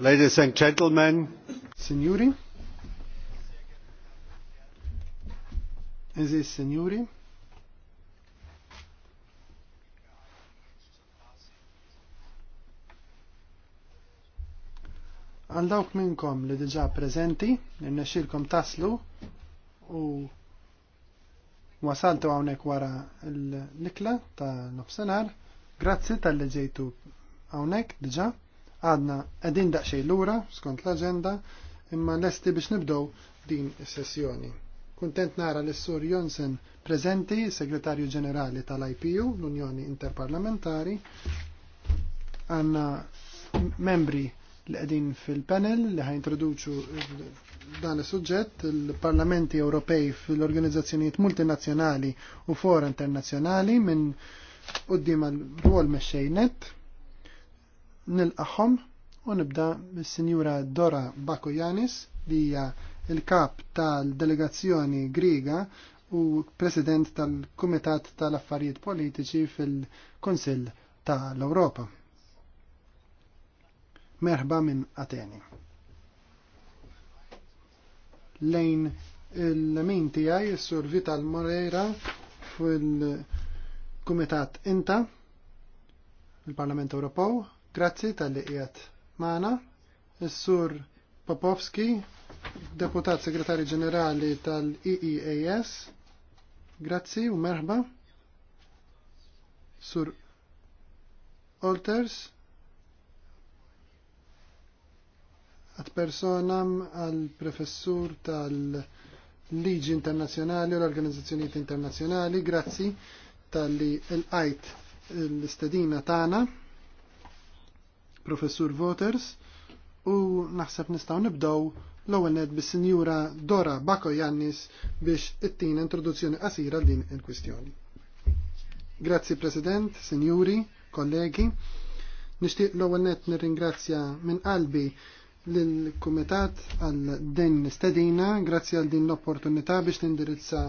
Ladies and gentlemen, Signori, Eżis, signori, għal dawk minnkom li diġa prezenti, n-naxilkom taslu u wasaltu għawnek wara l nikla ta' nofsenar, Grazzi tal-li ġejtu hawnhekk diġa. Għadna għedin daqxej lura skont l-agenda imma lesti biex nibdow din is-sessjoni. Kuntent nara l sur Jonsen prezenti, segretarju ġenerali tal-IPU, l-Unjoni Interparlamentari, għanna membri li għedin fil-panel li ħajintroduċu dan is-suġġett il-Parlamenti Ewropej fil-organizzazzjonijiet multinazzjonali u fora internazzjonali minn qudiem għal rwol mexxejnet nilqaħom u nibda mis-Sinjura Dora Bakujanis li hija il-kap tal-delegazzjoni Griga u president tal-Kumitat tal-Affarijiet Politiċi fil-Kunsill tal-Ewropa. Merħba minn Ateni. Lejn il-min tiegħi sur Vital Moreira fil-Kumitat Inta il-Parlament Ewropew Grazzi tal-li qiegħed magħna. Is-Sur Popowski, Deputat Segretari Ġenerali tal-EEAS. Grazzi u merħba. Sur Alters għat personam għal professur tal-Liġi Internazjonali u l-Organizzazzjonijiet Internazjonali, grazzi tal-li l-għajt l-istedina tana professur Voters u naħseb nistaw nibdow l-ewwel bis-Sinjura Dora Bako Jannis biex it-tina introduzzjoni qasira din il-kwistjoni. Grazzi President, Sinjuri, kollegi. Nixtieq l-ewwel nir nirringrazzja minn qalbi lill-Kumitat għal din stedina, grazzi għal din l-opportunità biex nindirizza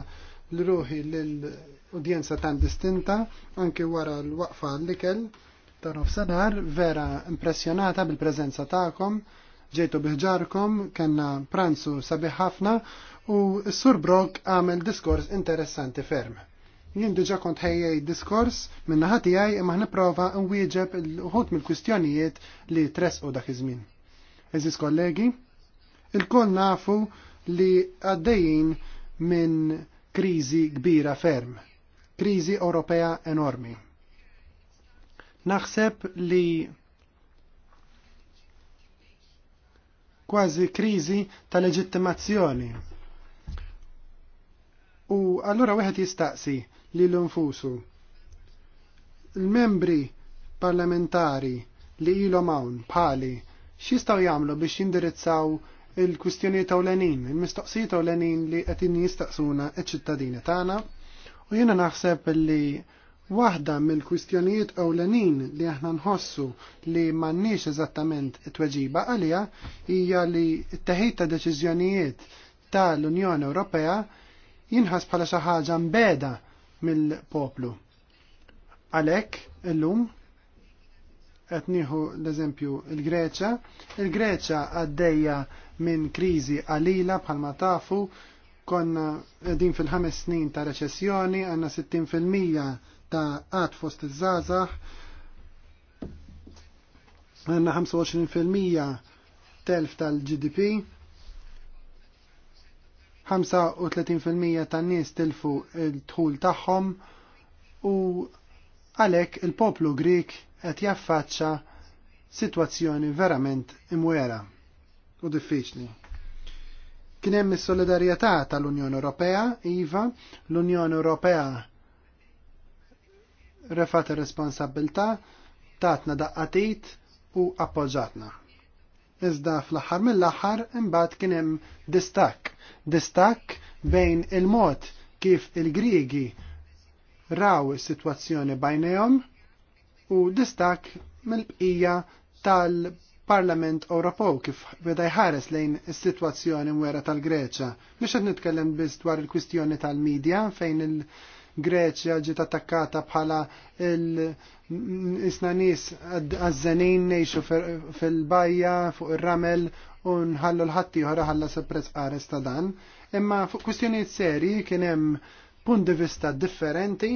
l-ruħi l-udjenza tan distinta anke wara l-waqfa l-ikel ta' nofsenar, vera impressjonata bil-prezenza ta'kom, ġejtu biħġarkom, kena pranzu sabiħ ħafna u s-sur Brok għamel diskors interessanti ferm. Jien diġa kont ħejjej diskors minna ħati għaj imma ħniprofa nwieġeb l-ħut mill-kustjonijiet li tresqu dak iż-żmien. Eżis kollegi, il-koll nafu li għaddejjin minn kriżi kbira ferm, kriżi Ewropea enormi Naħseb li kważi kriżi ta' leġittimazzjoni. U allura wieħed jistaqsi li l-infusu. Il-membri parlamentari li ilhom mawn bħali x'jistgħu jagħmlu biex jindirizzaw il-kwistjoni ta' l-enin, il-mistoqsijiet ta' l-enin li qed jistaqsuna ċ ċittadini tagħna u jiena naħseb li Waħda mill-kwistjonijiet ewlenin li aħna nħossu li m'għandniex eżattament tweġiba għalija hija li t-teħid ta' deċiżjonijiet tal-Unjoni Ewropea jinħas bħala xi ħaġa mbeda mill-poplu. Għalhekk illum qed nieħu l-eżempju l-Greċja, il-Greċja għaddejja minn kriżi qalila bħalma tafu konna din fil-ħames snin ta' reċessjoni għandna 60% ta' għad fost iż-żazax. Għanna 25% telf tal-GDP, 35% tan-nies tilfu l-tħul tagħhom u għalhekk il-poplu Grik qed jaffaċċa sitwazzjoni verament imwera u diffiċli. Kien hemm is-solidarjetà tal-Unjoni Ewropea, iva, l-Unjoni Ewropea refat ir-responsabilta, tatna daqqatit u appoġġatna. Iżda fl-aħħar mill-aħħar imbagħad kien hemm distakk. Distakk bejn il-mod kif il-Griegi raw is-sitwazzjoni bajnejhom u distak mill-bqija tal-Parlament Ewropew kif beda jħares lejn is-sitwazzjoni mwera tal-Greċa. Mhux qed nitkellem biss dwar il-kwistjoni tal-medja fejn il- Greċja ġiet attakkata bħala isna nies għazzanin nejxu fil-bajja fuq ir-ramel u nħallu l-ħatti uħra ħalla s-prezz qares ta' dan. Imma fuq kwistjonijiet serji kien hemm punt di vista differenti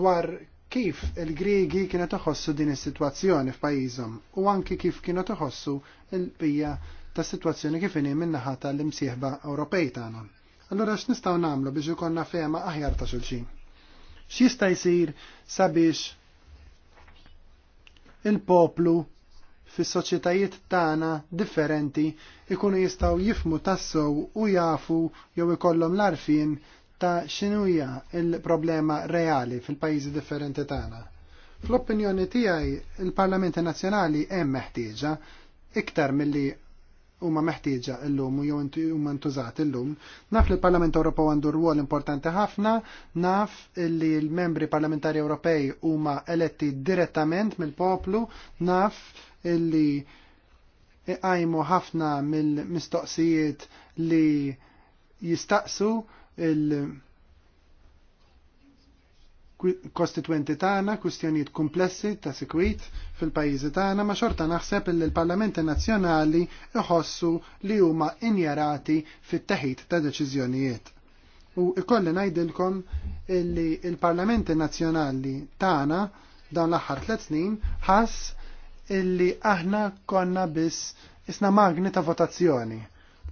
dwar kif il-Griegi kienet uħossu din is-sitwazzjoni f'pajjiżhom u anki kif kienet uħossu l-bija ta' sitwazzjoni kif inhi min-naħa tal-imsieħba Ewropej tagħna. Allura x'nistgħu nagħmlu biex ikollna fehma aħjar ta' xulxin? x'jista' jsir sabiex il-poplu fis-soċjetajiet tagħna differenti ikunu jistgħu jifmu tassew u jafu jew ikollhom l-arfin ta' x'inhuja il-problema reali fil-pajjiżi differenti tagħna. Fl-opinjoni tiegħi il-Parlamenti Nazzjonali hemm meħtieġa iktar milli huma meħtieġa llum u jew huma ntużat illum. Naf li l-Parlament Ewropew għandu rwol importanti ħafna, naf li l-membri parlamentari Ewropej huma eletti direttament mill-poplu, naf li qajmu ħafna mill-mistoqsijiet li jistaqsu il- kostitwenti tagħna kwistjonijiet komplessi ta' sikwit fil-pajjiżi tagħna ma xorta naħseb li l-Parlamenti Nazzjonali iħossu li huma injarati fit-teħid ta' deċiżjonijiet. U ikolli ngħidilkom li l-Parlamenti Nazzjonali tagħna dawn l-aħħar tliet snin ħass illi aħna konna biss isna magni ta' votazzjoni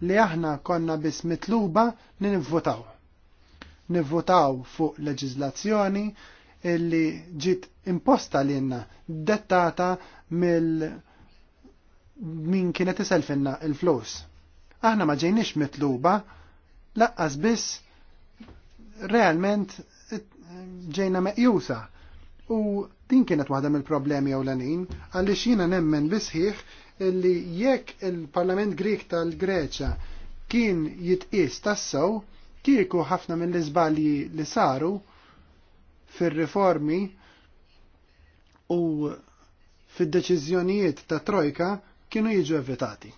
li aħna konna biss mitluba li nivvotaw nivvotaw fuq leġizlazzjoni illi ġiet imposta lilna dettata mill min kienet iselfinna il-flus. Aħna ma ġejniex mitluba, laqqas biss realment ġejna meqjusa. U din kienet waħda mill-problemi ewlenin, għaliex jiena nemmen bisħiħ li jekk il-Parlament Grek tal-Greċa kien jitqis tassew, kieku ħafna mill-iżbalji li saru fir-riformi u fid-deċiżjonijiet ta' trojka kienu jiġu evitati.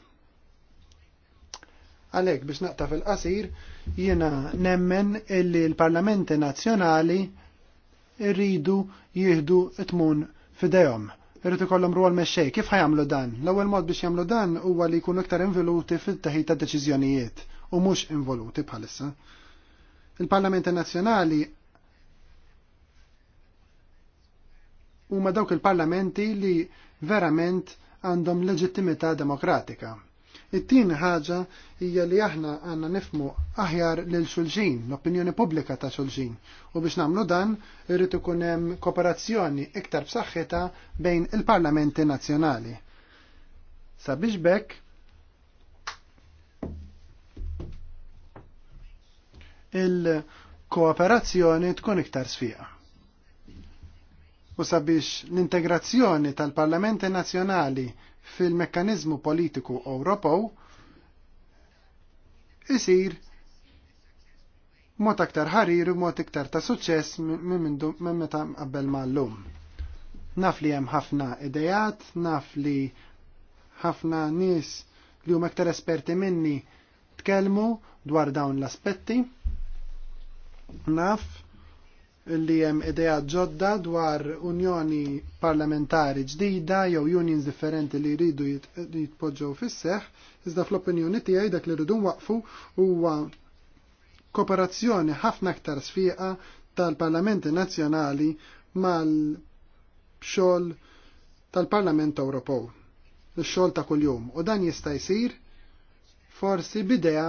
Għalek biex naqta fil-qasir, jiena nemmen illi l-parlamenti nazzjonali irridu jihdu tmun fidejhom. Irrid ikollhom rwol mexxej. Kif ħajamlu dan? L-ewwel mod biex jagħmlu dan huwa li jkunu iktar involuti fit-taħid ta' deċiżjonijiet u mhux involuti bħalissa. Il-Parlamenti Nazzjonali huma dawk il-parlamenti li verament għandhom leġittimità demokratika. It-tieni ħaġa hija li aħna għandna nifmu aħjar lil xulxin, l-opinjoni pubblika ta' xulxin, u biex nagħmlu dan irrid ikun hemm kooperazzjoni iktar b'saħħitha bejn il-parlamenti nazzjonali. Sabiex bekk il-kooperazzjoni tkun iktar sfiqa. U sabiex l-integrazzjoni tal-Parlamenti Nazzjonali fil-mekkanizmu politiku Ewropew isir mod aktar ħarir u mod iktar ta' suċċess minn meta qabel ma' llum. Naf li hemm ħafna idejat, naf li ħafna nies li huma aktar esperti minni tkellmu dwar dawn l-aspetti naf li hemm ideja ġodda dwar unjoni parlamentari ġdida jew unions differenti li jridu jitpoġġew fis-seħ, iżda fl-opinjoni tiegħi dak li rridu waqfu huwa kooperazzjoni ħafna aktar sfiqa tal-Parlamenti Nazzjonali mal-xogħol tal-Parlament Ewropew. Ix-xogħol ta' kuljum u dan jista' jsir forsi bidea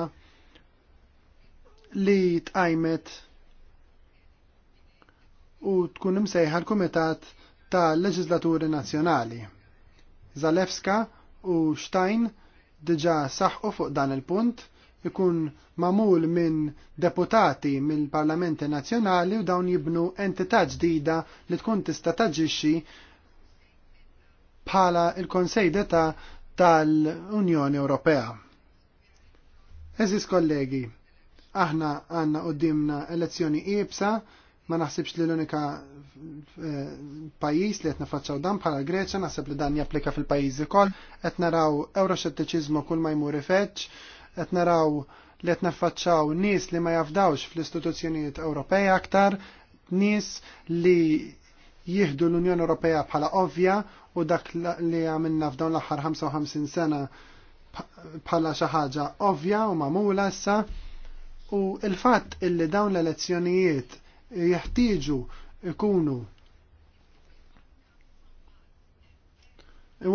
li tqajmet u tkun imsejħa l-Kumitat ta' Leġislaturi Nazzjonali. Zalewska u Stein diġa saħqu fuq dan il-punt ikun mamul minn deputati mill-Parlamenti Nazzjonali u dawn jibnu entità ġdida li tkun tista' taġixxi bħala l konsej d'Età tal-Unjoni Ewropea. Eżis kollegi, aħna għanna qoddimna elezzjoni iebsa Ma naħsibx li l-unika eh, pajjiż li qed nifaċċaw dan bħala Greċja naħseb li dan japplika fil-pajjiż ukoll, qed naraw euroxettiċiżmu kull ma jmur ifetx, qed naraw li qed naffaċċaw nies li ma jafdawx fl-istituzzjonijiet Ewropeja aktar, nies li jieħdu l-Unjoni Ewropeja bħala ovvja u dak li għamilna f'dawn l-aħħar 55 sena bħala xi ħaġa ovvja u mamula issa u il-fatt illi dawn l-elezzjonijiet jeħtieġu ikunu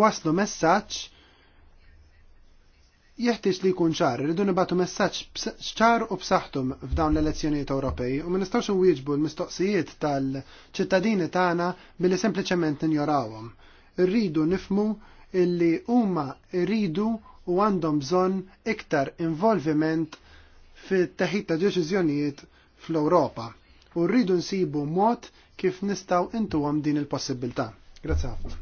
waslu messaġġ jeħtieġ li jkun ċar, rridu nibatu messaġġ ċar u b'saħħtum f'dawn l-elezzjonijiet Ewropej u ma nistgħux nwieġbu l-mistoqsijiet tal-ċittadini tagħna billi sempliċement injorawhom. Irridu nifmu illi huma rridu u għandhom bżonn iktar involviment fit-teħid ta' deċiżjonijiet fl-Ewropa u rridu nsibu mod kif nistaw intu għam din il-possibilità. Grazie ħafna.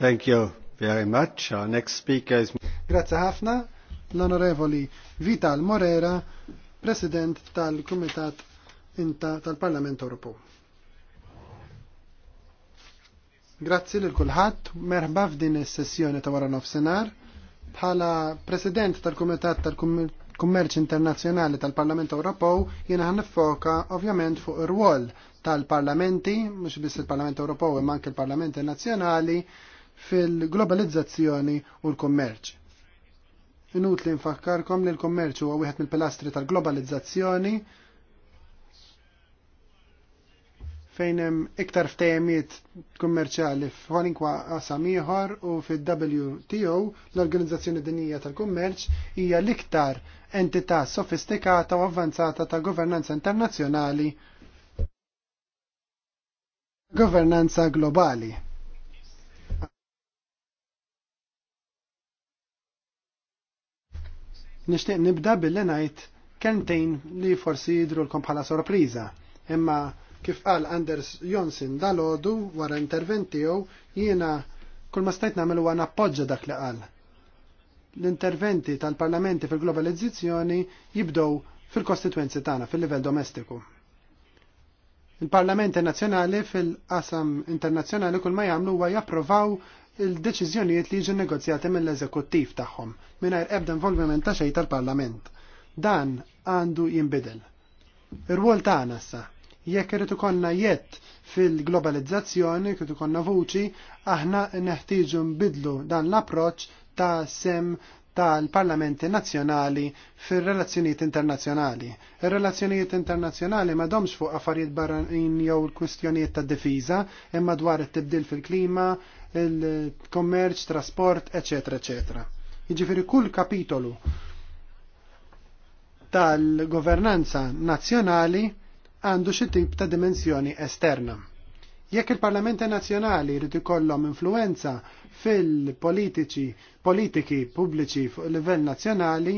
Thank you very much. Our next speaker is... Grazie ħafna l-Onorevoli Vital Morera, President tal-Kumitat Inta tal-Parlament Ewropew. Grazzi lil kulħadd, merħba f'din is-sessjoni ta' wara nofsinhar. Bħala President tal-Kumitat tal-Kummerċ Internazzjonali tal-Parlament Ewropew jiena ħan nifoka ovvjament fuq ir-rwol tal-parlamenti, mhux biss il-Parlament Ewropew imma anke il-Parlamenti Nazzjonali fil-globalizzazzjoni u l-kummerċ. Inutli nfakkarkom li l-kummerċ huwa wieħed mill-pilastri tal-globalizzazzjoni fejn hemm iktar ftehimiet kummerċjali f'ħolinkwa qasam ieħor u fil-WTO l-Organizzazzjoni Dinija tal-Kummerċ hija l-iktar entità sofistikata u avvanzata ta' governanza internazzjonali governanza globali. Nixtieq nibda billi ngħid kentejn li forsi jidru l bħala sorpriża, imma Kif qal Anders Jonsin dal-ħodu wara interventiju jiena kull ma stajt nagħmel huwa nappoġġa dak li qal. L-interventi tal-parlamenti fil-globalizzazzjoni jibdow fil-kostituenzi tagħna fil-livell domestiku. il parlamenti Nazzjonali fil-qasam internazzjonali kull ma jagħmlu huwa japprovaw il-deċiżjonijiet li jiġu negozjati mill-eżekuttiv tagħhom mingħajr ebda involviment ta' xejn tal-Parlament. Dan għandu jinbidel. Ir-rwol tagħna issa Jekk irid ikollna jett fil-globalizzazzjoni, kif ikollna vuċi, aħna neħtieġu nbidlu dan l-approċċ ta' sem tal-parlamenti nazzjonali fir relazzjonijiet internazzjonali. Ir-relazzjonijiet internazzjonali ma domx fuq affarijiet barranin jew l-kwistjonijiet ta' difiża, imma dwar it-tibdil fil-klima, il-kommerċ, trasport, eċetera, eċetera. Jiġifieri kull kapitolu tal-governanza nazzjonali għandu xi tip ta' dimensjoni esterna. Jekk il-Parlamenti Nazzjonali jrid ikollhom influenza fil-politiċi politiki pubbliċi fuq livell nazzjonali,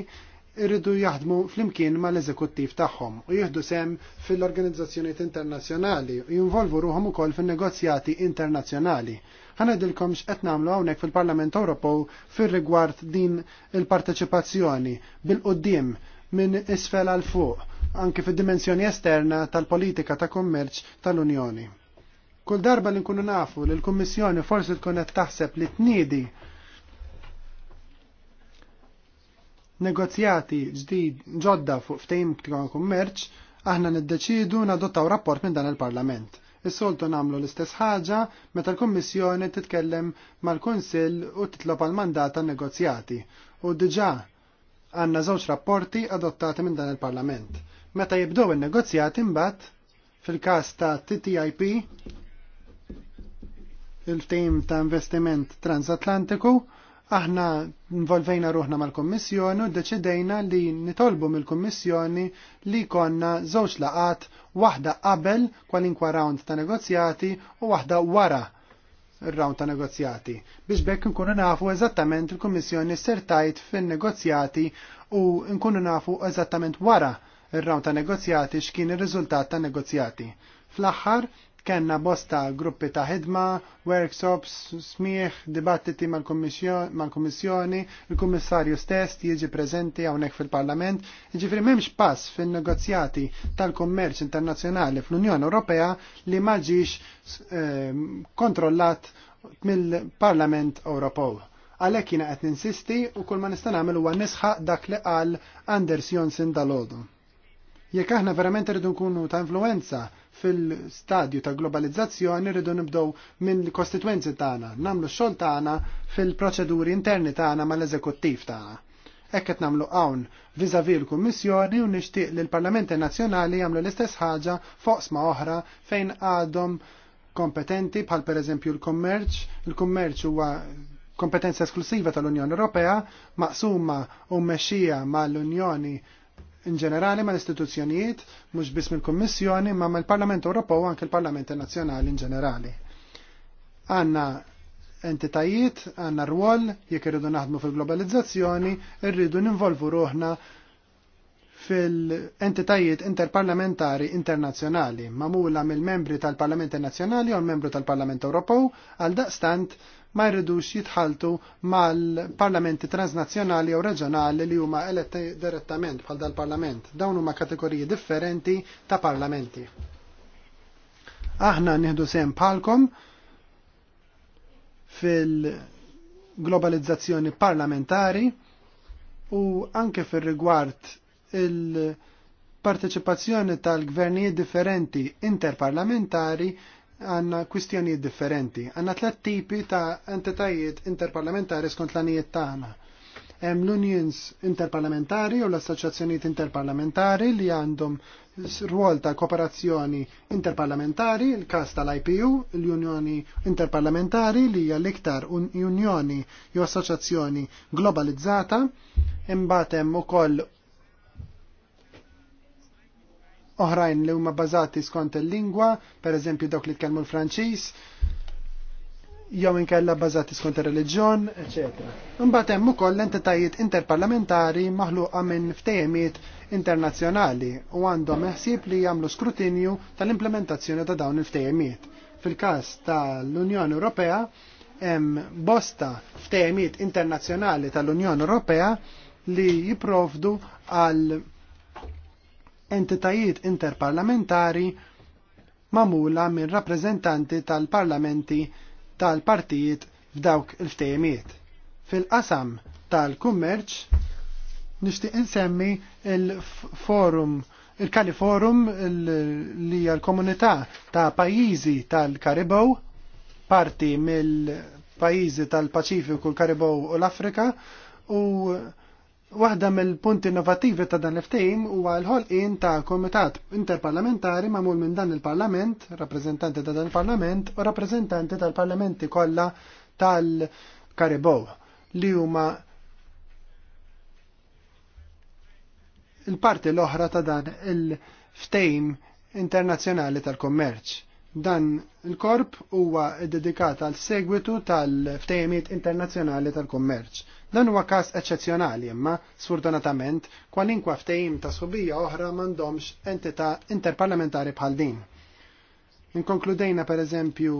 irridu jaħdmu flimkien mal eżekuttiv tagħhom u jieħdu sem fil-organizzazzjonijiet internazzjonali u jinvolvu ruhom ukoll fin-negozjati internazzjonali. Ħanedilkom x'qed nagħmlu hawnhekk fil-Parlament Ewropew fir-rigward din il-parteċipazzjoni bil-qudiem minn isfel għal fuq anke fid-dimensjoni esterna tal-politika ta' kummerċ tal-Unjoni. Kull darba li nkunu nafu li l-Kummissjoni forsi tkun qed taħseb li tniedi negozjati ġdid ġodda fuq ftehim ta' kummerċ, aħna niddeċidu nadottaw rapport minn dan il-Parlament. Is-soltu namlu l-istess ħaġa meta l-Kummissjoni titkellem mal-Kunsill u titlob għal mandat tan negozjati. U diġà Għanna żewġ rapporti adottati minn dan il-Parlament. Meta jibdew in-negozjati imbagħad, fil-każ ta' TTIP il tim ta' investiment transatlantiku aħna involvejna ruħna mal-Kommissjoni u deċidejna li nitolbu mill-Kommissjoni li konna żewġ laqat waħda qabel kwalinkwa round ta' negozjati u waħda wara il rawn ta' negozjati biex bekk nkunu nafu eżattament il-Kummissjoni sertajt fin-negozjati u nkunu nafu eżattament wara il-round ta' negozjati x'kien ir-riżultat ta' negozjati. Fl-aħħar Kenna bosta gruppi ta' ħidma, workshops, smieħ, dibattiti mal-Kommissjoni, il-Kummissarju stess jiġi preżenti hawnhekk fil-Parlament, jiġifieri m'hemmx pass fin-negozjati tal-kummerċ internazzjonali fl-Unjoni Ewropea li ma ehm, kontrollat mill-Parlament Ewropew. Għalhekk jina qed ninsisti u kull ma nista' nagħmel huwa nisħa dak li qal Anders Jonsen dalodu. Jekk aħna verament rridu nkunu ta' influenza fil-stadju ta' globalizzazzjoni rridu nibdew minn kostitwenzi tagħna, nagħmlu x-xogħol tagħna fil-proċeduri interni tagħna mal-eżekuttiv tagħna. Hekk qed nagħmlu hawn viżavi l-Kummissjoni u nixtieq li l-Parlamenti Nazzjonali jagħmlu l-istess ħaġa foqsma oħra fejn għadhom kompetenti bħal pereżempju l-kummerċ. Il-kummerċ huwa kompetenza esklusiva tal-Unjoni Ewropea, maqsuma u mmexxija mal-Unjoni in ġenerali mal istituzzjonijiet mhux biss mill-Kummissjoni ma mal-Parlament Ewropew u anke l-Parlament Nazzjonali in ġenerali. Għandna entitajiet, għandna rwol, jekk irridu naħdmu fil-globalizzazzjoni, irridu ninvolvu ruħna fil-entitajiet interparlamentari internazzjonali, mula mill-membri tal-Parlament Nazzjonali u l-membru tal-Parlament Ewropew, għal daqstant ma jridux jitħaltu mal-parlamenti transnazzjonali jew reġjonali li huma eletti direttament bħal dal-parlament. Dawn huma kategoriji differenti ta' parlamenti. Aħna nieħdu sem bħalkom fil-globalizzazzjoni parlamentari u anke fil-rigward il- parteċipazzjoni tal-gvernijiet differenti interparlamentari għanna kwistjonijiet differenti. Għanna tlet tipi ta' entitajiet interparlamentari skont l-anijiet tagħna. Hemm l-unions interparlamentari u l-assoċjazzjonijiet interparlamentari li għandhom rwol ta' kooperazzjoni interparlamentari, il-kas tal-IPU, l-Unjoni Interparlamentari li hija l-iktar unjoni jew assoċjazzjoni globalizzata, imbagħad hemm ukoll oħrajn li huma bażati skont il-lingwa, pereżempju dawk li tkellmu l-Franċiż, jew inkella bażati skont ir-reliġjon, eċetera. Imbagħad hemm ukoll entitajiet interparlamentari maħluqa minn ftehimiet internazzjonali u għandhom meħsieb li jagħmlu skrutinju tal-implementazzjoni ta' dawn il-ftehimiet. Fil-każ tal-Unjoni Ewropea hemm bosta ftehimiet internazzjonali tal-Unjoni Ewropea li jiprovdu għal entitajiet interparlamentari mamula minn rappreżentanti tal-parlamenti tal-partijiet f'dawk il-ftejmiet. Fil-qasam tal-kummerċ nixtieq insemmi il-forum il-Kaliforum li hija komunità ta' pajjiżi tal-Karibow, parti mill-pajjiżi tal-Paċifiku, l-Karibow u l-Afrika, u Waħda mill-punti innovativi ta' dan l-ftehim huwa l-ħolqien ta' komitat interparlamentari magħmul minn dan il-Parlament, rappreżentanti ta' dan il-Parlament u rappreżentanti tal-Parlamenti kollha tal-Karibow li huma il-parti l-oħra ta' dan il-ftejm internazzjonali tal-kommerċ. Dan il-korp huwa ddedikat għal segwitu tal-ftejmiet internazzjonali tal-kommerċ Dan huwa każ eċċezzjonali imma, sfortunatament, kwalinkwa ftehim ta' subija oħra m'għandhomx entità interparlamentari bħal din. Inkonkludejna pereżempju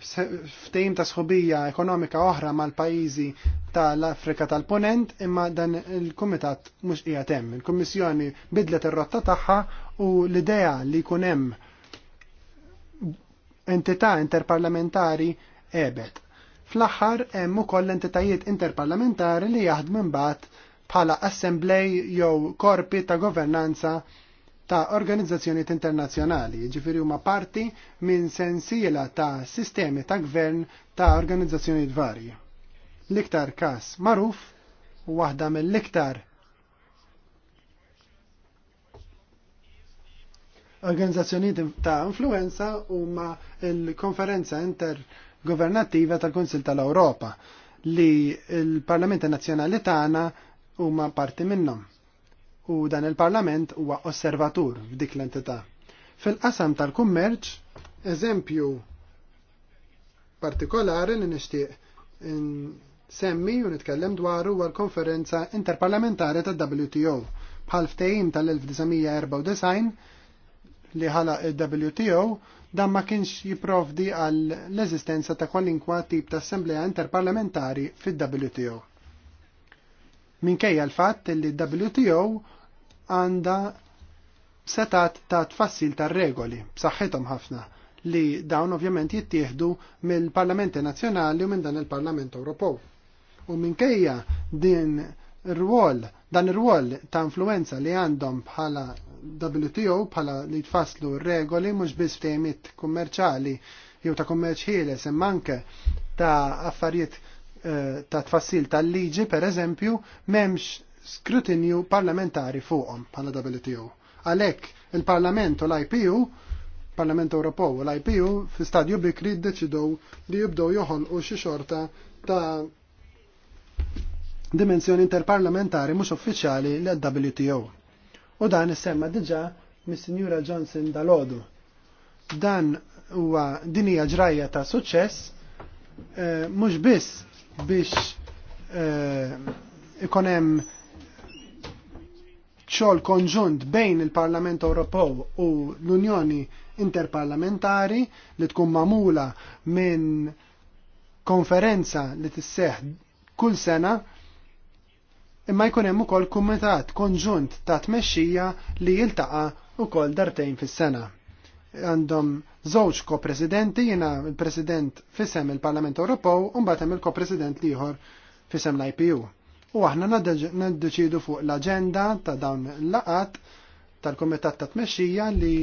ftehim ta' sħubija ekonomika oħra mal-pajjiżi tal-Afrika tal-Ponent imma dan il-Kumitat mhux qiegħed hemm. Il-Kummissjoni bidlet ir-rotta tagħha u l-idea li jkun hemm entità interparlamentari ebet. Fl-aħħar hemm ukoll entitajiet interparlamentari li jaħdmu mbagħad bħala assemblej jew korpi ta' governanza ta' organizzazzjonijiet internazzjonali, ġifiri huma parti minn sensiela ta' sistemi ta' gvern ta' organizzazzjonijiet varji. L-iktar kas maruf u waħda mill-iktar organizzazzjonijiet ta' influenza huma l-konferenza inter governativa tal-Kunsil tal europa li l-Parlamenti Nazzjonali tagħna huma parti minnhom. U dan il-Parlament huwa osservatur f'dik l-entità. Fil-qasam tal-kummerċ, eżempju partikolari li nixtieq semmi u nitkellem dwaru huwa l-konferenza interparlamentari tal-WTO bħal ftehim tal-1994 li ħala il-WTO dan ma kienx jiprovdi għal l-eżistenza ta' kwalinkwa tip ta' assembleja interparlamentari fil-WTO. Minkejja l-fatt li WTO għanda setat ta' tfassil ta' regoli, b'saħħithom ħafna, li dawn ovvjament jittieħdu mill-Parlamenti Nazzjonali u minn dan il-Parlament Ewropew. U minkejja din rwol, dan ir-rwol ta' influenza li għandhom bħala WTO bħala li tfasslu regoli mhux biss ftehimiet kummerċali jew ta' kummerċ ħieles imma anke ta' affarijiet eh, ta' tfassil tal-liġi pereżempju m'hemmx skrutinju parlamentari fuqhom bħala WTO. Għalhekk il-Parlament u l-IPU Parlament Ewropew u l-IPU fi stadju bikri ddeċidew li jibdew joħolqu xi xorta ta' dimensjoni interparlamentari mhux uffiċjali l-WTO. U dan semma diġa mis-Sinjura Johnson dal-Odu. Dan huwa dinija ġrajja ta' suċċess, eh, mhux biss biex eh, ikonem xogħol konġunt bejn il-Parlament Ewropew u l-Unjoni Interparlamentari li tkun mamula minn konferenza li tisseħ kull sena imma jkun hemm ukoll kumitat konġunt ta' tmexxija li jiltaqa' ukoll dartejn fis-sena. Għandhom żewġ ko-presidenti, jiena l president fisem il-Parlament Ewropew u mbagħad hemm il-ko-president ieħor fisem l-IPU. U aħna naddeċidu fuq l-aġenda ta' dawn l-laqat tal-Kumitat ta' Tmexxija li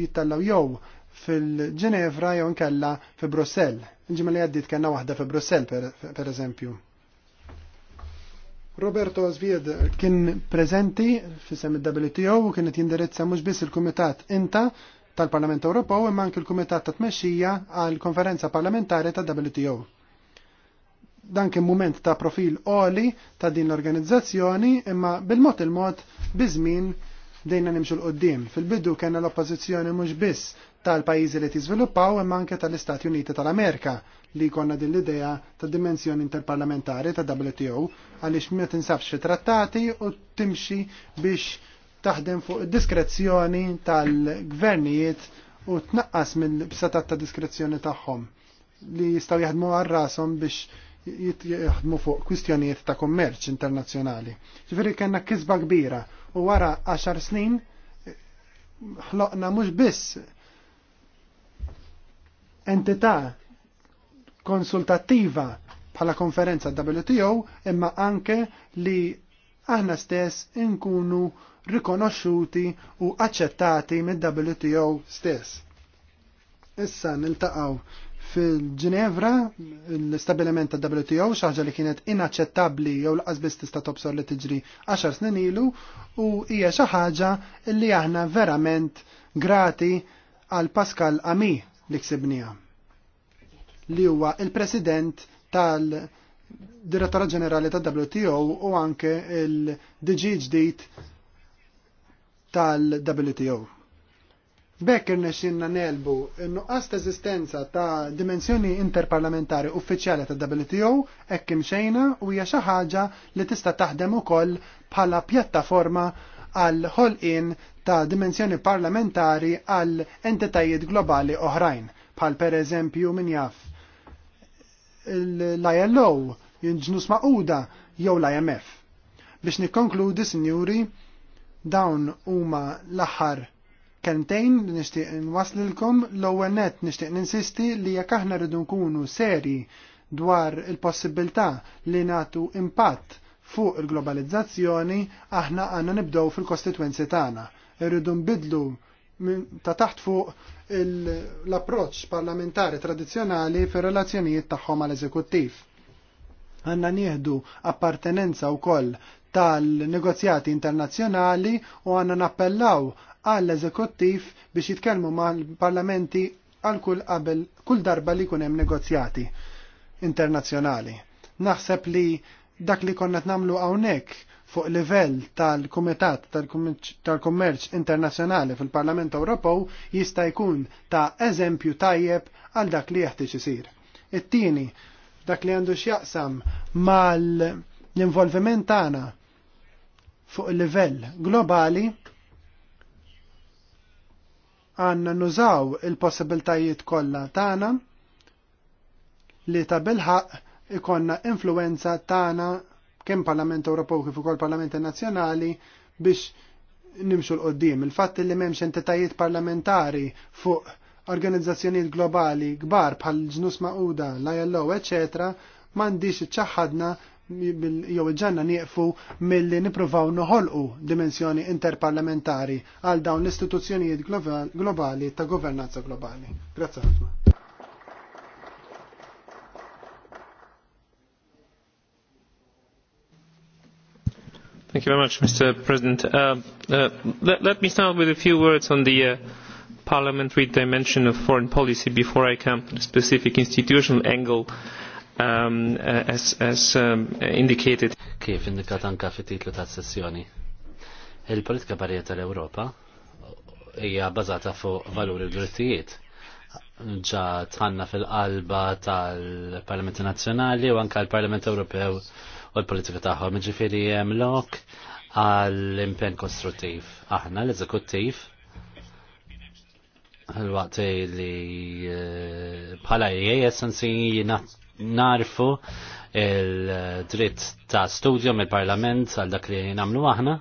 jittallaw jew fil-Ġenevra jew nkella fi Brussell. Il-ġimgħa li għaddit kellna waħda fi Brussell pereżempju. Per Roberto Azvied kien prezenti fissem il-WTO u kienet jindirizza mhux biss il-Kumitat Inta tal-Parlament Ewropew imma anke il-Kumitat ta' Tmexxija għall konferenza parlamentari ta' WTO. Dan kien mument ta' profil oli ta' din l-organizzazzjoni imma bil-mod il-mod biżmin dejna nimxu l-qoddim. Fil-bidu kena l-oppozizjoni mhux biss tal-pajjiżi li tiżviluppaw imma anke tal-Istati Uniti tal-Amerika li jkollna din l-idea ta' dimensjoni interparlamentari ta' WTO għaliex ma tinsabx trattati u timxi biex taħdem fuq diskrezzjoni tal-gvernijiet u tnaqqas mill-bsatat ta' diskrezzjoni tagħhom li jistgħu jaħdmu għal rashom biex jaħdmu fuq kwistjonijiet ta' kummerċ internazzjonali. Ġifieri kellna kisba kbira u wara 10 snin ħloqna mhux biss entità konsultattiva bħala konferenza WTO imma anke li aħna stess inkunu rikonoxxuti u aċċettati mid-WTO stess. Issa niltaqgħu fil-Ġinevra l-istabiliment ta' WTO xaħġa li kienet inaċċettabbli jew l-qasbis tista' tobsor li tiġri 10 snin ilu u hija xi ħaġa li aħna verament grati għal Pascal Ami li ksibnija. Li huwa il-President tal-Direttora Ġenerali ta' wto u anke il-DG ġdid tal-WTO. Bekk irnexxinna nelbu n-nuqqas eżistenza ta' dimensjoni interparlamentari uffiċjali ta' WTO hekk xejna u hija xi ħaġa li tista' taħdem ukoll bħala pjattaforma għal ħolqien ta' dimensjoni parlamentari għal entitajiet globali oħrajn, bħal per eżempju min jaf l-ILO, jinġnus maquda jew l-IMF. Biex nikkonkludi, sinjuri, dawn huma l-aħħar kentejn li nixtieq nwaslilkom l-ewwel net nixtieq ninsisti li jekk aħna rridu nkunu seri dwar il-possibilità li nagħtu impatt fuq il-globalizzazzjoni aħna għanna nibdow fil-kostituenzi tagħna. Irridu nbidlu ta' taħt fuq l-approċ parlamentari tradizjonali fir relazzjonijiet tagħhom għal eżekuttiv. Għanna nieħdu appartenenza wkoll tal-negozjati internazzjonali u għanna nappellaw għall eżekuttiv biex jitkellmu mal-parlamenti għal kull qabel kull darba li kunem negozjati internazzjonali. Naħseb li dak li konna namlu hawnhekk fuq livell tal-Kumitat tal-Kummerċ Internazzjonali fil-Parlament Ewropew jista' jkun ta' eżempju tajjeb għal dak li jeħtieġ isir. It-tieni dak li għandu x'jaqsam mal-involviment tagħna fuq livell globali għanna nużaw il-possibiltajiet kollha tagħna li ta' bilħaq ikonna influenza tagħna kemm Parlament Ewropew kif ukoll Parlamenti Nazzjonali biex nimxu l qoddim Il-fatt li m'hemmx entitajiet parlamentari fuq organizzazzjonijiet globali kbar bħal ġnus Mauda, l-ILO, eċetera, m'għandix ċaħadna jew ġanna nieqfu milli nipruvaw noħolqu dimensjoni interparlamentari għal dawn l-istituzzjonijiet globali ta' governanza globali. Grazzi ħafna. Thank you very much, Mr. President. Uh, uh, let, let me start with a few words on the uh, parliamentary dimension of foreign policy before I come to the specific institutional angle um, uh, as, as um, indicated. Kif indikat anka fi titlu ta' sessjoni? Il-politika barriera tal europa hija bazata fuq valuri u drittijiet ġa tħanna fil-qalba tal parlament Nazzjonali u anka l-Parlament Ewropew u l-politika tagħhom. ġifiri hemm lok għall-impenn konstruttiv. Aħna l-eżekuttiv għal-waqt li eh, bħala e jgħajja sensi narfu il-dritt ta' studio mill-parlament għal dak li namlu aħna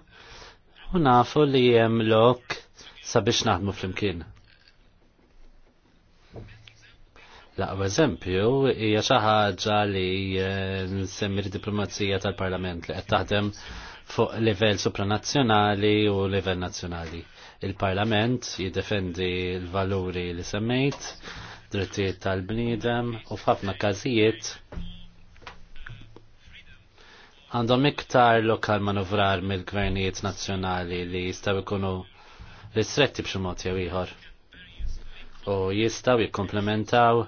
u nafu li hemm lok sabiex naħdmu flimkien. Laqwa eżempju hija xi ħaġa li eh, nsemmi diplomazija tal-Parlament li qed taħdem fuq livell supranazzjonali u livell nazzjonali. Il-Parlament jiddefendi l-valuri li semmejt, drittijiet tal-bniedem u f'ħafna każijiet għandhom iktar lokal manovrar mill-gvernijiet nazzjonali li jistgħu jkunu ristretti b'xi mod jew ieħor u jistaw jikkomplementaw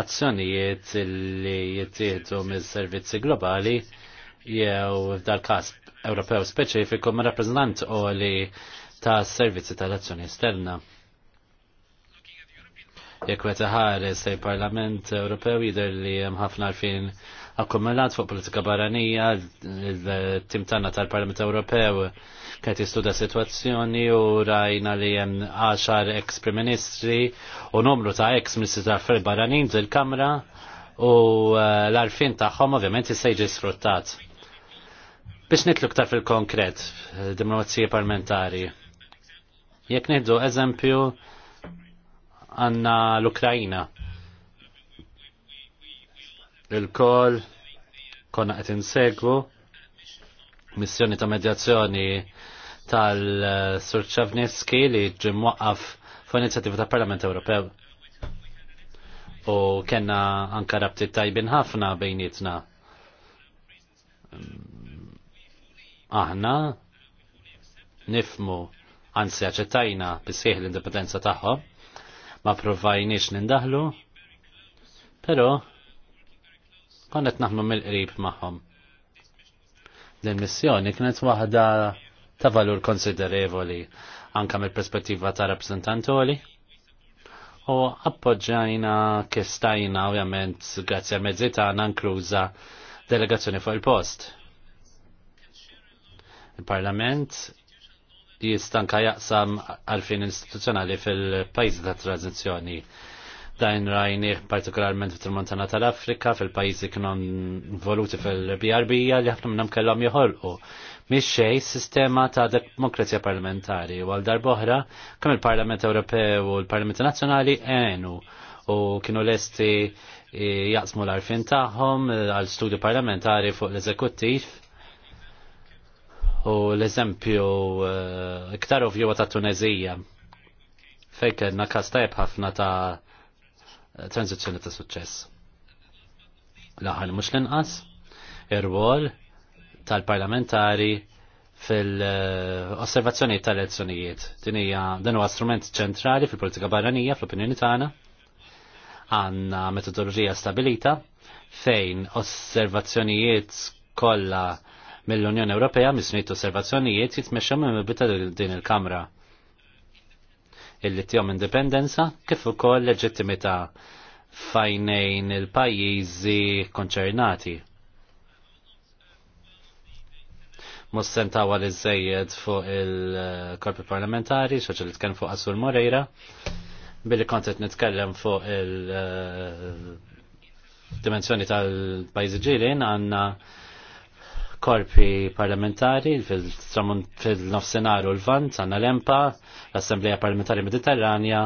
azzjonijiet li jittieħdu mis servizzi globali jew dal-kas Ewropew speċifiku ma' rappresentant u li ta' servizzi tal-azzjoni esterna. Jekk weta ħares il-Parlament Ewropew jidher li hemm ħafna għalfin akkumulat fuq politika barranija, il-tim tal-Parlament Ewropew kienet jistuda situazzjoni u rajna li hemm 10 ex-Prim Ministri u numru ta' ex-Ministri tal fil Barranin dil-Kamra u eh, l-arfin tagħhom ovvjament jista' jiġi sfruttat. Biex nitlu ktar fil-konkret, demokrazija parlamentari. Jekk nieħdu eżempju għandna l ukraina il-kol konna qed insegwu missjoni ta' medjazzjoni tal-Sur li ġim waqqaf fuq inizjattiva ta' Parlament Ewropew. U kena anka rabti tajbin ħafna bejnietna. Aħna nifmu anzi aċettajna bisħieħ l-indipendenza tagħhom, ma provajniex nindaħlu, pero Konnet naħmu mill-qrib magħhom. Din missjoni kienet waħda ta' valur konsiderevoli anka mill-perspettiva ta' rappresentantoli. U appoġġajna kestajna ovvjament grazzi għal mezzi tagħna nkluża delegazzjoni fuq il-post. Il-Parlament jistanka jaqsam għalfin istituzzjonali fil-pajzi ta' tranzizjoni Dajn rajnieh partikolarment fit montana tal-Afrika, fil-pajjiżi kienu involuti fil brb li ħafna minnhom kellhom joħolqu. Mhix xejn sistema ta' demokrazija parlamentari u għal darb'oħra kemm il-Parlament Ewropew u l-Parlament Nazzjonali għenu u kienu lesti e, jaqsmu l-arfin tagħhom e, għal studju parlamentari fuq l-eżekuttiv u l-eżempju e, iktar ovvju ta' Tunezija. fejn kellna kas ħafna ta' Transizzjoni ta' suċċess. L-aħħar mhux l-inqas, ir-rwol tal-parlamentari fil-osservazzjoni tal-elezzjonijiet. Din hija dan huwa strument ċentrali fil-politika barranija fl-opinjoni tagħna. Għandna metodoloġija stabilita fejn osservazzjonijiet kollha mill-Unjoni Ewropea misnit osservazzjonijiet jitmexxew minn bita din il-Kamra illi tjom independenza kif ukoll leġittimità fajnejn il-pajjiżi konċernati. Mussen sentaw għal iż fuq il-korpi parlamentari, xoċa li tkellem fuq Asur Moreira, billi kontet nitkellem fuq il-dimensjoni eh, tal-pajzi ġilin, għanna korpi parlamentari fil-nofsenaru l-Vant, għanna l-EMPA, l-Assembleja Parlamentari Mediterranja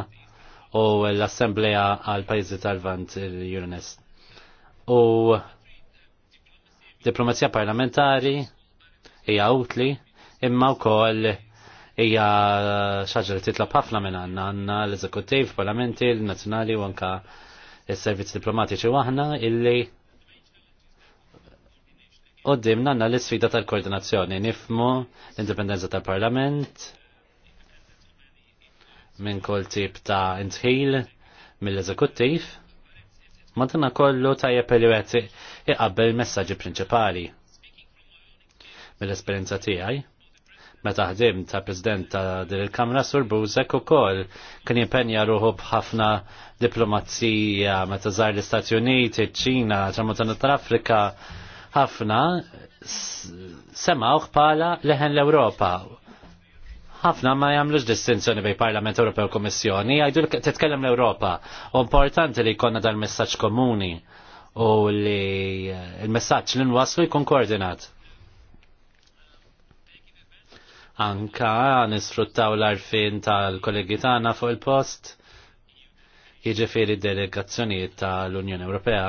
u l-Assembleja għal Pajzi tal-Vant, il-UNES. U diplomazija parlamentari hija utli imma wkoll hija xaġa li titlab ħafna minn għandna għandna l-eżekuttiv, parlamenti, l-nazzjonali u anka s-servizz diplomatiċi waħna illi Oddim, nanna l-sfida tal-koordinazzjoni nifmu l-indipendenza tal-parlament minn kol tip ta' intħil mill-eżekuttiv ma kollu tajjeb li għet iqabbel messagġi prinċipali mill-esperienza tiegħi. Meta ħdim ta' President ta' din il-Kamra Sur Buzek ukoll kien jimpenja ruħu b'ħafna diplomazija meta żar l-Istati Uniti, ċ-Ċina, Tramuntana tal-Afrika, ħafna semawħ pala leħen l-Europa. ħafna ma jamlux distinzjoni bej Parlament Ewropew u Kommissjoni, għajdu titkellem l-Europa. U importanti li jkollna dal messaġġ komuni u li il-messaġġ li nwaslu jkun koordinat. Anka nisfruttaw l-arfin tal-kollegi tagħna fuq il-post, jiġifieri delegazzjonijiet tal-Unjoni Ewropea.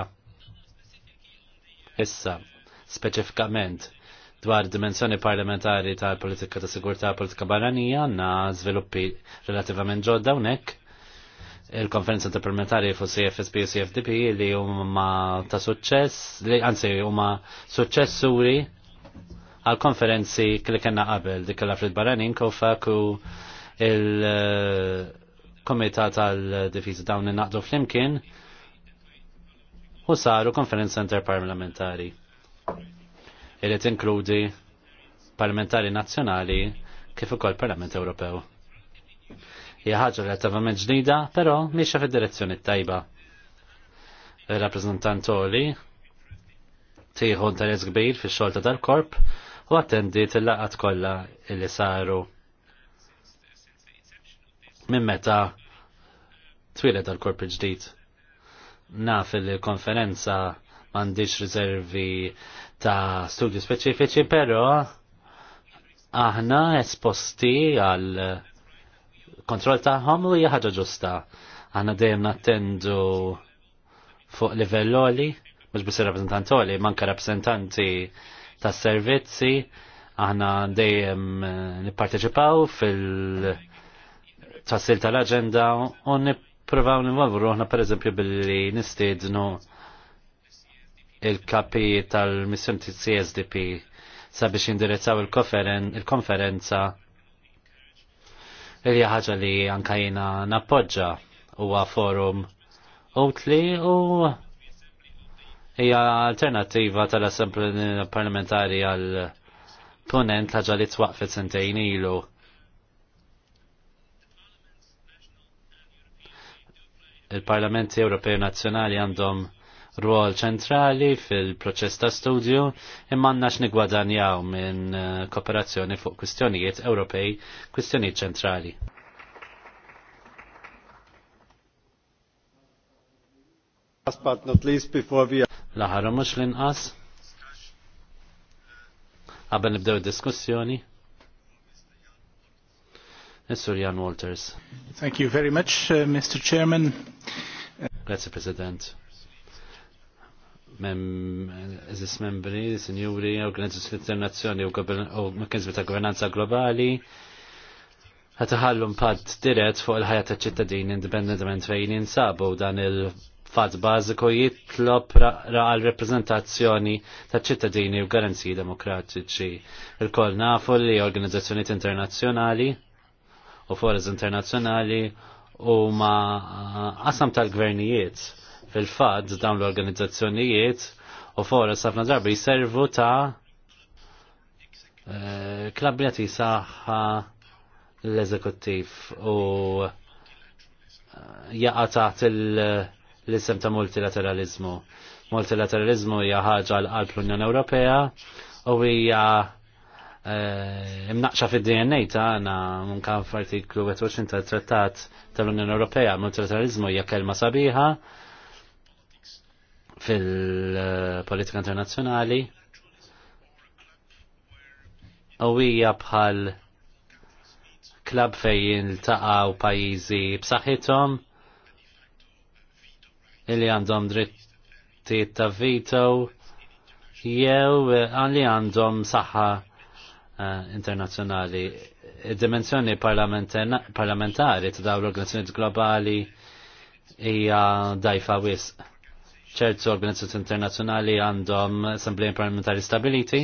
Issa, speċifikament dwar dimensjoni parlamentari tal-politika ta' sigurtà politika barranija għandna żviluppi relativament ġodda hawnhekk il-konferenza Parlamentari fu CFSP u CFDP li huma ta' suċċess, li anzi huma suċċessuri għal konferenzi li kena qabel dik l-Afrid Baranin kofak u il komita tal-Difiżi dawn fl flimkien u saru konferenza interparlamentari. Irrid inkludi parlamentari nazzjonali kif ukoll Parlament Ewropew. Hija ħaġa relattivament ġdida, però mhixha fid-direzzjoni tajba. Ir-rappreżentant Oli tieħu interess kbir fix-xogħol ta' korp u attendiet il kollha li saru minn meta twilet tal korp ġdid. Naf il-konferenza m'għandix riservi ta' studju speċifiċi, però aħna esposti għal kontroll tagħhom u hija ħaġa ġusta. Aħna dejjem nattendu fuq livelloli, oli, mhux rappresentantoli, manka rappresentanti tas servizzi, aħna dejjem eh, nipparteċipaw fil- tassil tal-agenda u nippruvaw nivolvu ruħna per eżempju billi nistednu il-kapi tal-missjoni CSDP sabiex indirizzaw il-konferenza il ħaġa li anka jina nappoġġa huwa forum utli u hija alternativa tal-Assembli Parlamentari għal ponent ħaġa li twaqfet sentejn ilu. Il-Parlamenti Ewropej Nazzjonali għandhom rol ċentrali fil-proċess ta' studju imma għannax nigwadanjaw minn eh, kooperazzjoni fuq kwistjonijiet Ewropej, kwistjonijiet ċentrali. Last but not least before we... mux l-inqas? Għabben nibdew diskussjoni? Mr. Jan Walters. Thank you very much, uh, Mr. Chairman. Grazie, President eżis membri, sinjuri, organizzazzjoni internazzjoni u mekkanizmi ta' governanza globali ħatħallu mpad dirett fuq il-ħajja ta' ċittadini indipendentament fejn jinsabu dan il-fatt bażiku jitlob għal reprezentazzjoni ta' ċittadini u garanziji demokratiċi. Il-koll nafu li organizzazzjonijiet internazzjonali u foras internazzjonali u ma' qasam tal-gvernijiet Fil-fad dawn l-organizzazzjonijiet u fora safna darba jiservu ta' eh, klabbjat jisaxħa l-eżekuttiv u eh, jaqa taħt l-isem ta' multilateralizmu. Multilateralizmu hija ħaġa l-qalb l-Unjoni Ewropea u hija eh, imnaqxa fid-DNA tagħna munka f'artiklu 21 tat-Trattat tal-Unjoni Ewropea, multilateralizmu hija kelma sabiħa fil-politika internazzjonali u wija bħal klab fejn l-taqaw pajjiżi b'saħħithom illi għandhom drittijiet ta' vito jew għalli għandhom saħħa eh, internazzjonali. Id-dimensjoni parlamentari ta' dawn l-organizzazzjoni globali hija dajfa wisq ċertu organizzazzjoni internazzjonali għandhom assembleji parlamentari stabiliti.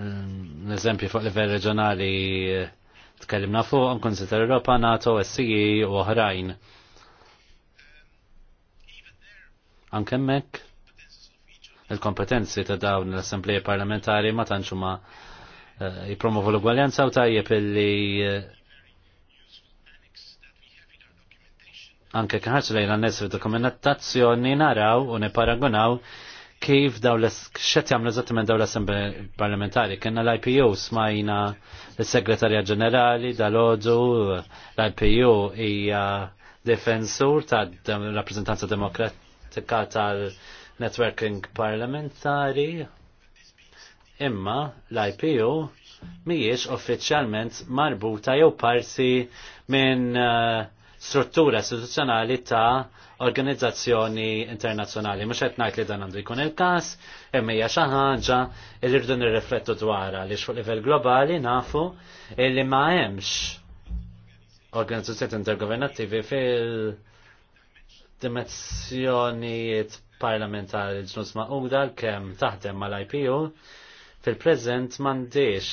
Um, L-eżempju fuq livell reġjonali eh, tkellimna fuqhom konsider Europa, NATO, SCE u oħrajn. Anke hemmhekk il-kompetenzi ta' dawn l-assembleji parlamentari ma tantx huma eh, jippromovu l-ugwaljanza u tajjeb illi eh, anke kħarċ ħarġlejna n-nes dokumentazzjoni naraw u niparagunaw kif daw l-xet jamlu eżattament daw l-assembli parlamentari. Kenna l-IPU smajna l-segretarja ġenerali, dal-ħodu, l-IPU hija defensur ta' rappresentanza demokratika tal-networking parlamentari. Imma l-IPU miex uffiċjalment marbuta jew parsi minn uh, struttura istituzzjonali ta' organizzazzjoni internazzjonali. Mhux qed ngħid li dan għandu jkun il-każ, hemm hija xi ħaġa li nirriflettu dwarha li fuq livell globali nafu li ma hemmx organizzazzjoni intergovernattivi fil-dimensjonijiet parlamentari ġnus maquda kemm taħdem mal-IPU fil-preżent m'għandix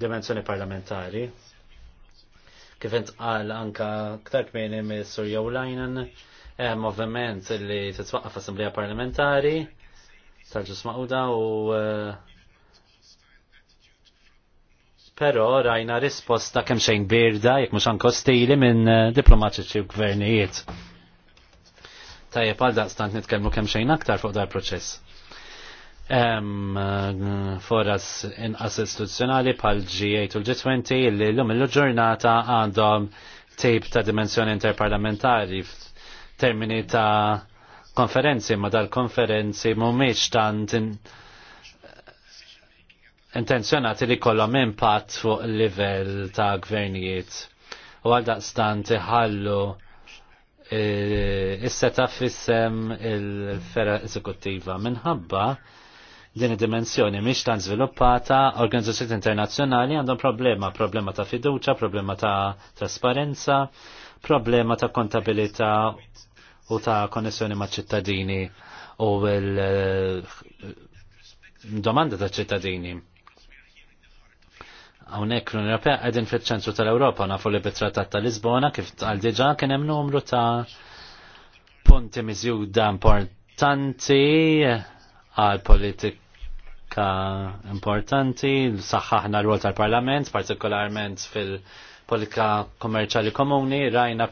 dimensjoni parlamentari kif intqal anka ktar kmieni mis Sur Jowlajnen, hemm ovvjament li titwaqqaf Assemblea Parlamentari tal-ġus maqda u eh, Pero rajna risposta kemm xejn birda jekk mhux anke ostili minn eh, diplomatiċi u gvernijiet. Tajjeb għal daqstant nitkellmu kemm xejn aktar fuq dar proċess Em, foras inqas istituzzjonali pal G8 u l-G20 li l-lum l ġurnata għandhom tip ta' dimensjoni interparlamentari f'termini ta' konferenzi, ma dal-konferenzi mumiex tant intenzjonati li kollom impatt fuq livell ta' gvernijiet u għal daqstant iħallu eh, is-seta fissem il-fera eżekuttiva minħabba din id-dimensjoni mhix tan żviluppata, organizzazzjoni internazzjonali għandhom problema, problema ta' fiduċa, problema ta' trasparenza, problema ta' kontabilità u ta' konnessjoni ma' ċittadini u l-domanda eh, ta' ċittadini. Hawnhekk l-Unjoni Ewropea qegħdin fiċ-ċentru tal-Ewropa nafu li bit-Trattat ta' Lisbona kif għal diġà kien hemm numru ta' punti miżjuda importanti għal politik riċerka importanti, saħħaħna r-rol tal-Parlament, partikolarment fil-politika kommerċali komuni, rajna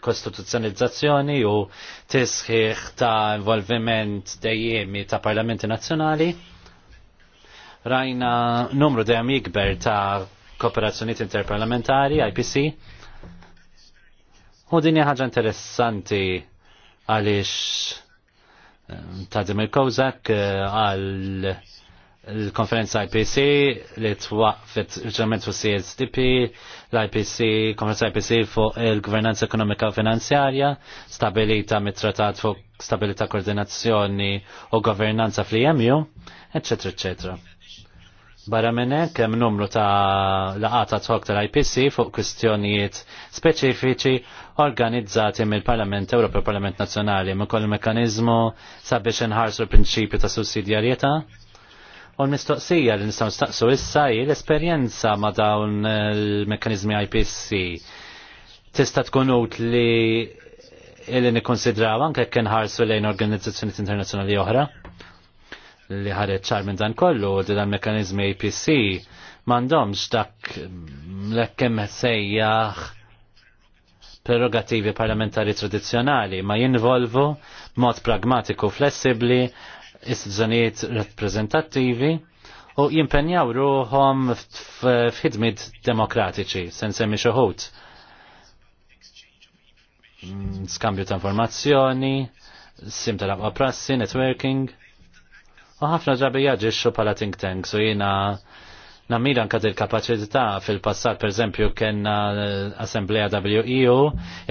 kostituzzjonalizzazzjoni u tisħiħ ta' involviment dejjemi ta' Parlamenti Nazzjonali. Rajna numru dejjem ikber ta' kooperazzjoniet interparlamentari, IPC, U din ħaġa interessanti għaliex Tadim il-Kozak eh, għal l-konferenza IPC li t-waqfet ġament fuq CSDP, l-IPC, konferenza IPC fuq il-Gvernanza Ekonomika u Finanzjarja, stabilita mit-trattat fuq stabilita koordinazzjoni u governanza fl imu eccetera, eccetera. Barra minnek hemm numru ta' laqata tħok tal-IPC fuq kwistjonijiet speċifiċi organizzati mill-Parlament Ewropew Parlament Nazzjonali ma' kol mekkaniżmu sabiex inħarsu l-prinċipju ta' sussidjarjetà. U l-mistoqsija li nistgħu staqsu issa hi l-esperjenza ma' dawn il-mekkaniżmi IPC tista' tkun utli li nikkonsidraw anke kien ħarsu lejn organizzazzjonijiet internazzjonali oħra li ħareċ ċar minn dan kollu li dan mekanizmi APC mandomx dak l-ekkem sejjaħ prerogativi parlamentari tradizjonali ma jinvolvu mod pragmatiku flessibli istituzzjonijiet rappresentattivi u jimpenjaw ruħom f'ħidmit demokratiċi, semmi xoħut. Skambju ta' informazzjoni, sim tal prassi, networking U ħafna ġabi jaġixxu pala think tank so jina namira nkad il-kapacità fil-passat per eżempju kena eh, Assemblea WEU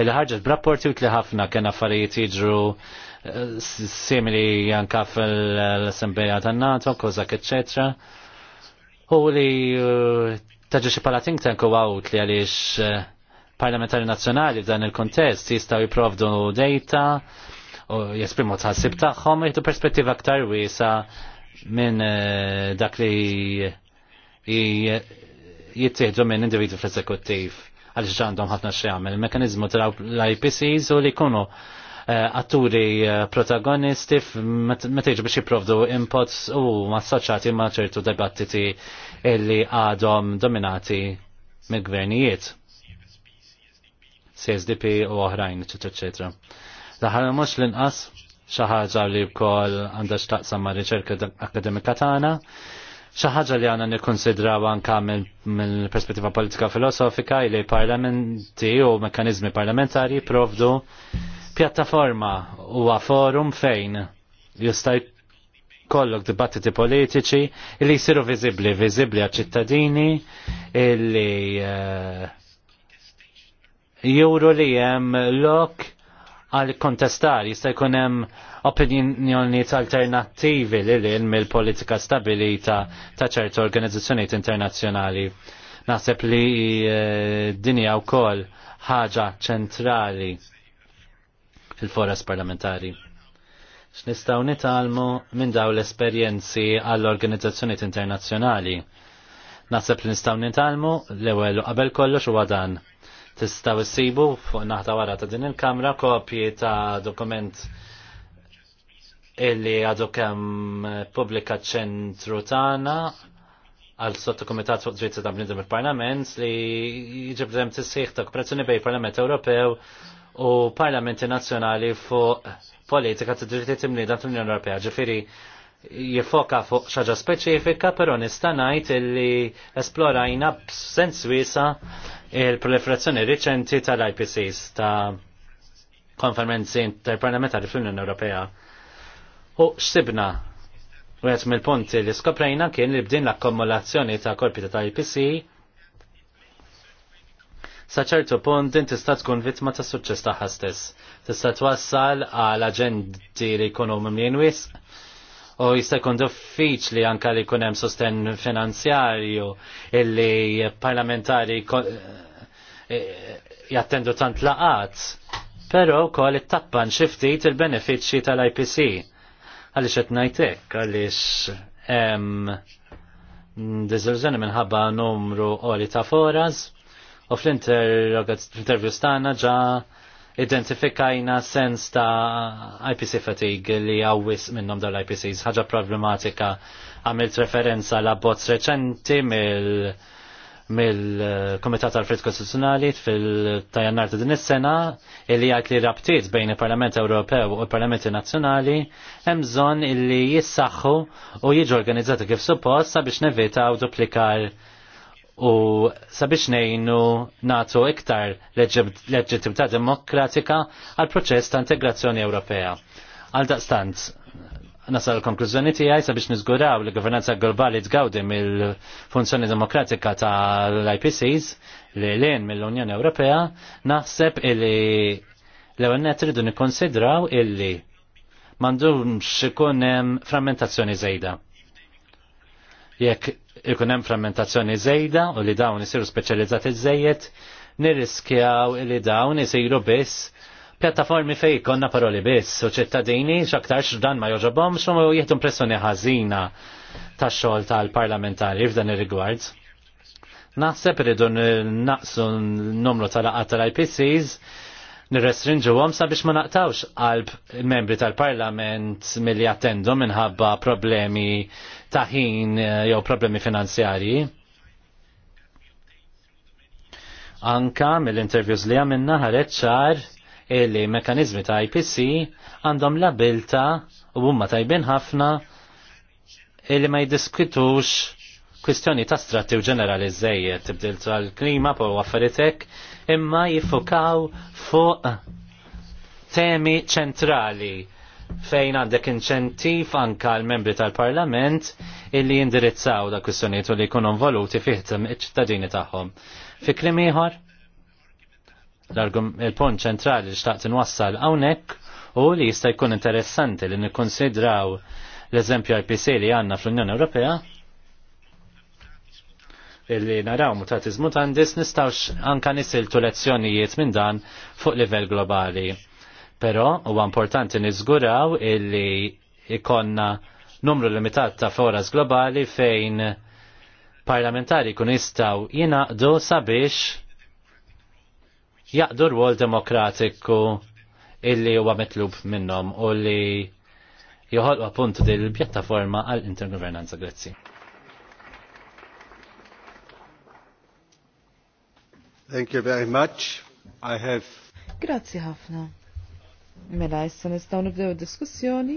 il ħarġet b'rapporti u li ħafna kena affarijiet jiġru eh, simili janka fil-Assemblea tan-NATO, kozak eccetera. U li eh, taġi xi pala think tank u għaw li għaliex parlamentari nazzjonali f'dan il-kontest jistaw jiprovdu data u jesprimu tħassib tagħhom jieħdu perspettiva aktar wiesa minn eh, dak li jittieħdu minn individu fl-eżekuttiv għaliex ġandhom ħafna x'jagħmel. Il-mekanizmu tal-IPCs u li jkunu eh, atturi eh, protagonisti meteġ biex jiprovdu inputs u massaċati ma' ċertu debattiti illi għadhom dominati mill-gvernijiet. CSDP u oħrajn, eccetera, eccetera. Daħar mhux l-inqas xi ħaġa li wkoll għanda x'taqsam ma' riċerka akademika tagħna, xi ħaġa li għandna nikkonsidraw anke mill-perspettiva politika filosofika li parlamenti u mekkaniżmi parlamentari provdu pjattaforma huwa forum fejn jista' kollok dibattiti politiċi li jisiru viżibli, viżibli għal ċittadini illi uh, juru li jem lok għal kontestar jista' jkun hemm opinjonijiet alternattivi li lil mill-politika stabilita ta' ċertu organizzazzjonijiet internazzjonali. Naħseb li e, dinja wkoll ħaġa ċentrali fil-foras parlamentari. X'nistgħu nitalmu minn daw l-esperjenzi għall-organizzazzjonijiet internazzjonali. Naħseb li nistgħu nitalmu l-ewwel qabel kollox huwa dan Tistaw issibu fuq naħta wara ta' din il-kamra kopji ta' dokument illi għadu kem publika ċentru tagħna għal komitat fuq dritti ta' bnidem il-Parlament li jġib dem sieħ ta' kooperazzjoni bej parlament Ewropew u Parlamenti Nazzjonali fuq politika ta' dritti timnida fl-Unjoni Ewropea. Ġifiri, jifoka fuq xaġa speċifika, pero nista' ngħid illi esplorajna b'sens wiesa il-proliferazzjoni riċenti tal-IPCs ta' konferenzi interparlamentari fl-Unjoni Ewropea. U x'sibna u għet mill-punti li skoprejna kien li bdin l-akkumulazzjoni ta' korpi ta' IPC sa ċertu punt din tista' tkun vittma ta' suċċess tagħha stess. Tista' twassal għal aġendi li jkunu mimlin wisq u jista' jkun diffiċli anke li jkun hemm sosten finanzjarju illi parlamentari eh, eh, jattendu tant laqat. Però kol it-tappan xi ftit il-benefiċċji tal-IPC. Għaliex qed ngħidlek għaliex hemm diżilżjoni minħabba numru qoli ta' foras u fl-intervju stana ġa ja identifikajna sens ta' IPC fatigue li għawis minnom dal IPCs, ħaġa problematika għamilt referenza la bots reċenti mill mill-Komitat eh, tal-Fritt Kostituzzjonali fil-tajannar ta' din is-sena illi għajt li rabtiet bejn il-Parlament Ewropew u l parlamenti Nazzjonali hemm bżonn illi jissaħħu u jiġu organizzati kif suppost sabiex nevitaw duplikar u sabiex nejnu natu iktar leġitimità demokratika għal proċess ta' integrazzjoni Ewropea. Għal daqstant, nasal l-konklużjoni tiegħi sabiex niżguraw li governanza globali tgawdi mill-funzjoni demokratika tal-IPCs li l-in mill-Unjoni Ewropea naħseb illi l-ewwel net iridu nikkonsidraw illi m'għandux ikun hemm frammentazzjoni żejda. Jekk ikun hemm frammentazzjoni żejda u li dawn isiru speċjalizzati żejjed, nirriskjaw li dawn isiru biss pjattaformi fej konna paroli biss u ċittadini x'aktarx dan ma joġobhom xum u jieħdu impressjoni ħażina tax-xogħol tal-parlamentari f'dan ir-rigward. Naħseb irridu naqsu n-numru tal aqqa tal-IPCs nirrestrinġu għom sabiex ma naqtawx għalb membri tal-parlament mill attendu minħabba problemi taħin eh, jew problemi finanzjarji. Anka mill-intervjuż li għamilna ħareċ ċar illi mekanizmi ta' IPC għandhom l u huma tajbin ħafna illi ma jiddiskutux kwistjoni ta' strati u ġenerali żejjed tibdil tal-klima po għaffaritek imma jiffokaw fuq temi ċentrali fejn għandek inċentiv anka l-membri tal-parlament illi jindirizzaw da kwistjoniet u li jkunu voluti fiħtim iċ-ċittadini tagħhom. Fi klim ieħor, il-punt ċentrali li xtaqt inwassal hawnhekk u li jista' jkun interessanti li nikkonsidraw l-eżempju RPC li għandna fl-Unjoni Ewropea illi naraw mutatizmu tandis nistawx anka nisiltu lezzjonijiet minn dan fuq livell globali. Pero huwa importanti niżguraw illi ikonna numru limitat ta' foras globali fejn parlamentari kun jistaw jinaqdu sabiex jaqdu rwol demokratiku illi huwa mitlub minnhom u li joħolqu appuntu dil-pjattaforma għall-intergovernanza Grazzi. Thank you very much. I have. Grazzi ħafna. Mela, issa nistgħu nibdew diskussjoni.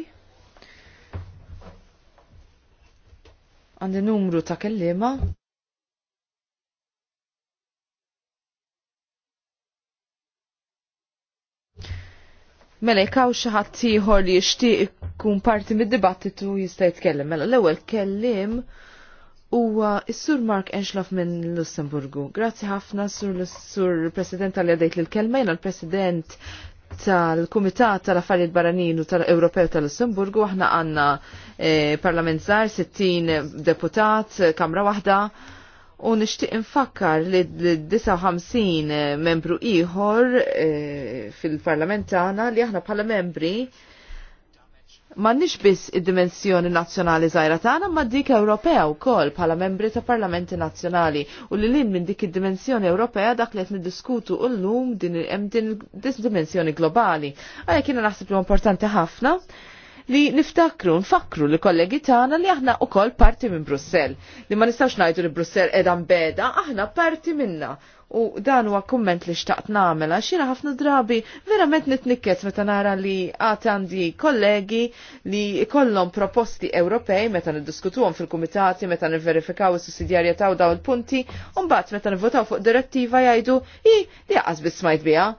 Għandi numru ta' kellima. Mela jkaw xi ħadd ieħor li jixtieq ikun parti mid-dibattitu jista' jitkellem. Mela l-ewwel kellim U s-sur Mark Enxlof minn Lussemburgu. Grazzi ħafna sur, sur President tal għadajt l-kelma, jena l-President tal-Kumitat tal-Affarijiet Baranin u tal-Ewropew tal-Lussemburgu, aħna għanna eh, parlament żgħar, 60 deputat, kamra waħda, u nixtieq infakkar li 59 membru ieħor eh, fil-Parlament tagħna li aħna bħala membri nix biss id-dimensjoni nazzjonali zaħira tagħna ma dik Ewropea wkoll bħala membri ta' parlamenti nazzjonali u li lin minn dik id-dimensjoni Ewropea dak li qed niddiskutu llum din hemm din dimensjoni globali. Għalhekk kiena naħseb li importanti ħafna li niftakru, nfakru li kollegi tagħna li aħna ukoll parti minn Brussell. Li ma nistax ngħidu li Brussell qiegħda mbeda, aħna parti minna. U dan huwa kumment li xtaqt nagħmel xina ħafna drabi verament nitnikkes meta nara li għad għandi kollegi li jkollhom proposti Ewropej meta niddiskutuhom fil-kumitati, meta nivverifikaw is-sussidjarjetà u dawn il-punti, u mbagħad meta nivvotaw fuq direttiva jgħidu i li jaqas biss smajt biha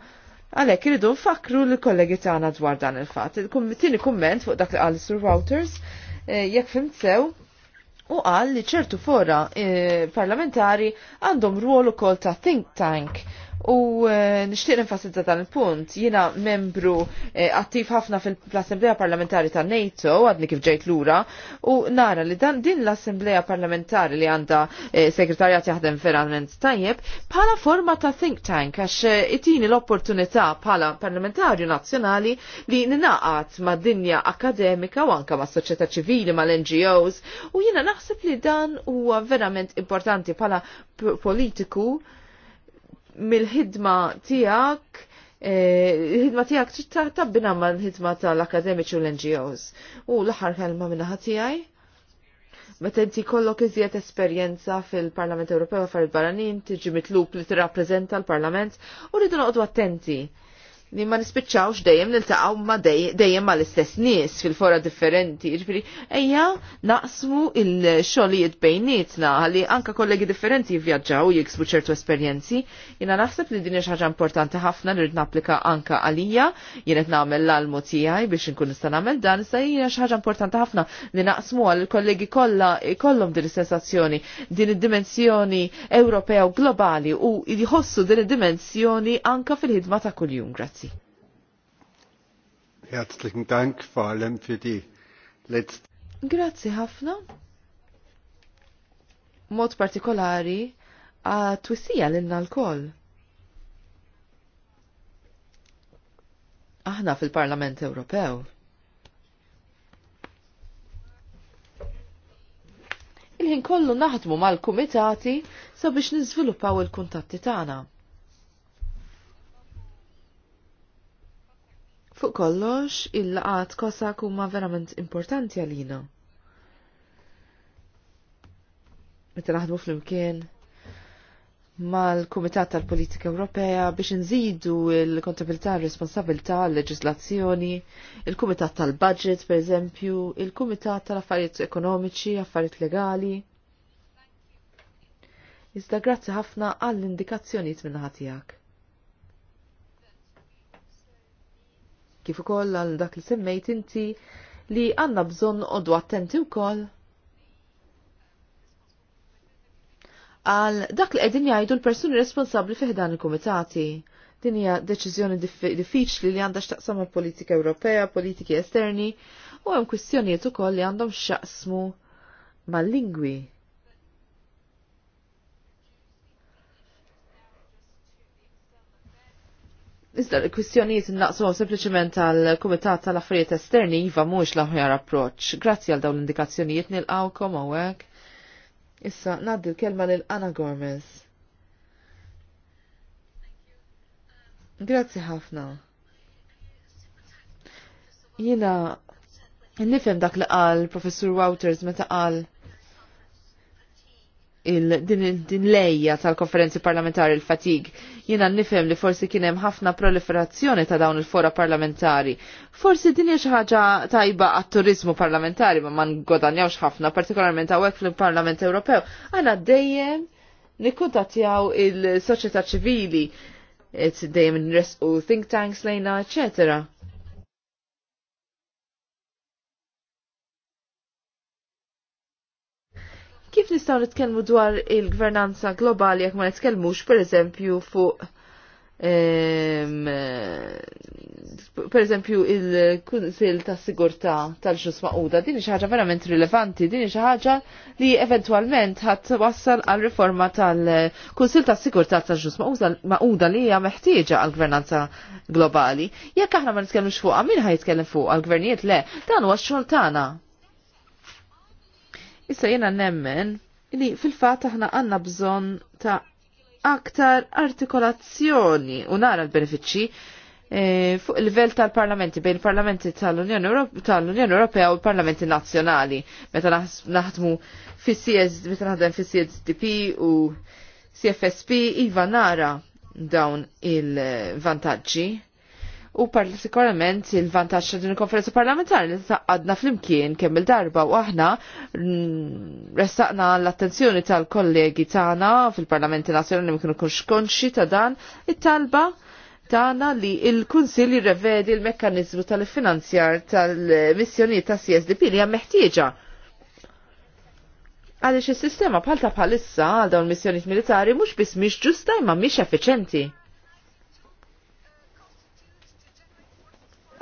Għalek, irridu nfakru l-kollegi tagħna dwar dan il-fatt. Tini kumment fuq dak li qal Sur Wouters, eh, jekk fimt sew, u qal li ċertu fora eh, parlamentari għandhom ruolu ukoll ta' think tank U eh, nixtieq enfasizza dan il-punt, jiena membru eh, attiv ħafna fil assemblea Parlamentari ta' NATO, għadni kif ġejt lura, u nara li dan din l-Assembleja Parlamentari li għandha eh, segretarjat jaħdem verament tajjeb, bħala forma ta' think tank għax itini l-opportunità bħala parlamentarju nazzjonali li ninaqat ma' dinja akademika u anka ma' soċjetà ċivili, ma' l-NGOs, u jiena naħseb li dan huwa verament importanti bħala politiku mill-ħidma tiegħek eh, il-ħidma tiegħek trid tabbina ma' l-ħidma tal-akademiċi u l-NGOs. U l-aħħar kelma minnaħa tiegħi meta inti kollok iżjed esperjenza fil-Parlament Ewropew il barranin tiġi mitlub li tirrappreżenta l-Parlament u rridu noqogħdu attenti li ma nispiċċawx dejjem niltaqgħu ma dejjem ma l-istess nies fil-fora differenti. Ġifieri ejja naqsmu il-xogħlijiet bejnietna li anka kollegi differenti jivvjaġġaw jiksbu ċertu esperjenzi. Jiena naħseb li din hija ħaġa importanti ħafna li napplika anka għalija jien qed nagħmel l-almu tiegħi biex inkun nista' nagħmel dan issa hija xi ħaġa importanti ħafna li naqsmu għal kollegi kollha kollhom din is-sensazzjoni din id-dimensjoni Ewropea u globali u jħossu din id-dimensjoni anka fil-ħidma ta' kuljum. Grazzi. Herzlichen Dank vor allem für die letzte. Grazzi ħafna. Mod partikolari a twissija l-inna l-koll. Aħna fil-Parlament Ewropew. Il-ħin kollu naħdmu mal-kumitati sabiex niżviluppaw il-kuntatti tagħna. Fuq kollox, il-laqat kosak huma verament importanti għalina. Meta naħdmu fl-imkien mal-Kumitat tal-Politika Ewropea biex nżidu il-kontabilità responsabilità l-leġislazzjoni, il-Kumitat tal-Budget per eżempju, il-Kumitat tal-Affarijiet Ekonomiċi, Affarijiet Legali. Iżda grazzi ħafna għall-indikazzjonijiet minna ħatijak. kif ukoll għal dak li semmejt inti li għanna bżonn qoddu attenti wkoll għal dak li qegħdin jgħidu l-persuni responsabbli fih dan il-kumitati. Din hija deċiżjoni diffiċli li għandha x'taqsam il politika Ewropea, politiki esterni, u hemm kwistjonijiet ukoll li għandhom x'jaqsmu mal-lingwi. Iżda l-kwistjonijiet naqsu sempliciment għal-Kumitat tal-Affarijiet Esterni jiva mhux l-aħjar approċċ. Grazzi għal dawn l-indikazzjonijiet kom hawnhekk. Issa ngħaddi l-kelma lil Anna Gormes. Grazzi ħafna. Jina nifhem dak li qal Professur Wouters meta qal din lejja tal-konferenzi parlamentari l-fatig. Jina nifem li forsi kien hemm ħafna proliferazzjoni ta' dawn il-fora parlamentari. Forsi din hija ħaġa tajba għat-turizmu parlamentari ma ma ngodanjawx ħafna, partikolarment hawnhekk fil-Parlament Ewropew. Għana dejjem nikkuntattjaw il-soċjetà ċivili, dejjem nresqu think tanks lejna, eċetera Kif nistaw nitkellmu dwar il-gvernanza globali jekk ma nitkellmux pereżempju fuq per eżempju il-Kunsil ta' Sigurtà tal-ġus maquda, din xi ħaġa verament rilevanti, din xi ħaġa li eventwalment ħadd wassal għal riforma tal-Kunsil ta' Sigurtà tal-ġus maquda li hija meħtieġa għal gvernanza globali. Jekk aħna ma nitkellmux fuqha, min ħajtkellem fuq għal gvernijiet le, dan huwa x-xogħol tagħna. Issa jena nemmen li fil-fat aħna għanna bżon ta' aktar artikolazzjoni u nara l-benefiċċji eh, fuq il-livell tal-parlamenti bejn il-parlamenti tal-Unjoni Ewropea u l-parlamenti nazzjonali meta naħdmu fis meta naħdem fis-CSDP u CFSP iva nara dawn il-vantaġġi u partikolarment il-vantaġġ ta' din il-konferenza parlamentari li saqadna fl-imkien kemm il-darba u aħna mm, restaqna l-attenzjoni tal-kollegi tagħna fil-Parlamenti Nazzjonali li kienu konxi ta' dan it-talba tagħna li l kunsill jirrevedi l-mekkaniżmu tal-finanzjar tal-missjonijiet ta' CSDP li hemm meħtieġa għaliex is-sistema bħal ta' bħalissa għal dawn missjonijiet militari mhux biss mhix ġusta imma mhix effiċenti.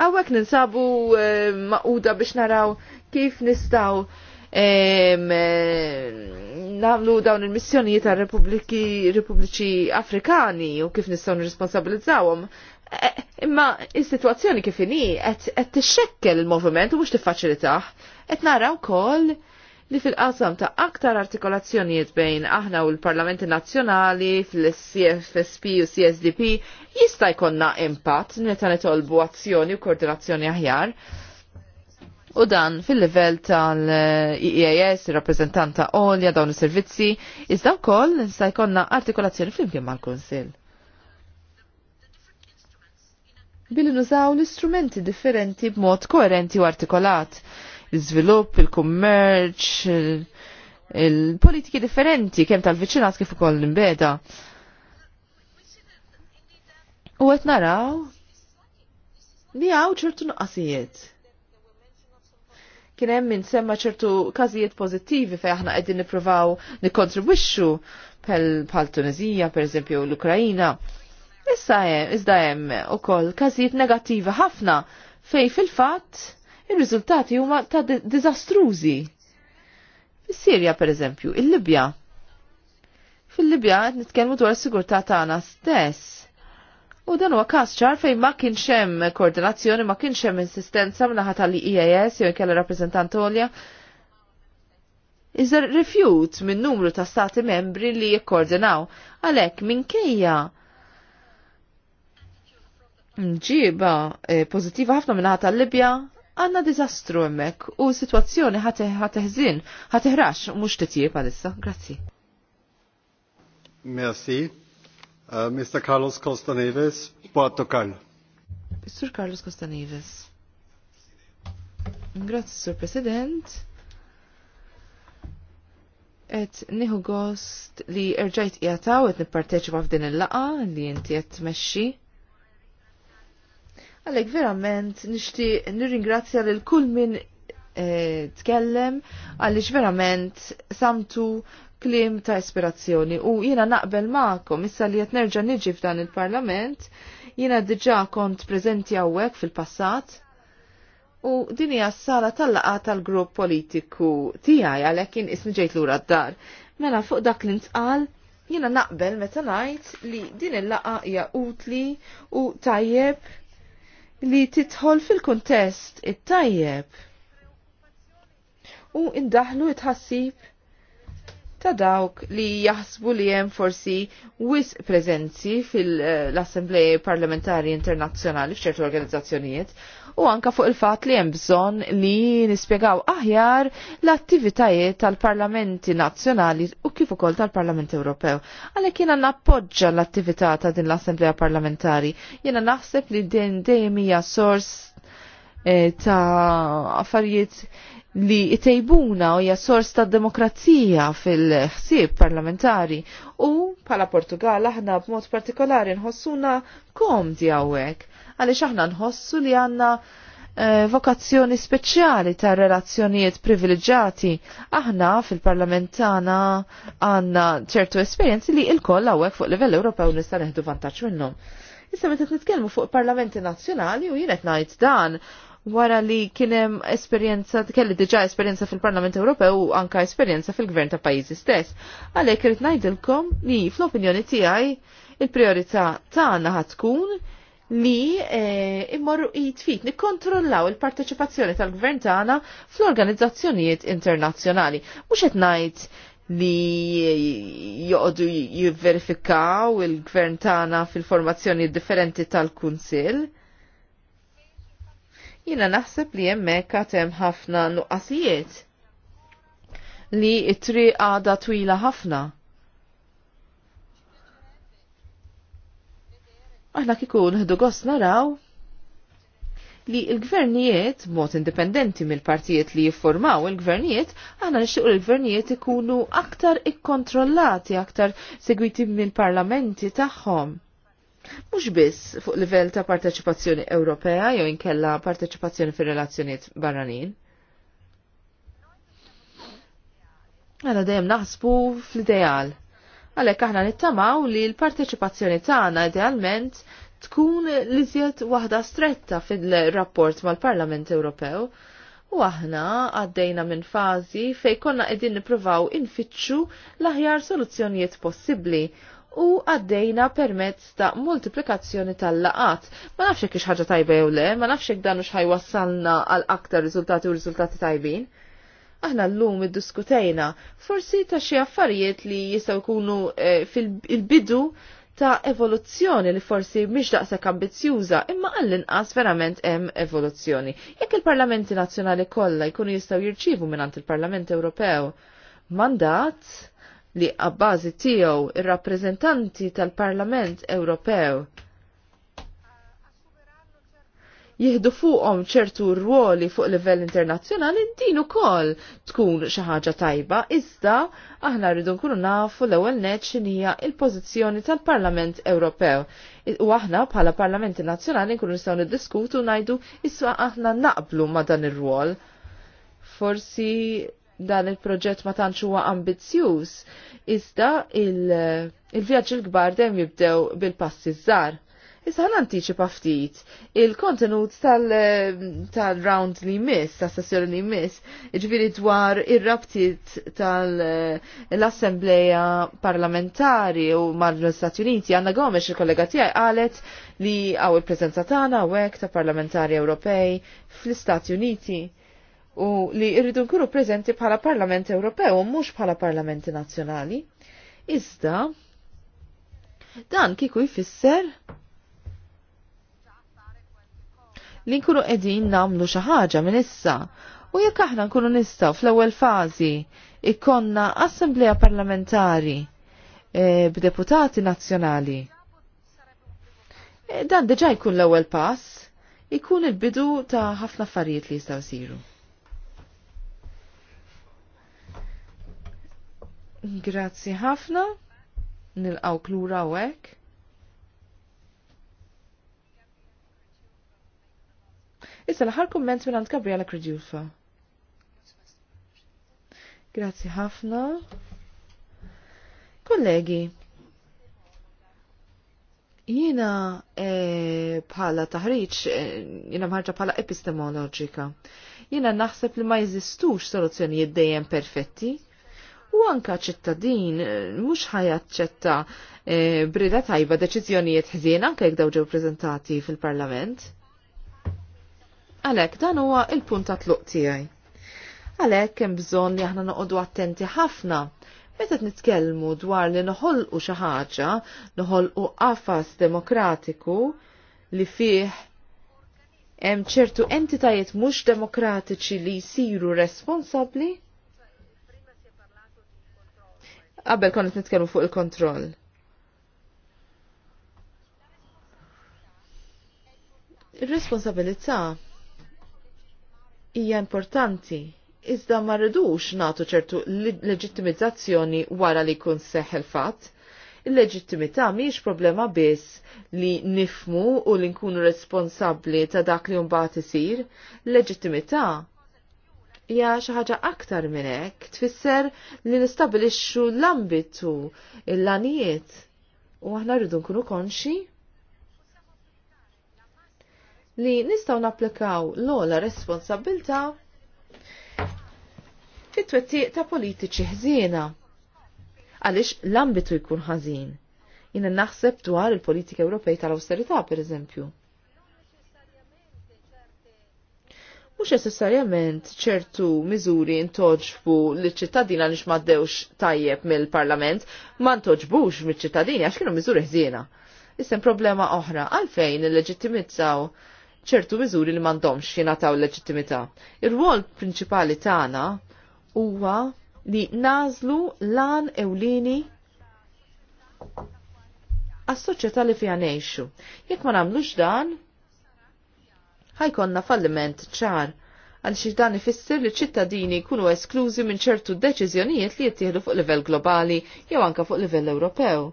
Għawek ninsabu eh, maquda biex naraw kif nistaw eh, namlu dawn il missjoni ta' Repubbliċi Afrikani u kif nistaw nirresponsabilizzawhom. Eh, imma il sitwazzjoni kif inhi qed tixxekkel il-moviment u mhux tiffaċilitah. Qed naraw ukoll li fil-qasam ta' aktar artikolazzjonijiet bejn aħna u l-Parlamenti Nazzjonali fil-CFSP u CSDP jista' jkollna impatt meta nitolbu azzjoni u koordinazzjoni aħjar. U dan fil-livell tal-EAS, e il-rappresentanta Olja, dawn is-servizzi, iżda wkoll nista' jkollna artikolazzjoni flimkien mal-Kunsill. bil nużaw l-istrumenti differenti b'mod koerenti u artikolat l-iżvilupp, il-kummerċ, il-politiki differenti kemm tal-viċinat kif ukoll l-imbeda. U qed naraw li hawn ċertu nuqqasijiet. Kien hemm min semma ċertu każijiet pożittivi fejn aħna qegħdin nippruvaw nikkontribwixxu bħal Tunizija, pereżempju l-Ukrajina. Issa hemm iżda hemm ukoll każijiet negattivi ħafna fej fil-fatt ir-riżultati huma ta' diżastrużi. Fis-Sirja pereżempju, il-Libja. Fil-Libja qed nitkellmu dwar is-sigurtà tagħna stess. U dan huwa każ ċar fejn ma kienx hemm koordinazzjoni, ma kienx hemm insistenza min-naħa tal-IAS jew kellha rappreżentant olja. Iżda rifjut minn numru ta' stati membri li jikkoordinaw. Għalhekk minkejja mġiba eh, pożittiva ħafna minnaħa tal-Libja, għanna dizastru emmek u situazzjoni ħateħzin, ħateħrax, mux titjib għalissa. Grazzi. Merci. Uh, Mr. Carlos Costa Neves, Puerto Carlo. Mr. Carlos Costa Neves. Grazzi, Sur President. Et niħu gost li erġajt jgħataw et nipparteċipa f'din il-laqa li jinti jgħat meċi Għalek verament nishti nirringrazzja lil kull min eh, tkellem għalix verament samtu klim ta' ispirazzjoni u jina naqbel ma'kom issa li jett nerġa' niġi f'dan il-parlament jina diġa kont prezenti għawek fil-passat u dini għassala tal-laqa tal-grupp politiku tijaj għalek jien ismi ġejt lura d-dar. Mela fuq dak li ntqal jina naqbel meta ngħid li din il-laqa hija utli u tajjeb li titħol fil-kontest it-tajjeb u indaħlu it-ħassib ta' dawk li jaħsbu li hemm forsi wis prezenzi fil-assembleji eh, parlamentari internazzjonali f'ċertu organizzazzjonijiet u anka fuq il-fat li hemm bżonn li nispjegaw aħjar l-attivitajiet tal-Parlamenti Nazzjonali u kif ukoll tal-Parlament Ewropew. Għalhekk jiena nappoġġa l-attività ta' din l-Assembleja Parlamentari. Jiena naħseb li din dejjem hija sors eh, ta' affarijiet li jtejbuna u hija sors ta' demokrazija fil-ħsieb parlamentari u pala Portugal aħna b'mod partikolari nħossuna komdi hawnhekk għaliex aħna nħossu li għandna eh, vokazzjoni speċjali ta' relazzjonijiet privileġġati. Aħna fil-parlament tagħna għandna ċertu esperjenzi li il koll hawnhekk fuq livell Ewropew nista' neħdu vantaġġ minnhom. Issa meta nitkellmu fuq parlamenti nazzjonali u jien qed ngħid dan wara li kienem esperienza, kelli diġa esperienza fil-Parlament Ewropew u anka esperienza fil-Gvern ta' pajjiżi stess. Għalhekk rrit ngħidilkom li fl-opinjoni tiegħi il-priorità tagħna ħatkun tkun li eh, immorru jitfit nikkontrollaw il-parteċipazzjoni tal-gvern tagħna fl-organizzazzjonijiet internazzjonali. Mhux qed ngħid li joqdu jivverifikaw il-gvern tagħna fil-formazzjoni differenti tal-Kunsill. Jina naħseb li hemmhekk hemm ħafna nuqqasijiet li it-triq għada twila ħafna aħna kiku ħdu gost naraw li il-gvernijiet, mod indipendenti mill-partijiet li jifformaw il-gvernijiet, għana nixtiq il-gvernijiet ikunu aktar ikkontrollati, aktar segwiti mill-parlamenti tagħhom. Mhux biss fuq livell ta' parteċipazzjoni Ewropea jew inkella parteċipazzjoni fir relazzjonijiet barranin. Għana dejjem naħsbu fl-ideal Għalhekk aħna nittamaw li l-parteċipazzjoni tagħna idealment tkun li żjed waħda stretta fil-rapport mal-Parlament Ewropew. U aħna għaddejna minn fażi fej konna qegħdin nippruvaw infittxu l-aħjar soluzzjonijiet possibbli u għaddejna permezz ta' multiplikazzjoni tal-laqat. Ma nafx ix ħaġa tajba jew le, ma nafx hekk dan ħaj wassalna għal aktar riżultati u riżultati tajbin aħna l-lum id-diskutejna, forsi ta' xi affarijiet li jistaw jkunu eh, fil-bidu ta' evoluzzjoni li forsi mhix daqshekk ambizzjuża, imma għall-inqas verament hemm evoluzzjoni. Jekk il-Parlamenti Nazzjonali kollha jkunu jistgħu jirċievu mingħand il-Parlament Ewropew mandat li għabbażi tiegħu ir-rappreżentanti tal-Parlament Ewropew jihdu fuqhom ċertu rwoli fuq livell internazzjonali din ukoll tkun xi ħaġa tajba, iżda aħna rridu nkunu nafu l-ewwel net x'inhija l-pożizzjoni tal-Parlament Ewropew. U aħna bħala Parlamenti Nazzjonali nkunu nistgħu niddiskutu ngħidu issa aħna naqblu ma' dan ir-rwol. Forsi dan il-proġett ma tantx huwa ambizzjuż, iżda il-vjaġġ il-kbar dejjem jibdew bil-passi żgħar Issa ħan antiċi ftit il-kontenut tal-round tal li miss, ta' sessjoni li miss, ġviri dwar ir-rabtiet tal-Assembleja eh, Parlamentari u mal-Stati Uniti. Għanna Gomes, il-kollega tijaj, għalet li għaw il-prezenza tana għek ta' parlamentari Ewropej fl-Stati Uniti u li irridu nkunu prezenti bħala Parlament Ewropew u mhux bħala Parlamenti Nazzjonali. Iżda, dan kiku jfisser li nkunu qegħdin nagħmlu xi ħaġa minn issa. U jekk aħna nkunu nistgħu fl-ewwel fażi ikkonna assembleja parlamentari e, b'deputati nazzjonali. E, dan diġà jkun l-ewwel pass, ikun il-bidu ta' ħafna affarijiet li jistgħu jsiru. Grazzi ħafna, nilqgħu klura u hekk. Issa l-ħar komment minn Gabriela Kredjufa. Grazzi ħafna. Kollegi, jina eh, bħala taħriċ, eh, jina mħarġa bħala epistemoloġika. Jina naħseb li ma jeżistux soluzzjonijiet dejjem perfetti, u anka ċittadin eh, mhux ħajaċċetta ċetta brida tajba deċiżjonijiet ħżien anke jekk daw ġew fil-Parlament. Għalek, dan huwa il-punt ta' tluq tiegħi. Għalek hemm bżonn li aħna noqogħdu attenti ħafna meta nitkellmu dwar li noħolqu xi ħaġa, noħolqu qafas demokratiku li fih hemm ċertu entitajiet mhux demokratiċi li jsiru responsabbli? Qabel konet nitkellmu fuq il-kontroll. Ir-responsabilità il hija importanti. Iżda ma rridux nagħtu ċertu leġittimizzazzjoni wara li jkun seħħ il-fatt. Il-leġittimità mhijiex problema biss li nifmu u li nkunu responsabbli ta' dak li mbagħad isir. Leġittimità hija xi ħaġa aktar minn hekk tfisser li nistabilixxu l-ambitu, l-għanijiet U aħna rridu nkunu konxi li nistaw napplikaw l-ola responsabilta fit twetti ta' politiċi ħżiena. Għalix l-ambitu jkun ħażin. Jina naħseb dwar il-politika Ewropej tal-austerità, per eżempju. Mux necessarjament ċertu miżuri intoġbu l ċittadina li xmaddewx tajjeb mill-parlament, ma ntoġbux mill-ċittadini għax kienu miżuri ħżiena. Issem problema oħra, għalfejn il-leġittimizzaw ċertu miżuri li m'għandhomx jingħataw leġittimità. Ir-rwol prinċipali tagħna huwa li nażlu lan ewlini għas-soċjetà li fiha nejxu. Jekk ma nagħmlux dan, ħajkonna falliment ċar għal xi dan ifisser li ċittadini jkunu esklużi minn ċertu deċiżjonijiet li jittieħdu fuq livell globali jew anke fuq livell Ewropew.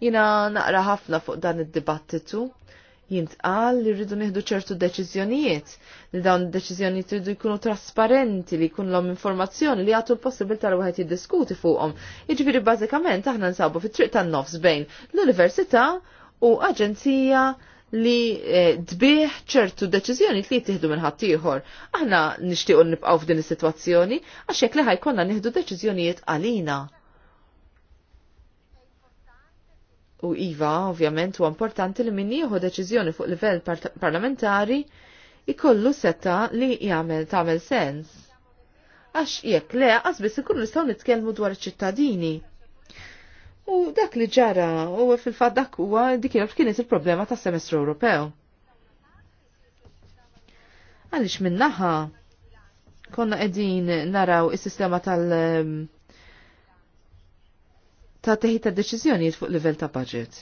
Jina naqra ħafna fuq dan id-dibattitu jintqal li rridu nieħdu ċertu deċiżjonijiet li dawn id-deċiżjonijiet rridu jkunu trasparenti li jkun l-om informazzjoni li għatu l possibil li wieħed jiddiskuti fuqhom. Jiġifieri bażikament aħna nsabu fit-triq tan-nofs bejn l-università u aġenzija li dbieħ eh, ċertu deċiżjoni li jittieħdu minn ħaddieħor. Aħna nixtiequ nibqgħu f'din is-sitwazzjoni għax hekk li ħajkonna nieħdu deċiżjonijiet għalina. U Iva, ovvjament, u importanti li min jieħu deċiżjoni fuq livell par parlamentari ikollu setta li jagħmel tagħmel sens. Għax jekk le, biss ikunu nistgħu nitkellmu dwar iċ-ċittadini. U dak li ġara, u fil-fatt dak huwa dik kienet il-problema tas semestru Ewropew. Għaliex minnaħa konna qegħdin naraw is-sistema tal- ta' teħi ta' deċiżjonijiet fuq livell ta' budget.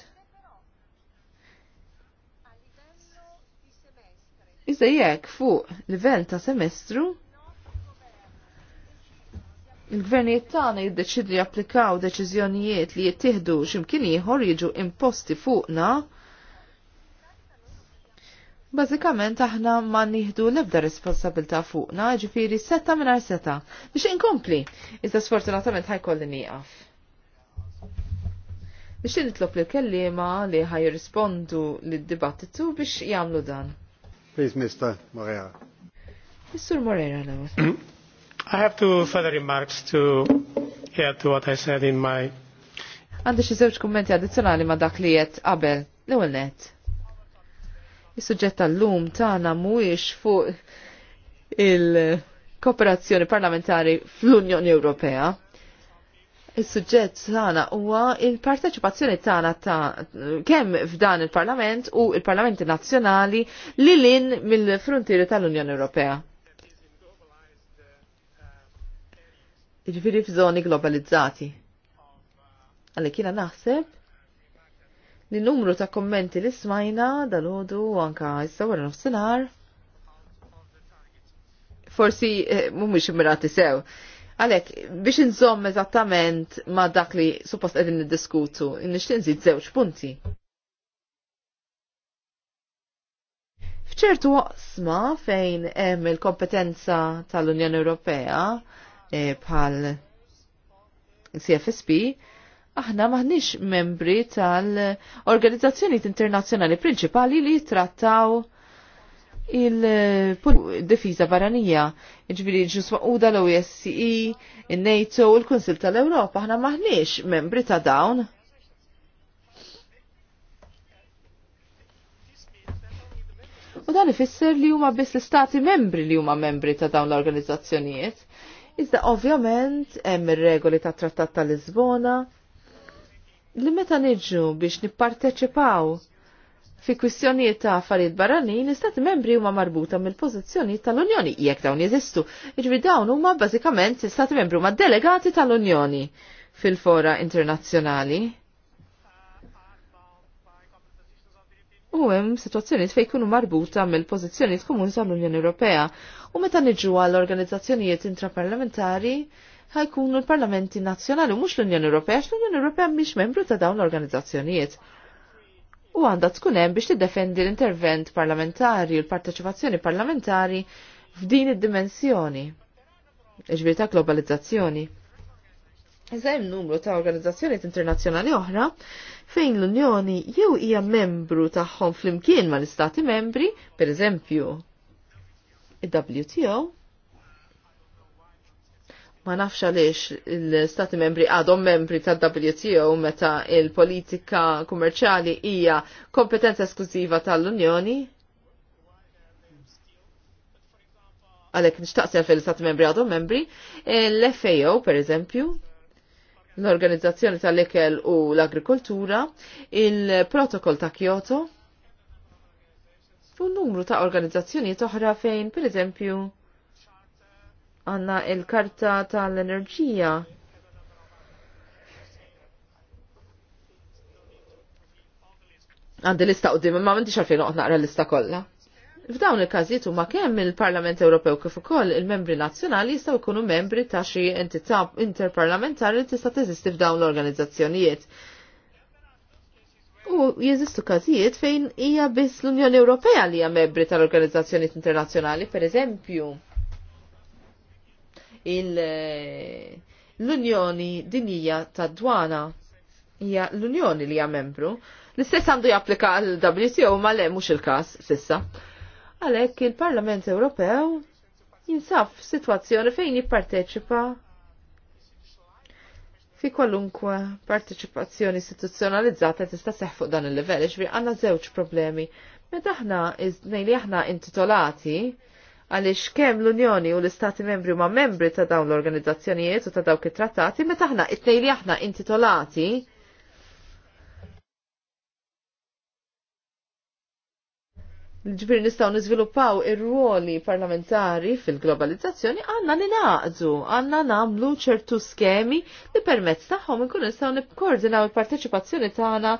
Iżda jekk fuq livell ta' semestru, il-gvernijiet tagħna jiddeċidu japplikaw deċiżjonijiet li jittieħdu x'imkien ieħor jiġu imposti fuqna, Bażikament aħna ma nieħdu l-ebda responsabilità fuqna, ġifieri seta' mingħajr seta' biex inkompli. Iżda sfortunatament ħajkolli nieqaf biex nitlob li kellima li ħaj rispondu lid-dibattitu biex jamlu dan. Please, Mr. Moreira. Mr. Moreira, l I have two further remarks to add to what I said in my Għandi xie zewċ kommenti addizjonali ma' dak li qed qabel l-ewwel net. Is-suġġett tal-lum tagħna mhuwiex fuq il-kooperazzjoni parlamentari fl-Unjoni Ewropea Is-suġġett tagħna huwa il-parteċipazzjoni tagħna ta' kemm f'dan il-Parlament u il-Parlamenti Nazzjonali li lin mill-frontieri tal-Unjoni Ewropea. Jiġifieri f'żoni globalizzati. Għalhekk kiena naħseb li numru ta' kommenti li smajna dal-ħodu anka issa wara nofsinhar forsi eh, mhumiex immirati sew Għalek, biex nżomm eżattament ma dak li suppost qegħdin niddiskutu, nixtieq nżid żewġ punti. F'ċertu waqsma fejn hemm il-kompetenza tal-Unjoni Ewropea eh, bħal CFSP, aħna maħniex membri tal-organizzazzjonijiet internazzjonali prinċipali li jittrattaw il-difiża barranija, ġbiri ġuswa maquda l-OSCE, e, il-NATO, il-Konsil tal-Europa, ħna maħniex membri ta' dawn. U dan ifisser li huma biss l-istati membri li huma membri ta' dawn l-organizzazzjonijiet. Iżda ovvjament hemm ir-regoli tat Trattat tal Lisbona li meta niġu biex nipparteċipaw fi kwistjonijiet ta' affarijiet barranin, l-istati membri huma marbuta mill-pożizzjonijiet tal-Unjoni jekk dawn jeżistu. Jiġri dawn huma bażikament l-istati membri huma delegati tal-Unjoni fil-fora internazzjonali. U hemm sitwazzjonijiet fejn ikunu marbuta mill-pożizzjonijiet komuni tal-Unjoni Ewropea u meta niġu għall-organizzazzjonijiet intraparlamentari ħajkunu l-parlamenti nazzjonali u mhux l-Unjoni Ewropea, l-Unjoni Ewropea mhix membru ta' dawn l-organizzazzjonijiet u għandha tkun hemm biex tiddefendi l-intervent parlamentari u l-parteċipazzjoni parlamentari f'din id-dimensjoni. Iġbir ta' globalizzazzjoni. Iżda hemm numru ta' organizzazzjonijiet internazzjonali oħra fejn l-Unjoni jew hija membru tagħhom flimkien mal-Istati membri, per eżempju, il-WTO, ma nafx għaliex l stati membri għadhom membri ta' WTO meta il-politika kummerċali hija kompetenza esklusiva tal-Unjoni? Għalek nixtaqsel fil-stati membri għadhom membri, l-FAO per eżempju, l-Organizzazzjoni tal-Ikel u l-Agrikoltura, il-Protokoll ta' Kyoto, u n numru ta' organizzazzjoni toħra fejn, per eżempju, għanna il-karta tal-enerġija. Għandi lista u ma menti xarfin uqt naqra lista kolla. F'dawn il-każijiet huma kemm il-Parlament Ewropew kif ukoll il-membri nazzjonali jistgħu jkunu membri ta' xi entità interparlamentari li tista' teżisti f'dawn l-organizzazzjonijiet. U jeżistu każijiet fejn hija biss l-Unjoni Ewropea li hija membri tal-organizzazzjonijiet internazzjonali, per eżempju. Eh, l-Unjoni Dinija tad-Dwana hija l-Unjoni li hija membru. L-istess għandu japplika l WTO ma le mhux il-każ sissa. Għalhekk il-Parlament Ewropew jinsab f'sitwazzjoni fejn jipparteċipa fi kwalunkwe parteċipazzjoni istituzzjonalizzata tista' seħ fuq dan il-livell, ġifieri għandna żewġ problemi. Meta aħna iżnej li aħna intitolati għaliex kemm l-Unjoni u l-Istati membri ma membri ta' dawn l-organizzazzjonijiet u ta' dawk it-trattati meta aħna it-tnej li aħna intitolati ġbir nistaw nizviluppaw ir-ruoli parlamentari fil-globalizzazzjoni għanna ninaqdu, għanna namlu ċertu skemi li permezz tagħhom nkun nistaw nikkoordinaw il-parteċipazzjoni tagħna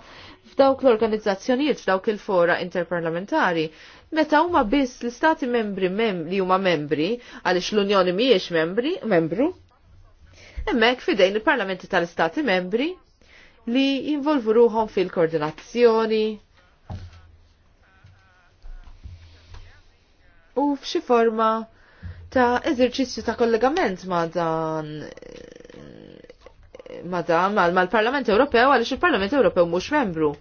f'dawk l-organizzazzjonijiet f'dawk il-fora interparlamentari meta huma biss l-istati membri mem li huma membri għaliex l-Unjoni mhijiex membri membru. Hemmhekk fidejn il-Parlamenti tal-Istati membri li jinvolvu ruhom fil-koordinazzjoni. U f'xi forma ta' eżerċizzju ta' kollegament ma' dan ma' dan mal-Parlament Ewropew għaliex il-Parlament Ewropew mhux membru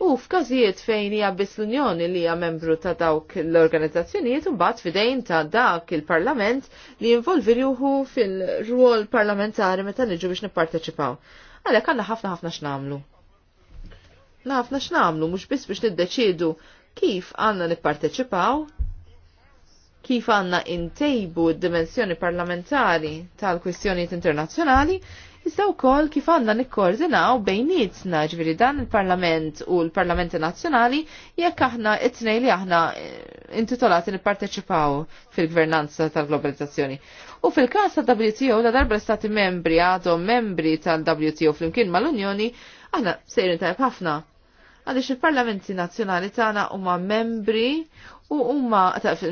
u f'każijiet fejn hija biss l-Unjoni li hija membru ta' dawk l-organizzazzjonijiet u mbagħad fidejn ta' dak il-Parlament li jinvolvi ruħu fil-rwol parlamentari meta niġu biex nipparteċipaw. Għalhekk għandna ħafna ħafna x'namlu. Ħafna x'namlu mhux biss biex niddeċiedu kif għandna nipparteċipaw, kif għandna intejbu d-dimensjoni parlamentari tal-kwistjonijiet internazzjonali, u wkoll kif għandna nikkoordinaw bejnietna ġviri dan il-Parlament u l-Parlamenti Nazzjonali jekk aħna it-tnej li aħna eh, intitolati nipparteċipaw fil-gvernanza tal-globalizzazzjoni. U fil-każ ta' wto la darba l-Stati membri għadhom membri tal-WTO flimkien mal-Unjoni aħna sejrin tajb ħafna għaliex il-parlamenti nazzjonali tagħna huma membri u huma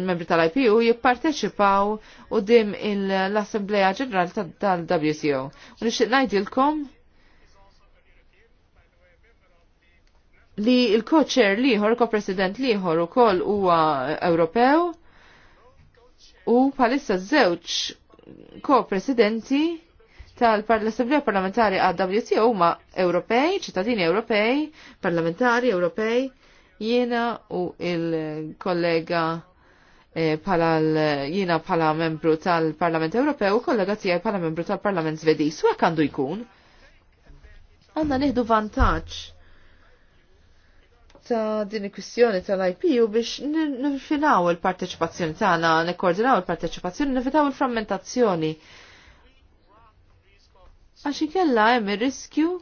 membri tal-IPU jipparteċipaw u dim l-Assembleja Ġenerali tal-WCO. U nixtieq ngħidilkom li l-co-chair liħor, ko-president liħor u koll huwa Ewropew u palissa żewġ ko-presidenti tal-Assemblea Parlamentari għad WTO huma Ewropej, ċittadini Ewropej, parlamentari Ewropej Jiena u il-kollega eh, pala jiena pala membru tal-Parlament Ewropew u kollega tiegħi pala membru tal-Parlament Svediż. U għandu jkun? Għanna nieħdu vantaġġ ta' din il-kwistjoni tal-IPU biex nifinaw il-parteċipazzjoni tagħna, nikkoordinaw il-parteċipazzjoni, nifitaw il-frammentazzjoni. Għax ikella hemm ir-riskju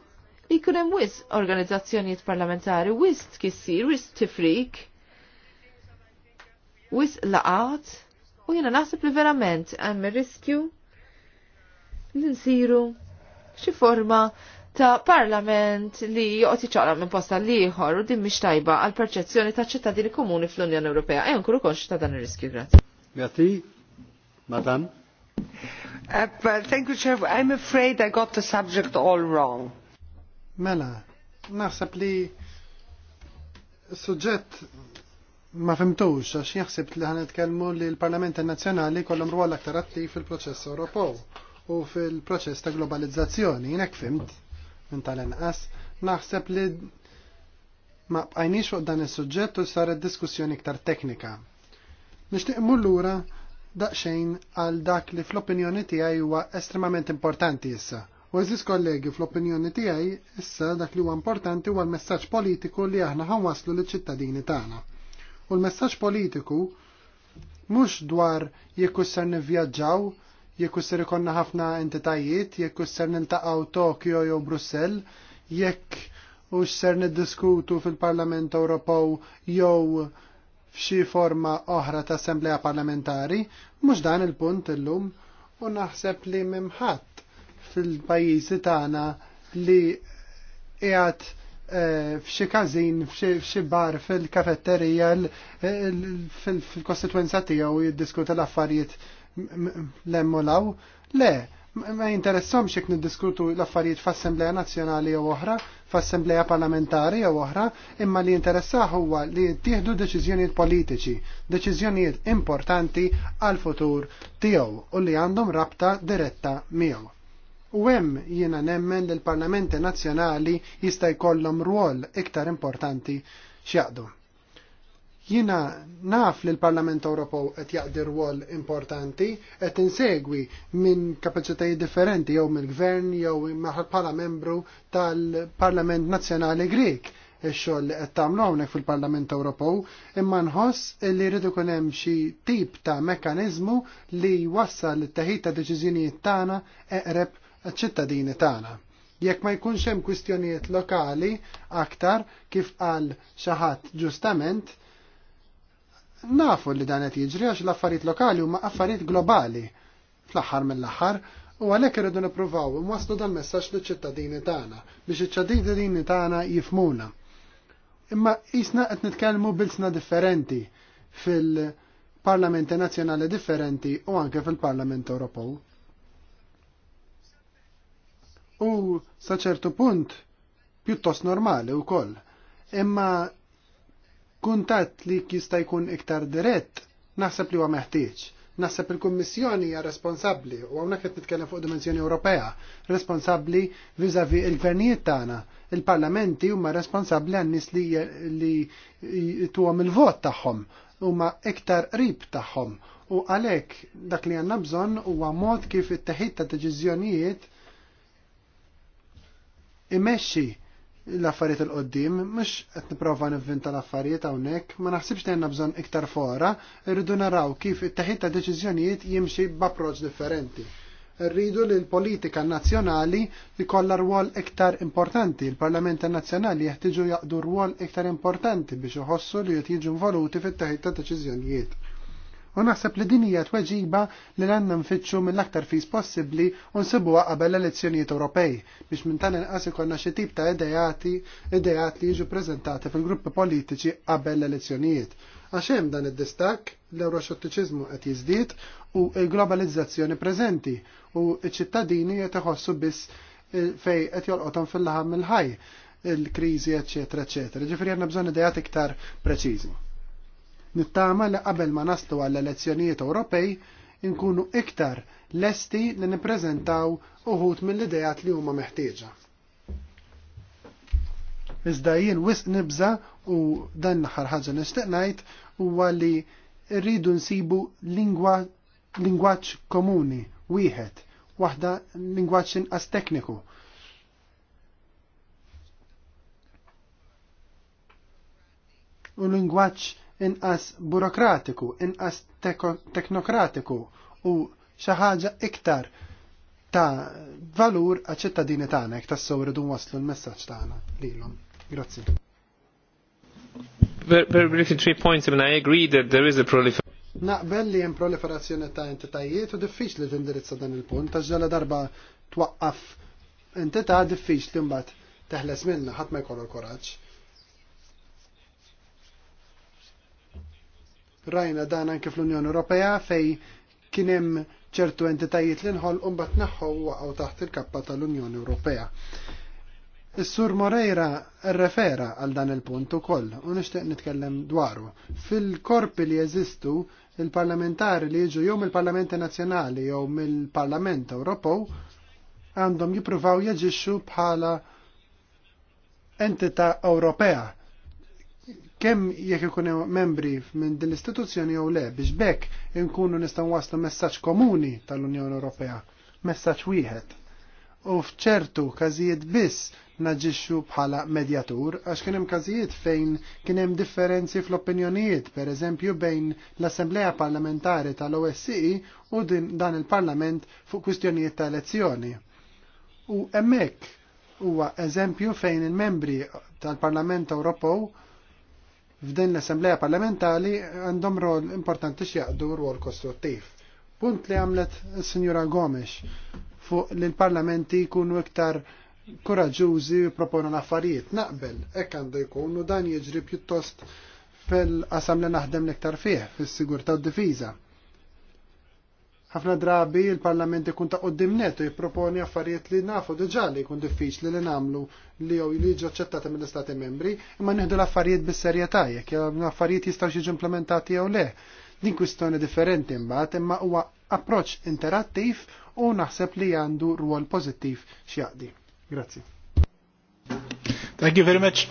li kunem hemm wis organizzazzjonijiet parlamentari, wis tkissir, wis tifrik, wis laqat, u jiena nasib li verament għem riskju li nsiru xi forma ta' parlament li joqgħod jiċċaqlaq minn posta li ieħor u din mhix tajba għal perċezzjoni ta' ċittadini komuni fl-Unjoni Ewropea. Ejon kuru konx ta' dan ir-riskju, grazie. Grazie, madam. Uh, thank you, Chair. I'm afraid I got the subject all wrong. Mela, naħseb li suġġett ma fimtux għax jaħseb li ħanet kelmu li l-Parlamenti Nazzjonali kollhom rwol aktar attiv fil-proċess Ewropew u fil-proċess ta' globalizzazzjoni. Jinek fimt minn tal-inqas naħseb li ma bqajniex fuq dan is-suġġett u saret diskussjoni iktar teknika. Nixtieq lura daqsxejn għal dak li fl-opinjoni tiegħi huwa estremament importanti issa U eżis kollegi, fl-opinjoni tiegħi, issa dak li huwa importanti huwa l-messaġġ politiku li aħna ħanwaslu liċ-ċittadini tagħna. U l-messaġġ politiku mhux dwar jekk isser nivvjaġġaw, jekk isser ikonna ħafna entitajiet, jekk isser niltaqgħu Tokyo jew Brussell, jekk u x'ser niddiskutu fil-Parlament Ewropew jew f'xi forma oħra ta' assembleja parlamentari, mhux dan il-punt illum u naħseb li mimħat fil-pajjiżi tagħna li qiegħed eh, f'xi każin f'xi bar fil-kafetterija fil-kostituenza tiegħu jiddiskuta l-affarijiet l-emmolaw. Le, ma jinteressom xek niddiskutu l-affarijiet f'Assembleja Nazzjonali jew oħra, f'Assembleja Parlamentari jew oħra, imma li jinteressah huwa li jittieħdu deċiżjonijiet politiċi, deċiżjonijiet importanti għal futur tiegħu u li għandhom rabta diretta miegħu. U hemm jiena nemmen li l-Parlamenti Nazzjonali jista' jkollhom rwol iktar importanti x'jaqdu. Jiena naf li l-Parlament Ewropew qed jaqdi rwol importanti qed insegwi minn kapaċitajiet differenti jew mill-Gvern jew bħala membru tal-Parlament Nazzjonali Grek ix-xogħol li qed tagħmlu hawnhekk fil-Parlament Ewropew, imma nħoss li jridu jkun hemm xi tip ta' mekkaniżmu li jwassal it-teħid ta' deċiżjonijiet tagħna eqreb għal ċittadini tagħna. Jekk ma jkunx hemm kwistjonijiet lokali aktar kif qal xi ħadd ġustament, nafu li dan qed jiġri għax l-affarijiet lokali huma affarijiet globali fl-aħħar mill-aħħar u għalhekk irridu nippruvaw imwaslu dan messaġġ liċ-ċittadini tagħna biex iċ-ċittadini tagħna jifmuna. Imma jisna qed nitkellmu bilsna differenti fil-parlamenti nazzjonali differenti u anke fil-Parlament Ewropew u saċertu punt pjuttost normali u koll. Imma kuntat li jista' jkun iktar dirett naħseb li huwa meħtieġ. Naħseb il-Kummissjoni hija responsabbli u hawnhekk qed nitkellem fuq dimensjoni Ewropea, responsabbli viżavi il-gvernijiet tagħna. Il-parlamenti huma responsabbli għan-nies li, li tuhom il-vot tagħhom huma iktar qrib tagħhom u għalhekk dak li għandna bżonn huwa mod kif it-teħid ta' deċiżjonijiet imexxi l-affarijiet il-qoddim, mux qed niprofa nivvinta l-affarijiet hawnhekk, ma naħsibx li għandna bżonn iktar fora, rridu naraw kif it-teħid ta' deċiżjonijiet jimxi b'approċċ differenti. Rridu li l-politika nazzjonali jkollha rwol iktar importanti, il parlament nazjonali jeħtiġu jaqdu rwol iktar importanti biex iħossu li jtiġu jiġu involuti fit-teħid ta' deċiżjonijiet. U naħseb li din hija tweġiba li għandna nfittxu mill-aktar fis possibbli u nsibuha qabel l-elezzjonijiet Ewropej biex minn tan inqas ikollna xi tip ta' ideati ideat li jiġu preżentati fil-gruppi politiċi qabel l-elezzjonijiet. Għax hemm dan id-distak l-euroxottiċiżmu qed jiżdied u l-globalizzazzjoni preżenti u ċ-ċittadini qed iħossu biss fej qed jolqothom fil-laħam mill-ħaj il-kriżi, eċetera, eċetera. Ġifieri għandna bżonn idejat iktar preċiżi. Nittama li qabel ma nastu għall elezzjonijiet Ewropej inkunu iktar lesti li nippreżentaw uħut mill-idejat li huma meħtieġa. Iżda jien wisq nibża u dan l-aħħar ħaġa nixtieq ngħid huwa li rridu nsibu lingwa lingwaġġ komuni wieħed, waħda lingwaġġ inqas tekniku. U lingwaġġ inqas burokratiku, inqas teknokratiku u xi ħaġa iktar ta' valur għaċ ċittadini tagħna jekk tassew irridu waslu l-messaġġ tagħna lilhom. Grazzi. Very briefly three points, I mean I agree that there is a proliferation Naqbel li jem proliferazzjoni ta' entitajiet u diffiċ li tindirizza dan il-punt, ta' ġala darba twaqqaf entità diffiċ li mbagħad teħles minna ħadd ma jkollu l-kuraġġ. Rajna dan anke fl-Unjoni Ewropea fej kien hemm ċertu entitajiet li nħol mbagħad naħħu waqgħu taħt il-kappa tal-Unjoni Ewropea. Is-Sur Moreira rrefera għal dan il-punt ukoll u nixtieq nitkellem dwaru. Fil-korpi li jeżistu il-parlamentari li jiġu jew mill-Parlamenti Nazzjonali jew mill-Parlament Ewropew għandhom jippruvaw jaġixxu bħala entità Ewropea kemm jekk ikun membri minn din l-istituzzjoni jew le biex bekk inkunu nistgħu waslu messaġġ komuni tal-Unjoni Ewropea, messaġġ wieħed. U f'ċertu każijiet biss naġixxu bħala medjatur għax kien hemm każijiet fejn kien hemm differenzi fl-opinjonijiet, pereżempju bejn l-Assembleja Parlamentari tal-OSCE u din dan il-Parlament fuq kwistjonijiet ta' elezzjoni. U hemmhekk huwa eżempju fejn il-membri tal-Parlament Ewropew f'din l-Assembleja Parlamentali għandhom rol importanti x'jaqdu rol kostruttiv. Punt li għamlet s-Sinjura Gomes fuq li l-parlamenti jkunu iktar kuraġużi u proponu l-affarijiet. Naqbel, ek għandu jkun u dan jiġri pjuttost fil-qasam naħdem l-iktar fih, fil-sigurta u d-difiża. Ħafna drabi il-Parlament ikun ta' qoddim netu jipproponi affarijiet li nafu diġà li jkun diffiċli li nagħmlu li jew li jiġu aċċettati mill-Istati membri, imma nieħdu l-affarijiet bis-serjetà jekk l-affarijiet jistgħu jiġu implementati jew le. Din kwistjoni differenti mbagħad, imma huwa approċċ interattiv u naħseb li għandu rwol pożittiv x'jaqdi. Grazzi. Thank you very much.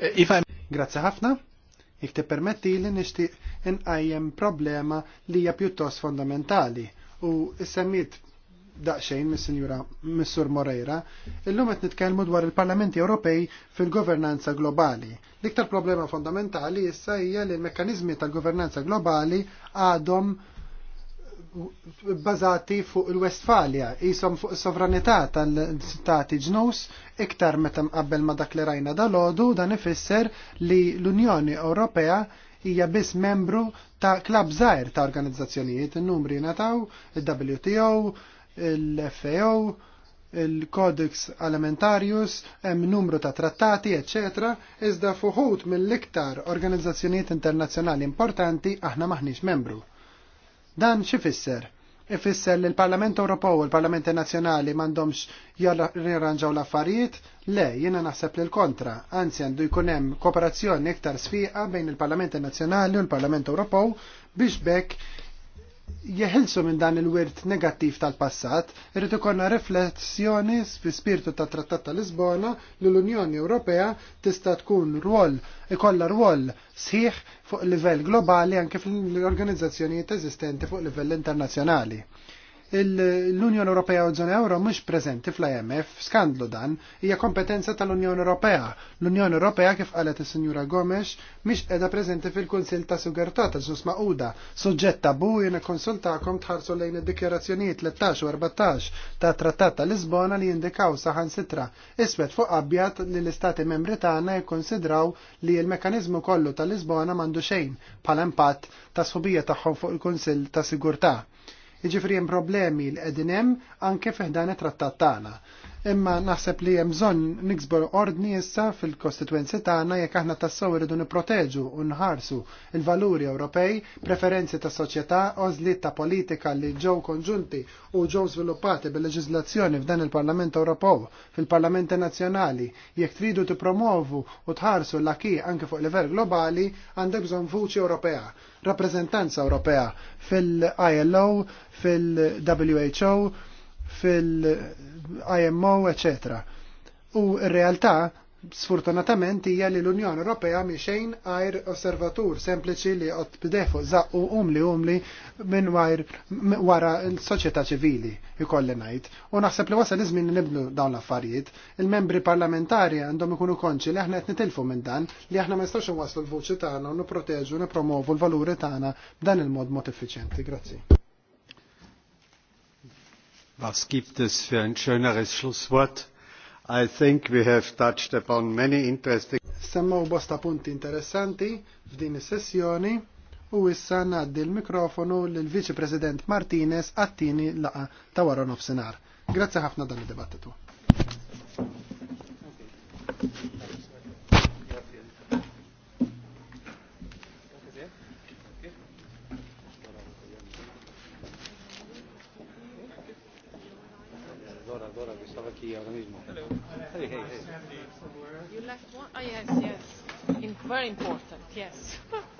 Eh, if I'm... Grazzi ħafna. Jek permetti li nixtieq in problema li hija pjuttost fondamentali u semmit daqxejn mis-Sinjura Missur Moreira, illum qed nitkellmu dwar il-Parlamenti Ewropej fil-governanza globali. L-iktar problema fondamentali issa hija li l-mekkaniżmi tal-governanza globali għadhom bazati fuq il-Westfalia, jisom fuq sovranità tal-stati ġnus, iktar meta qabel ma dak li rajna dal-ħodu, dan ifisser li l-Unjoni Ewropea hija biss membru ta' klab żgħir ta' organizzazzjonijiet, in-numri nataw, il-WTO, il-FAO, il-Codex Alimentarius, hemm numru ta' trattati, eċetera, iżda fuħut mill-iktar organizzazzjonijiet internazzjonali importanti aħna maħniex membru. Dan xifisser? ifisser li l-Parlament Ewropew u l parlament Nazzjonali m'għandhomx jirranġaw l-affarijiet, le jiena naħseb li l-kontra, anzi għandu jkun hemm kooperazzjoni iktar sfiqa bejn il parlament Nazzjonali u l-Parlament Ewropew biex bekk jeħilsu minn dan il-wirt negattiv tal-passat, irrid ikollna riflessjoni fi spirtu ta' Trattat ta' Lisbona li l-Unjoni Ewropea tista' tkun rwol, ikollha rwol sħiħ fuq livell globali anke fl-organizzazzjonijiet eżistenti fuq livell internazzjonali l-Unjoni Ewropea u Zona euro mhux preżenti fl-IMF, skandlu dan, hija kompetenza tal-Unjoni Ewropea. L-Unjoni Ewropea kif qalet is-Sinjura Gomes mhix qiegħda preżenti fil-Kunsill ta' ta' ġus Maquda. Suġġett tabu jiena konsultakom tħarsu lejn id dikjarazzjonijiet 13 u 14 ta' Trattat ta' Lisbona li jindikaw saħan sitra iswed fuq abjad li l-Istati Membri tagħna jikkonsidraw li l-mekanizmu kollu ta' Lisbona m'għandu xejn bħala impatt ta' subija tagħhom fuq il-Kunsill ta' Sigurtà Jiġifieri hemm problemi l qegħdin hemm anke fiħdan it-trattat tagħna imma naħseb li hemm bżonn niksbor ordni issa fil-kostituenzi tagħna jekk aħna tassew irridu nipproteġu u nħarsu il-valuri Ewropej, preferenzi ta' soċjetà, ożliet ta' politika li ġew konġunti u ġew sviluppati bil-leġiżlazzjoni f'dan il-Parlament Ewropew, fil-Parlamenti Nazzjonali, jekk tridu tippromovu u tħarsu l-aki anke fuq livell globali, għandek bżonn vuċi Ewropea rappresentanza Ewropea fil-ILO, fil-WHO, fil IMO, etc. U r-realtà sfortunatament hija li l-Unjoni Ewropea miexejn għajr osservatur sempliċi li qod bdefu zaqqu umli umli minn wara l-soċjetà ċivili ikolli ngħid. U naħseb li wasal iż nibnu dawn l-affarijiet. Il-membri parlamentari għandhom ikunu konċi li aħna qed nitilfu minn dan li aħna ma nistgħux inwasslu l-vuċi tagħna u nipproteġu nippromovu l-valuri tagħna b'dan il-mod mod effiċjenti. Grazzi. Was gibt es für ein schöneres Schlusswort? I think we have touched upon many interesting u bosta punti interessanti f'din is-sessjoni u issa ngħaddi l-mikrofonu lil Vice President Martinez għattini laqa ta' wara Senar. Grazzi ħafna dan id-dibattitu. Hello. Hey, hey, hey. You left one? Ah, oh, yes, yes. In, very important, yes.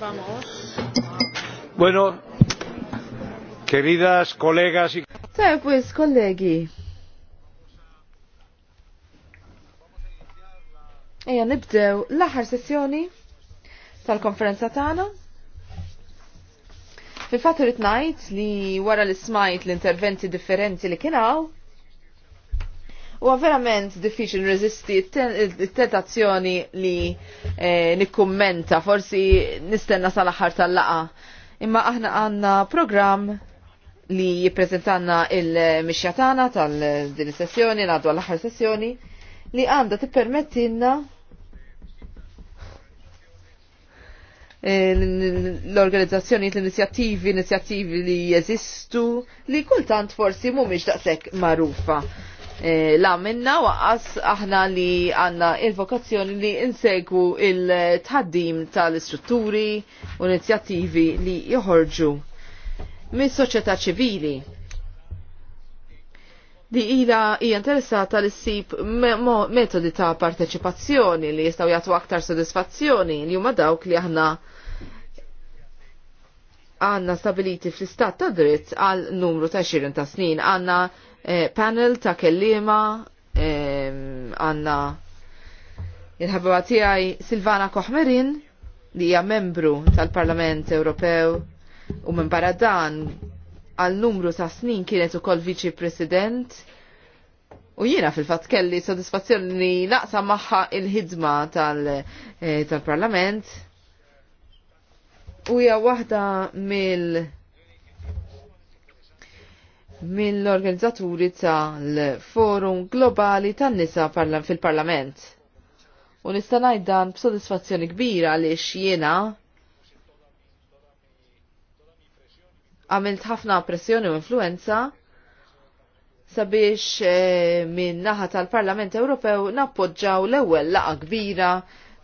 Vamos. Bueno, queridas colegas y... Sí, pues, colegi. Eja, nibdew l-aħħar sessjoni tal-konferenza tagħna. Fil-fatt irid ngħid li wara li smajt l-interventi differenti li hawn. U verament diffiċli nirreżisti t-tentazzjoni li eh, nikkummenta, forsi nistenna sal-aħħar tal-laqa. Imma aħna għanna program li jiprezentanna il-mixjatana tal-din sessjoni, ngħaddu għall-aħħar sessjoni, li għanda t-permettinna eh, l-organizzazzjoni, l-inizjattivi, inizjattivi li jeżistu, li kultant forsi mumiġ daqsek marufa. Eh, la minna waqqas aħna li għanna il-vokazzjoni li insegwu il-tħaddim tal-istrutturi u inizjattivi li joħorġu mis soċjetà ċivili li ila hija interessata li ssib metodi ta' parteċipazzjoni li jistgħu jagħtu aktar sodisfazzjoni li huma dawk li aħna għanna stabiliti fl-istat ta' dritt għal numru ta' 20 ta' snin għanna Eh, panel ta' kellima għanna il-ħabba tiegħi Silvana Koħmerin li hija membru tal-Parlament Ewropew u minn barra dan għal numru ta' snin kienet ukoll viċi president u jiena fil-fatt kelli sodisfazzjoni naqsa magħha il-ħidma eh, tal-Parlament tal u hija waħda mill- mill-organizzaturi tal-Forum Globali tan-Nisa fil-Parlament. U nista' ngħid dan b'sodisfazzjoni kbira li jiena għamilt ħafna pressjoni u influenza sabiex eh, minn naħa tal-Parlament Ewropew nappoġġaw l-ewwel laqa kbira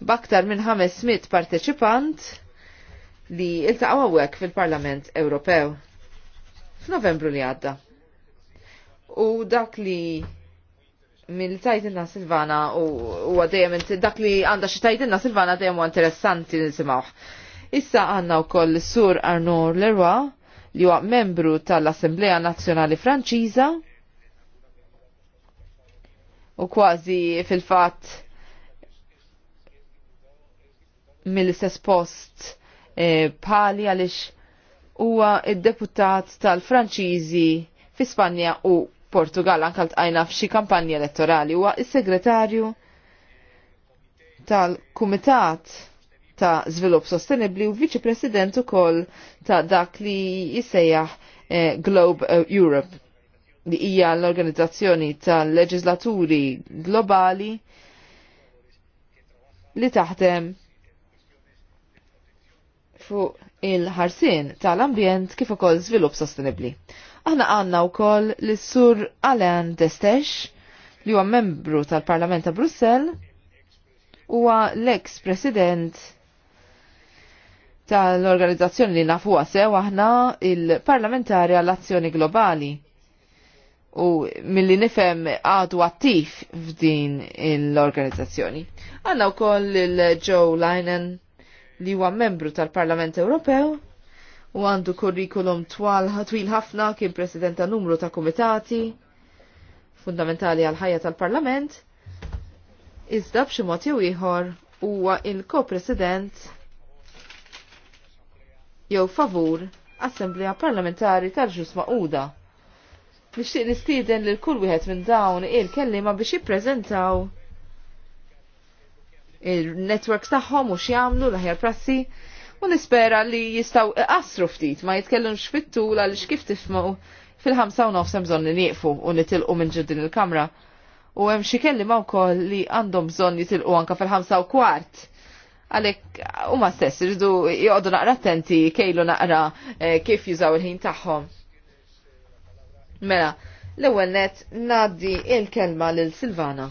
b'aktar minn 500 parteċipant li iltaqgħu hawnhekk fil-Parlament Ewropew. F'Novembru li għadda u dak li mill tajtinna Silvana u għadajem dak li għanda xi tajtinna Silvana dejjem interessanti nisimgħu. Issa għanna u koll sur Arnur Leroy li huwa membru tal-Assemblea Nazzjonali Franċiża u kważi fil-fatt mill-istess post e, pali għaliex huwa id-deputat tal-Franċiżi fi Spanja u Portugal anka tqajna f'xi kampanja elettorali huwa is-segretarju tal-Kumitat ta' Zvilupp Sostenibli u viċi President ukoll ta' dak li jisejjaħ eh, Globe eh, Europe li hija l-organizzazzjoni tal-leġislaturi globali li taħdem fuq il-ħarsin tal-ambjent kif ukoll żvilupp sostenibbli. Aħna għanna u koll l-sur Alain Destex, li huwa membru tal-Parlament ta' Brussel, huwa l-ex president tal-organizzazzjoni li nafuha sew aħna il-parlamentari għall-azzjoni globali. U mill-li nifem għadu attiv f'din l-organizzazzjoni. Għanna u koll il-Joe Linen li huwa membru tal-Parlament Ewropew u għandu kurrikulum twal twil ħafna kien president ta' numru ta' komitati fundamentali għal ħajja tal-Parlament, iżda b'xi mod jew ieħor huwa il-ko-president jew favur Assemblea Parlamentari tal-Ġus Maquda. Nixtieq nistieden lil kull wieħed minn dawn il-kellima biex jippreżentaw il-networks tagħhom u x'jagħmlu l-aħjar prassi u nispera li jistaw qasru ftit ma jitkellumx fit-tul għaliex kif tifmu fil-ħamsa u hemm bżonn li nieqfu u nitilqu minn ġid din il-kamra. U hemm xi kelliema wkoll li għandhom bżonn jitilqu anke fil-ħamsa u kwart. Għalek, u ma stess, rridu jgħodu naqra attenti kejlu naqra eh, kif jużaw il-ħin tagħhom. Mela, l-ewwel net ngħaddi il-kelma lil Silvana.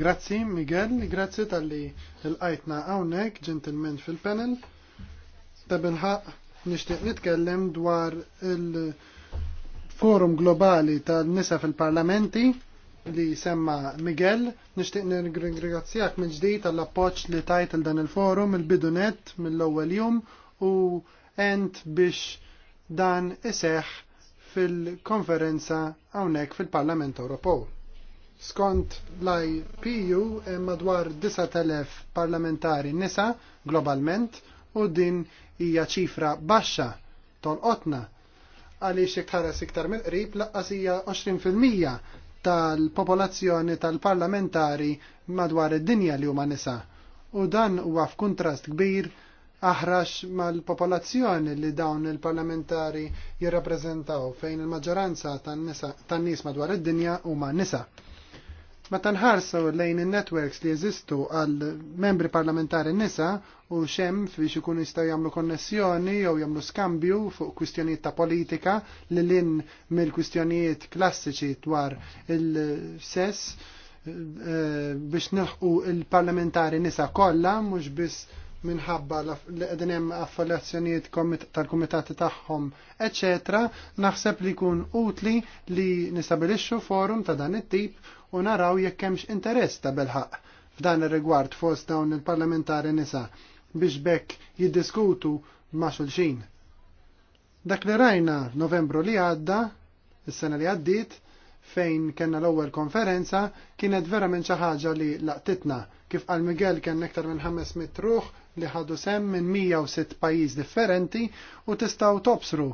Grazzi Miguel, grazzi tal-li l-għajtna għawnek, ġentilmen fil-panel. Ta' bilħaq nishtiq nitkellem dwar il-forum globali tal-nisa fil-parlamenti li semma Miguel. Nishtiq nirgrazzjak mill ġdijt tal-appoċ li tajt dan il-forum, il-bidunet mill-ewwel jum u ent biex dan iseħ fil-konferenza għawnek fil-Parlament Ewropew skont l-IPU eh, madwar 9.000 parlamentari nisa globalment u din hija ċifra baxxa tolqotna għaliex ikħares iktar mill-qrib laqqas hija 20% tal-popolazzjoni tal-parlamentari madwar id-dinja li huma nisa. U dan huwa f'kuntrast kbir aħrax mal-popolazzjoni li dawn il-parlamentari jirrappreżentaw fejn il-maġġoranza tan-nies madwar id-dinja huma nisa. Meta nħarsu lejn in-networks li jeżistu għal membri parlamentari nisa u xem biex ikunu jistgħu jagħmlu konnessjoni jew jagħmlu skambju fuq kwistjonijiet ta' politika li lin mill-kwistjonijiet klassiċi dwar il-sess eh, biex nilħqu il-parlamentari nisa kollha mhux biss minħabba li qegħdin hemm affolazzjonijiet tal-kumitati tagħhom, eċetera, naħseb li jkun utli li nistabilixxu forum ta' dan it-tip u naraw jekk hemmx interess ta' belħaq f'dan ir-rigward fost dawn il-parlamentari nisa biex bekk jiddiskutu ma' xulxin. Dak li rajna novembru li għadda, is-sena li għaddit, fejn kena l-ewwel konferenza kienet verament xi ħaġa li laqtitna. Kif għal Miguel kien nektar minn 500 ruħ li ħadu sem minn 106 pajjiż differenti u tistgħu tobsru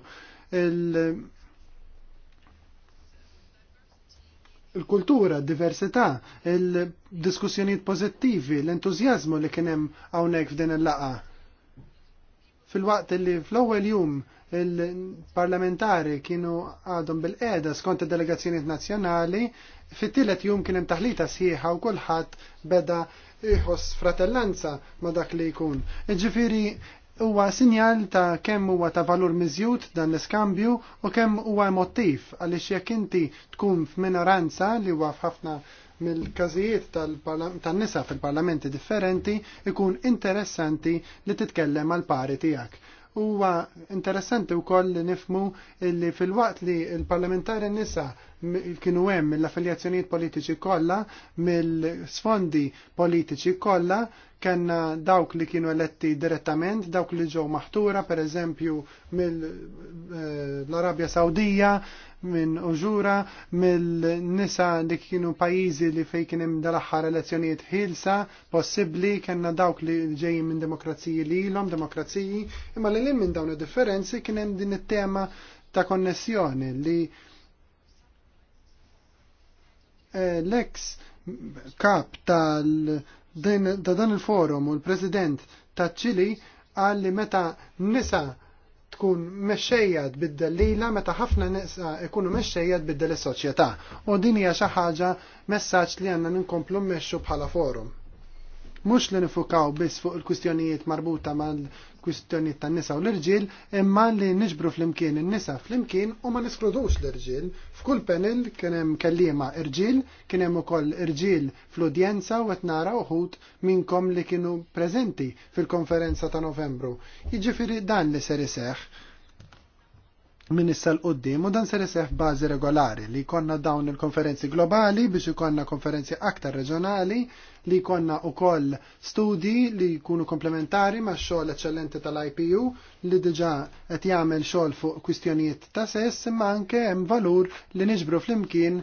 il-kultura, diversità, il-diskussjonijiet pozittivi, l-entużjażmu li kien hemm hawnhekk f'din il-laqa. Fil-waqt li fl-ewwel jum il-parlamentari kienu għadhom bil-qeda skont id-delegazzjonijiet nazzjonali, fit-tielet jum kien hemm taħlita sħiħa u kulħadd beda iħoss fratellanza ma dak li jkun. Ġifiri, huwa sinjal ta' kemm huwa ta' valur miżjud dan l-iskambju u kemm huwa emottiv għaliex jekk inti tkun f'minoranza li huwa f'ħafna mill-każijiet tan-nisa fil-parlamenti differenti ikun interessanti li titkellem għal pari tiegħek. Huwa interessanti wkoll li nifmu li fil-waqt li l-parlamentari nisa kienu hemm mill-affiljazzjonijiet politiċi kollha, mill-sfondi politiċi kollha, kellna dawk li kienu eletti direttament, dawk li ġew maħtura pereżempju mill-Arabja eh, Sawdija, minn Uġura, mill-nisa li kienu pajjiżi li fejn kien hemm dal-aħħar elezzjonijiet ħilsa, possibbli kellna dawk li ġejjin minn demokrazija li ilhom demokraziji, imma li minn dawn id-differenzi kien hemm din it-tema ta' konnessjoni li Eh, l-ex kap tal ta' dan il-forum u l-president ta' ċili għalli li meta nisa tkun mexxejja bid lila meta ħafna nisa ikunu mexxejja bid is-soċjetà. U din hija xi ħaġa messaġġ li għandna ninkomplu mmexxu bħala forum. Mhux li nifukaw biss fuq il-kwistjonijiet marbuta mal kwistjoni tan nisa u l-irġiel imma li niġbru fl-imkien in-nisa fl-imkien u ma niskludux l-irġiel. F'kull panel kien hemm kellima irġiel, kien hemm ukoll irġiel fl-udjenza u qed nara uħud minnkom li kienu preżenti fil-konferenza ta' Novembru. Jiġifieri dan li ser iseħħ minn issa l-qoddim u dan ser iseħ bażi regolari li konna dawn il-konferenzi globali biex ikonna konferenzi aktar reġjonali li konna u koll studi li jkunu komplementari ma' xogħol eċċellenti tal-IPU li diġa qed jagħmel xogħol fuq kwistjonijiet ta' sess imma anke hemm valur li niġbru flimkien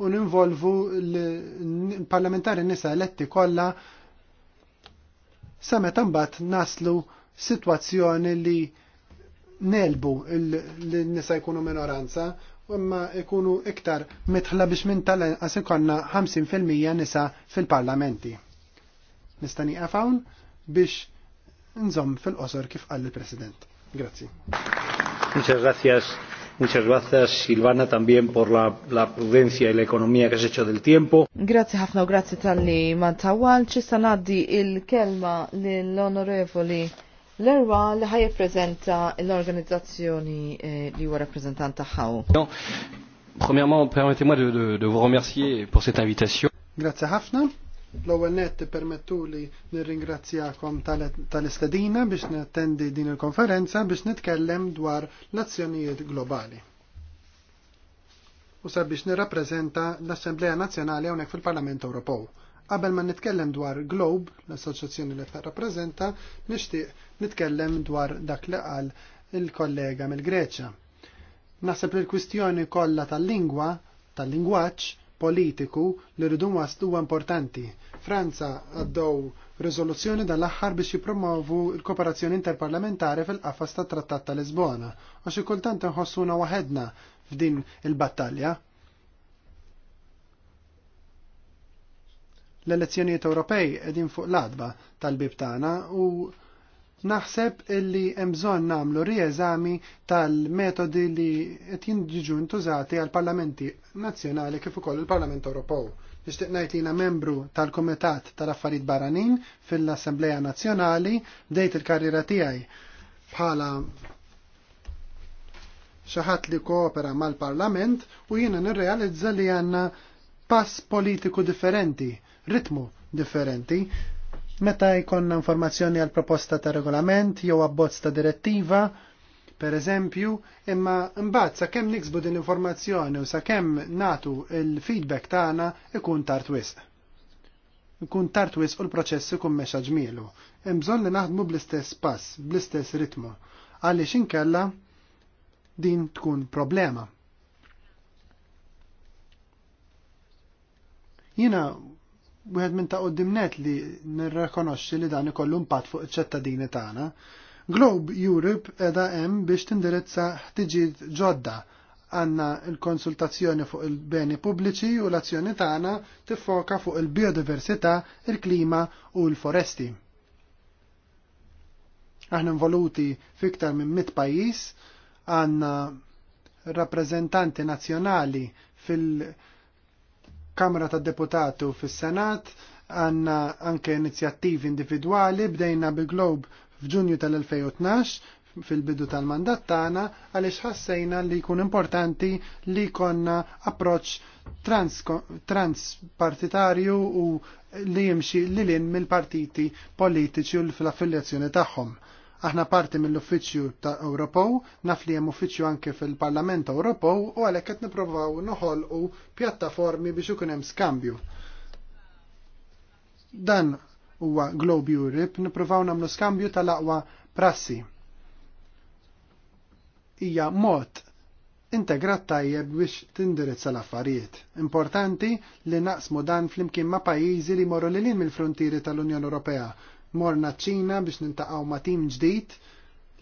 u ninvolvu l-parlamentari nisa eletti kollha sa meta mbagħad naslu sitwazzjoni li nelbu l-nisa jkunu minoranza imma ikunu iktar mitħla biex minn tal-inqas ikonna 50% nisa fil-parlamenti. Nistani għafawn biex nżomm fil-qosor kif qal il-President. Grazzi. Muchas gracias. Muchas gracias Silvana también por la, la prudencia y la economía que has hecho del tiempo. Grazie ħafna u grazie tal-li ma tawal. Ċista naddi il-kelma l-onorevoli L-erwa li ħaj prezenta l-organizzazzjoni eh, li huwa rappresentant tagħha. Premièrement, permettez-moi de, de, de vous remercier pour cette invitation. Grazie ħafna. L-ewwel nett permettu li nirringrazzjakom tal-istedina biex nattendi din il-konferenza biex nitkellem dwar l-azzjonijiet globali. U sabiex nirrappreżenta l-Assemblea Nazzjonali hawnhekk fil-Parlament Ewropew Qabel ma nitkellem dwar Globe, l-assoċjazzjoni li rappreżenta, nixtieq nitkellem dwar dak li qal il-kollega mill-Greċja. Naħseb li l-kwistjoni kollha tal-lingwa, tal-lingwaġġ politiku li rridu waslu huwa importanti. Franza għaddew riżoluzzjoni dal-aħħar biex jippromovu l-kooperazzjoni interparlamentari fil-qafas tat-Trattat ta' Lisbona, għax kultant inħossuna waħedna f'din il-battalja L-elezzjonijiet Ewropej qegħdin fuq l-adba tal-bib tagħna u naħseb illi hemm bżonn nagħmlu rieżami tal-metodi li qed jinġiġu ntużati għal parlamenti nazzjonali kif ukoll il-Parlament Ewropew. Nixtieq ngħid li membru tal-Kumitat tal-Affarijiet Barranin fil-Assembleja Nazzjonali bdejt il-karriera tiegħi bħala xi ħadd li koopera mal-Parlament u jiena nirrealizza li għandna pass politiku differenti ritmu differenti. Meta jkonna informazzjoni għal proposta ta' regolament jew abbozz ta' direttiva, per eżempju, imma mbagħad sakemm niksbu din l-informazzjoni u sakemm natu il-feedback tagħna ikun tard wisq. Ikun tard wisq u l-proċess ikun mexa ġmielu. Hemm bżonn li naħdmu bl-istess pass, bl-istess ritmu, għaliex inkella din tkun problema. Jina wieħed minn ta' qoddimnet li nirrekonoxxi li dan ikollu impatt fuq iċ ċettadini tagħna. Globe Europe edha hemm biex tindirizza ħtiġijiet ġodda għanna l konsultazzjoni fuq il-beni pubbliċi u l-azzjoni tagħna tiffoka fuq il-biodiversità, il-klima u l-foresti. Aħna involuti fiktar minn mit pajjiż għandna rappreżentanti nazzjonali fil- Kamra ta' Deputatu fis-Senat għanna anke inizjattivi individwali bdejna bi Globe f'Ġunju tal-2012 fil-bidu tal-mandat tagħna għaliex ħassejna li jkun importanti li konna approċċ transpartitarju trans u li jimxi lilin mill-partiti politiċi u fl-affiljazzjoni tagħhom Aħna parti mill-Uffiċċju ta' Ewropew, naf li hemm uffiċċju anke fil-Parlament Ewropew u għalhekk qed nippruvaw noħolqu pjattaformi biex ikun hemm skambju. Dan huwa Globe Europe nippruvaw nagħmlu skambju tal-aqwa prassi. Hija mod integrat tajjeb biex tindirizza l-affarijiet. Importanti li naqsmu dan flimkien ma' pajjiżi li moru lilin mill-frontieri tal-Unjoni Ewropea Morna ċina biex nintaqgħu ma' tim ġdid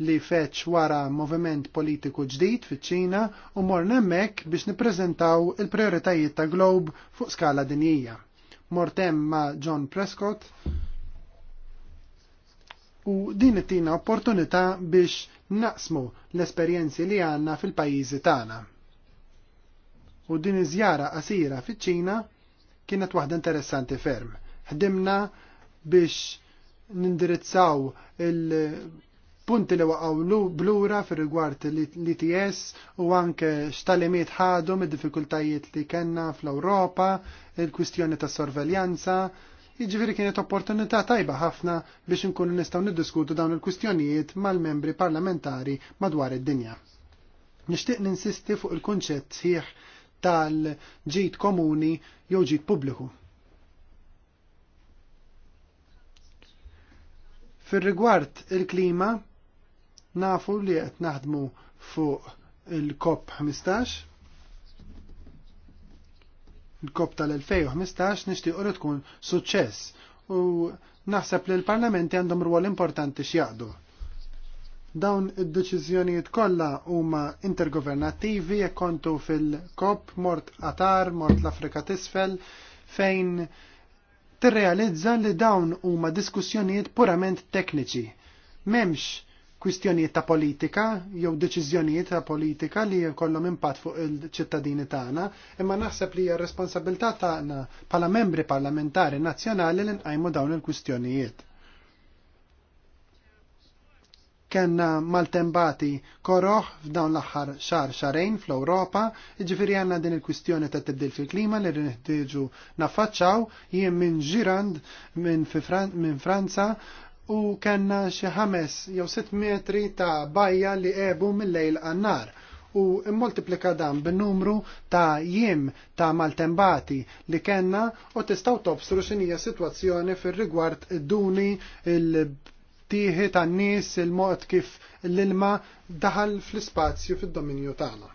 li feċ wara moviment politiku ġdid fiċ-Ċina u morna hemmhekk biex nippreżentaw il-prioritajiet ta' Globe fuq skala dinjija. Mortem ma' John Prescott u din it-tina opportunità biex naqsmu l-esperjenzi li għanna fil-pajjiżi tagħna. U din iżjara qasira fiċ-Ċina kienet waħda interessanti ferm. Ħdimna biex nindirizzaw il-punti li waqgħu blura fir rigward l-ITS u anke x'talimiet ħadu mid diffikultajiet li kellna fl-Ewropa, il-kwistjoni tas sorveljanza. Jiġifieri kienet opportunità tajba ħafna biex inkunu nistgħu niddiskutu dawn il-kwistjonijiet mal-membri parlamentari madwar id-dinja. Nixtieq ninsisti fuq il-kunċett sħiħ tal-ġid komuni jew ġid pubbliku Fil-rigward il-klima, nafu li qed naħdmu fuq il-COP 15, il-COP tal-2015 nixtiequ li tkun suċċess u naħseb li l-parlamenti għandhom rwol importanti x'jaqdu. Dawn id-deċiżjonijiet kollha huma intergovernattivi jekk kontu fil-COP mort Qatar, mort l-Afrika t'isfel, fejn tirrealizza li dawn huma diskussjonijiet purament tekniċi. Memx kwistjonijiet ta' politika jew deċiżjonijiet ta' politika li jkollhom impatt fuq il-ċittadini tagħna, imma naħseb li hija responsabilità tagħna bħala membri parlamentari nazzjonali li nqajmu dawn il-kwistjonijiet. Kenna maltembati koroħ f'dawn l-aħħar xar xarejn fl-Ewropa, ġifiri għanna din il-kwistjoni ta' tibdil fil-klima li riniħtieġu naffaċċaw jien minn Girand minn min Franza u kena xi ħames jew sitt metri ta' bajja li ebu mill-lejl għannar u immultiplika dan bin-numru ta' jiem ta' maltembati li kenna u tistaw tobstru xinija situazzjoni fil rigward id-duni, tieħi tan-nies il-mod kif l-ilma daħal fl-ispazju fid-dominju tagħna.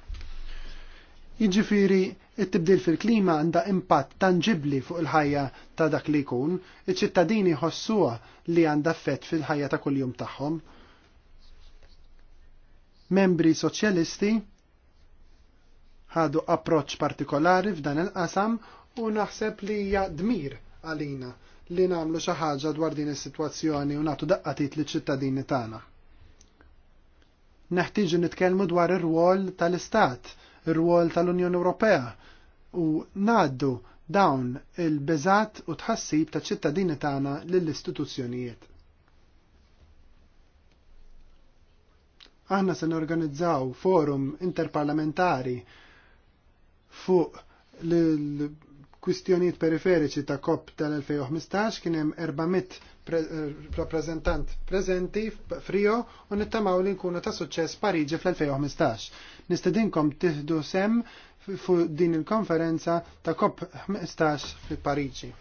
Jiġifieri it-tibdil fil-klima għandha impatt tangibbli fuq il-ħajja ta' dak li jkun, iċ-ċittadini ħossuha li għandha effett fil-ħajja ta' kuljum tagħhom. Membri soċjalisti ħadu approċċ partikolari f'dan il-qasam u naħseb li hija dmir għalina li nagħmlu xi ħaġa dwar din is-sitwazzjoni u nagħtu daqqatit liċ ċittadini tagħna. Neħtieġu nitkellmu dwar ir-rwol tal-Istat, ir-rwol tal-Unjoni Ewropea u ngħaddu dawn il-beżat u tħassib ta' ċittadini tagħna lill-istituzzjonijiet. Aħna se norganizzaw forum interparlamentari fuq kwistjonijiet periferiċi ta' COP tal-2015 kien hemm 400 eh, rappreżentant preżenti frio u nittamaw li nkunu ta' suċċess Pariġi fl-2015. Nistedinkom tiħdu sem fuq din il-konferenza ta' COP 15 fi Pariġi.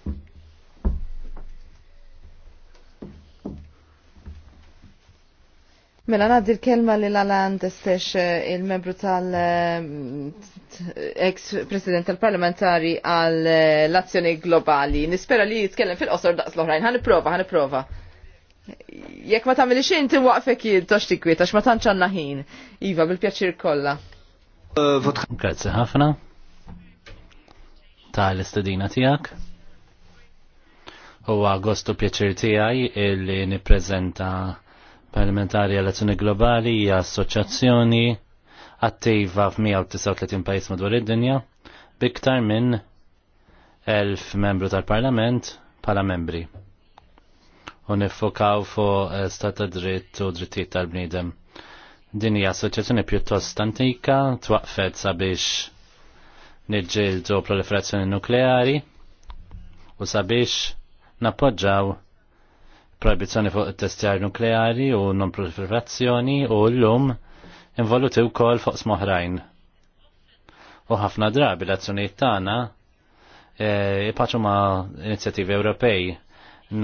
Mela naddi l-kelma li l għalan testex eh, il-membru tal-ex-president eh, tal-parlamentari għal-azzjoni eh, globali. Nispera li jitkellem fil-qosor daqs l-oħrajn. Għan prova, għan prova. Jek ma tamili xin ti waqfek jintox tikwita, ma tanċanna ħin. Iva, bil-pjaċir kolla. Grazie ħafna. Ta' l istadina tijak. Huwa għostu pjaċir tijaj il-li niprezenta parlamentari għal-azzjoni globali hija assoċjazzjoni attiva f'139 pajjiż madwar id-dinja biktar minn 1000 membru tal-Parlament bħala membri. U niffokaw fuq eh, stat dritt u drittijiet tal-bniedem. Din hija assoċjazzjoni pjuttost antika, twaqfet sabiex nidġildu proliferazzjoni nukleari u sabiex nappoġġaw proibizzjoni fuq it-testjar nukleari u non-proliferazzjoni u l-lum involuti wkoll fuq smoħrajn. U ħafna drabi l-azzjonijiet tagħna e, ipaċu ma inizjattivi Ewropej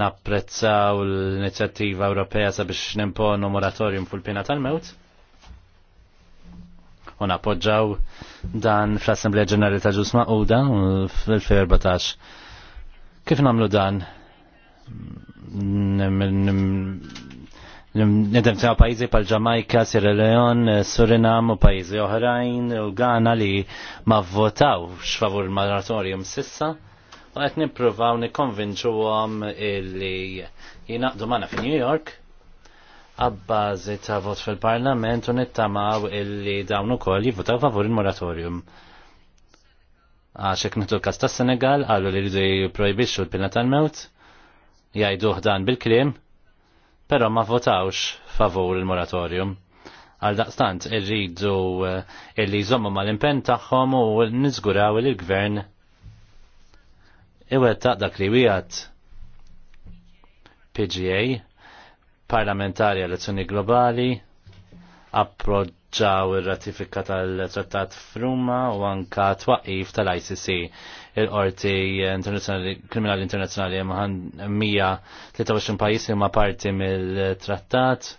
napprezzaw l-inizjattiva Ewropea sabiex nimponu moratorium fuq pina tal-mewt u nappoġġaw dan fl-Assembleja Ġenerali ta' Ġus Maquda fil 2014 Kif namlu dan? Nidem ta' pajizi pal Ġamajka, Sierra Leone, Surinam u pajizi oħrajn u Ghana li ma votaw favur moratorium sissa. U għet nipruvaw nikonvinċu għom illi jina domana fi New York għabbazi ta' vot fil-parlament u nittamaw illi dawnu kol jivvotaw favur il-moratorium. Għaxek nittu l-kas ta' Senegal għallu li rridu jiprojbixxu l-pina tal-mewt jgħiduh dan bil-klim, pero ma votawx favur il-moratorium. Għal daqstant irridu eh, illi jżommu mal-impen tagħhom u niżguraw il gvern gvern iwettaq dak li wijat PGA, parlamentari elezzjoni globali, approġġaw ir-ratifika tal-trattat f'Ruma u anka twaqif tal-ICC il-qorti kriminali internazzjonali hemm 123 pajis li huma parti mill-trattat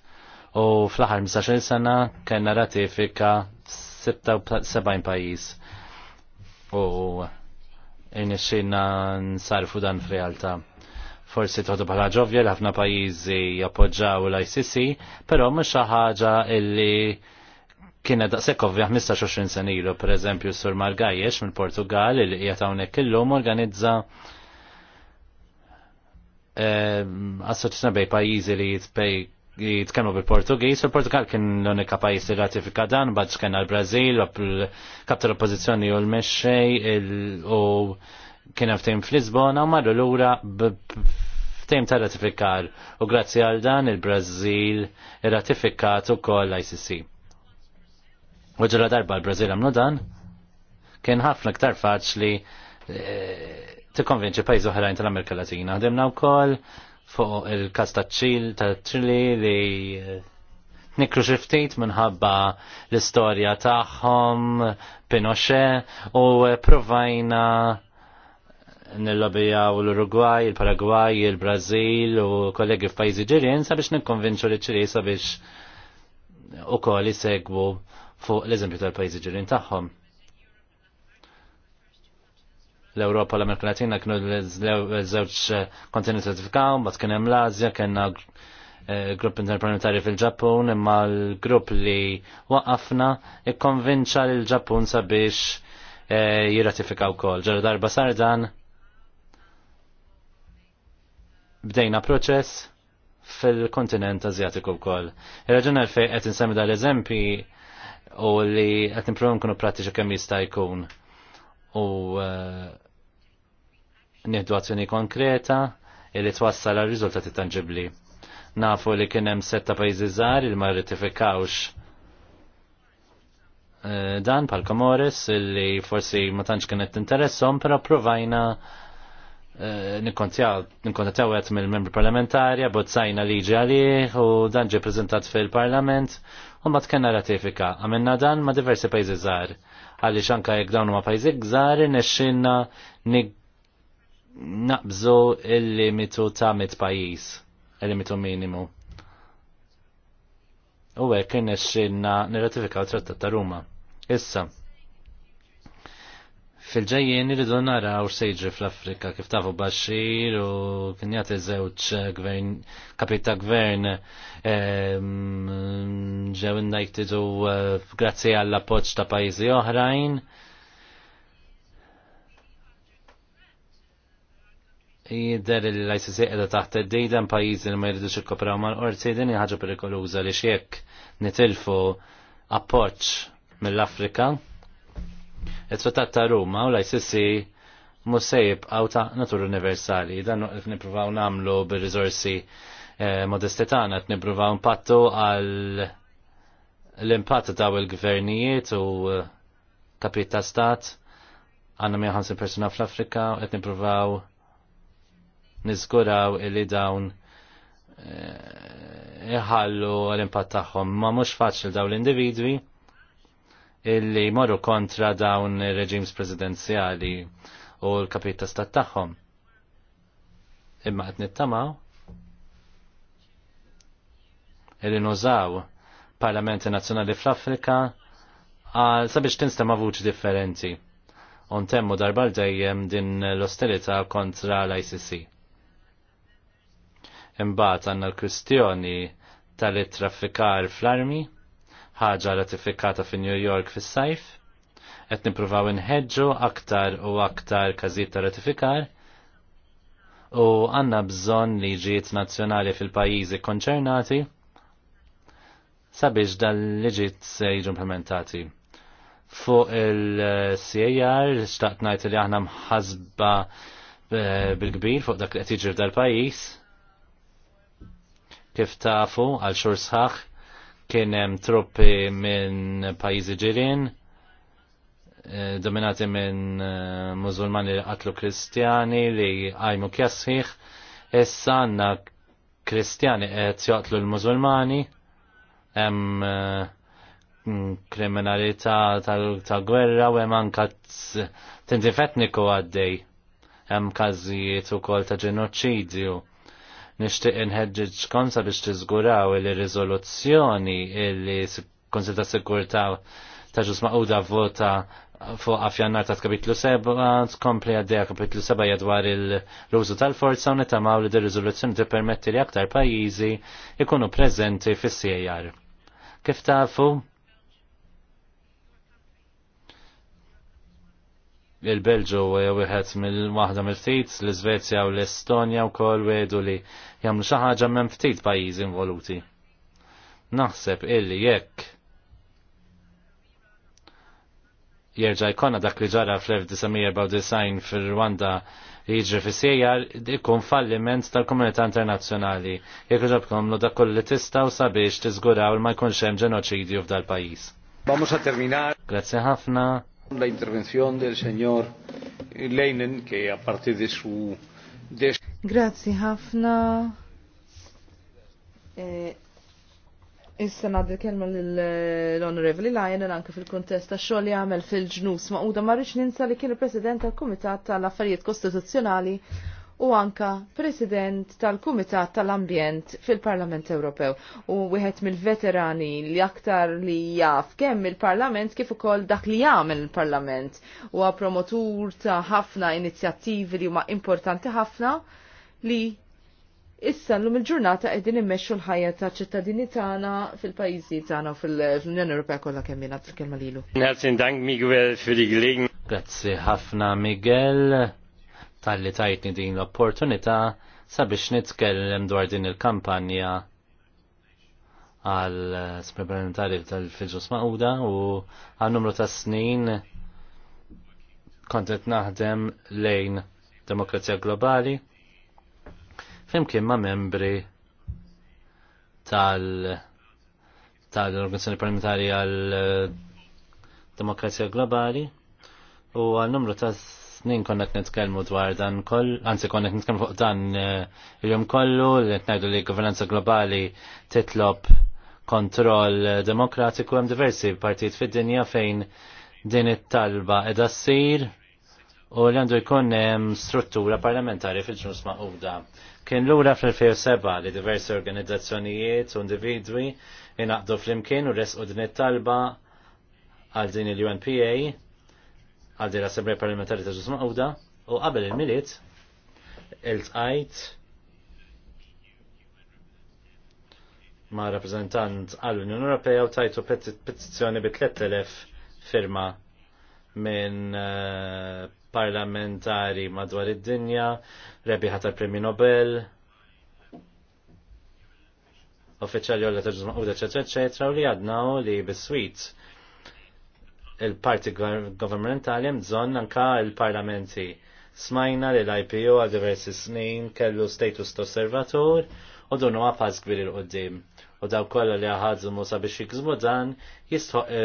u fl-aħħar 15-il sena kellna ratifika 76 pajjiż. U inixxina nsarfu dan f'realtà forsi toħdu bħala ġovja li ħafna pajjiżi jappoġġaw l-ICC, però mhux xi ħaġa illi kienet daqshekk ovvja 15-20 sen ilu, pereżempju Sur Margajex mill Portugal li qiegħed hawnhekk illum organizza ehm, assoċjazzjoni bej pajjiżi li jitpej jitkellmu bil-Portugiż, il-Portugal kien l-unika pajjiż li ratifika dan, bħadġ kien għal-Brażil, l-Kapta l oppożizzjoni u l-mexxej u kien hemm fl-Lisbona u marru lura ftehim ta' ratifikar u grazzi għal dan il-Brażil irratifikat ukoll l-ICC. U ġara darba l-Brazil għamlu dan, kien ħafna ktar faċli eh, tikkonvinċi pajzu oħrajn tal-Amerika Latina. Ħdimna wkoll fuq il-kas ta' ċil ta' ċili li eh, nikru xiftit minħabba l-istorja tagħhom Pinochet u provajna nil-lobija u l-Uruguay, il-Paraguay, il-Brazil u kollegi f'pajzi ġirien sabiex nikkonvinċu li ċili sabiex u koll jisegwu fuq l-eżempju tal-pajjiżi ġirin tagħhom. L-Ewropa l-Amerika Latina kienu l-żewġ kontinenti ratifikaw, bat kien hemm l-Asja, kellna eh, grupp interplanetari fil-Ġappun, imma l-grupp li waqafna ikkonvinċa lil ġappun sabiex eh, jirratifikaw kol. Ġara darba sar dan bdejna proċess fil-kontinent Azjatiku wkoll. Ir-raġun għalfejn qed insemmi dal-eżempji u li qed nippruvaw nkunu prattiċi kemm jista' jkun u eh, nieħdu azzjoni konkreta li twassal għal riżultati tanġibli. Nafu li kien hemm setta pajjiżi żgħar li ma rritifikawx eh, dan pal Komores li forsi ma tantx kienet interessom, però provajna eh, nikkontjaw għet mill-membri parlamentarja, bozzajna liġi għalih u dan ġie prezentat fil-parlament u tkenna ratifika. Għamilna dan ma' diversi pajzi żgħar għaliex anke jekk dawn huma pajzi żgħar nesċinna naqbżu il-limitu ta' mit pajjiż, il-limitu minimu. U hekk irnexxinna nirratifikaw trattat ta' Ruma. Issa, Fil-ġejjien nara naraw sejġi fl-Afrika kif tafu Bashir u kien jagħti żewġ gvern kapita gvern ehm, ġew innajtidu eh, grazzi għall appoġġ ta' pajjiżi oħrajn. Jider li l-ICC qiegħda taħt id-dejda pajjiżi li ma jridux ikkopraw mal-qorti din ħaġa perikoluża li x'jekk nitilfu appoġġ mill-Afrika. Il-Trattat ta' Roma u l-ICC mhux se jibqgħu ta' natur universali. Dan qed nippruvaw nagħmlu bir rizorsi eh, modesti tagħna qed nippruvaw impattu għal l-impatt ta' il-gvernijiet u eh, kapit ta' stat għanna 150 persona fl-Afrika, għet nipruvaw nizguraw illi dawn eh, iħallu l-impatt tagħhom. Ma mhux faċli daw l-individwi illi moru kontra dawn reġims prezidenzjali u l-kapita stat tagħhom. Imma qed nittamaw illi nużaw parlamenti nazzjonali fl-Afrika għal sabiex tinstema' vuċi differenti. Un temmu darbal dejjem din l-ostilità kontra l-ICC. Imbagħad għandna l-kwistjoni tal-traffikar fl-armi, ħaġa ratifikata fi New York fis-sajf, qed nippruvaw inħeġġu aktar u aktar każijiet ta' ratifikar u għandna bżonn liġijiet nazzjonali fil-pajjiżi konċernati sabiex dal-liġijiet se jiġu implementati fuq il-CAR, xtaqt najt li aħna mħazba eh, bil-kbir fuq dak li qed jiġri f'dal-pajjiż. Kif tafu għal xhur sħaħ kien hemm truppi minn pajjiżi ġirien eh, dominati minn eh, mużulmani li qatlu kristjani li għajmu kjasħiħ, issa għanna kristjani qed joqtlu l-mużulmani, hemm eh, kriminalità ta' gwerra u hemm anke tinti etniku għaddej, hemm każijiet ukoll ta' ġenoċidju nixtieq konsa biex tiżguraw li riżoluzzjoni li Konsil ta' Sigurtà ta' ġus maquda vota fuq għafjannar ta' kapitlu 7 tkompli għaddeja kapitlu 7 jadwar il-rużu tal-forza u nitamaw li dir-riżoluzzjoni tippermetti li aktar pajjiżi ikunu preżenti fis-CAR. Kif tafu? il-Belġu wieħed mill-waħda mill-ftit, l-Iżvezja u l-Estonja wkoll wedu li jagħmlu xi ħaġa m'hemm ftit pajjiżi involuti. Naħseb illi jekk jerġa' jkollna dak li ġara fl-1994 fir-Rwanda jiġri fi sejjar ikun falliment tal-komunità internazzjonali. Jekk ġobkom dak kollu li tistgħu sabiex tiżguraw li ma jkunx hemm ġenoċidju f'dal pajjiż. Vamos a terminar. Grazie ħafna. La intervención del señor Leinen que a partir de su de... Grazie ħafna. Eh, Issa nadil kelma l-Onorevoli Lajnen anke fil-kontest ta' xogħol li għamel fil-ġnus ma' uda marriċ ninsa li kien il-President tal-Kumitat tal-Affarijiet Kostituzzjonali u anka President tal-Kumitat tal-Ambjent fil-Parlament Ewropew u wieħed mill-veterani li aktar li jaf kemm il-Parlament kif ukoll dak li jagħmel il-Parlament u promotur ta' ħafna inizjattivi li huma importanti ħafna li issa l-lum il-ġurnata qegħdin immexxu l-ħajja ta' ċittadini tagħna fil-pajjiżi tagħna u fil-Unjoni Ewropea kollha kemm jingħad kelma lilu. Herzlichen Dank Miguel Grazzi ħafna Miguel tal-li tajtni din l-opportunità sabiex nitkellem dwar din il-kampanja għal supplementari tal-Filġus Mauda u għal numru ta' snin kontet naħdem lejn demokrazija globali flimkien ma' membri tal- tal-Organizzazzjoni Parlamentari għal eh, Demokrazija Globali u għal numru ta' snin konna t nitkellmu dwar dan koll, anzi konna qed nitkellmu fuq dan eh, il-jum kollu li qed li governanza globali titlob kontroll demokratiku hemm diversi partit fid-dinja fejn din it-talba s ssir u li għandu jkun hemm struttura parlamentari fil-ġnus maquda. Kien lura fl-2007 li diversi organizzazzjonijiet u individwi inaqdu fl-imkien u resqu din it-talba għal din il-UNPA għal l-Assemblea Parlamentari ta' Ġusma Għawda u qabel il-miliet il-tqajt ma' rappresentant għall-Unjoni Ewropea u tajtu petizzjoni bi 3000 firma minn eh, parlamentari madwar id-dinja, rebiħa tal-Premju Nobel, uffiċjali għolja ta' ġuzma u u li għadna u li bis-swit il-parti governmentali hemm bżonn anka l parlamenti Smajna li l-IPO għal diversi snin kellu status ta' osservatur u dunu għafaz kbir il-qoddim. U daw kollha li ħadżu musa biex jikzmu dan jistħoq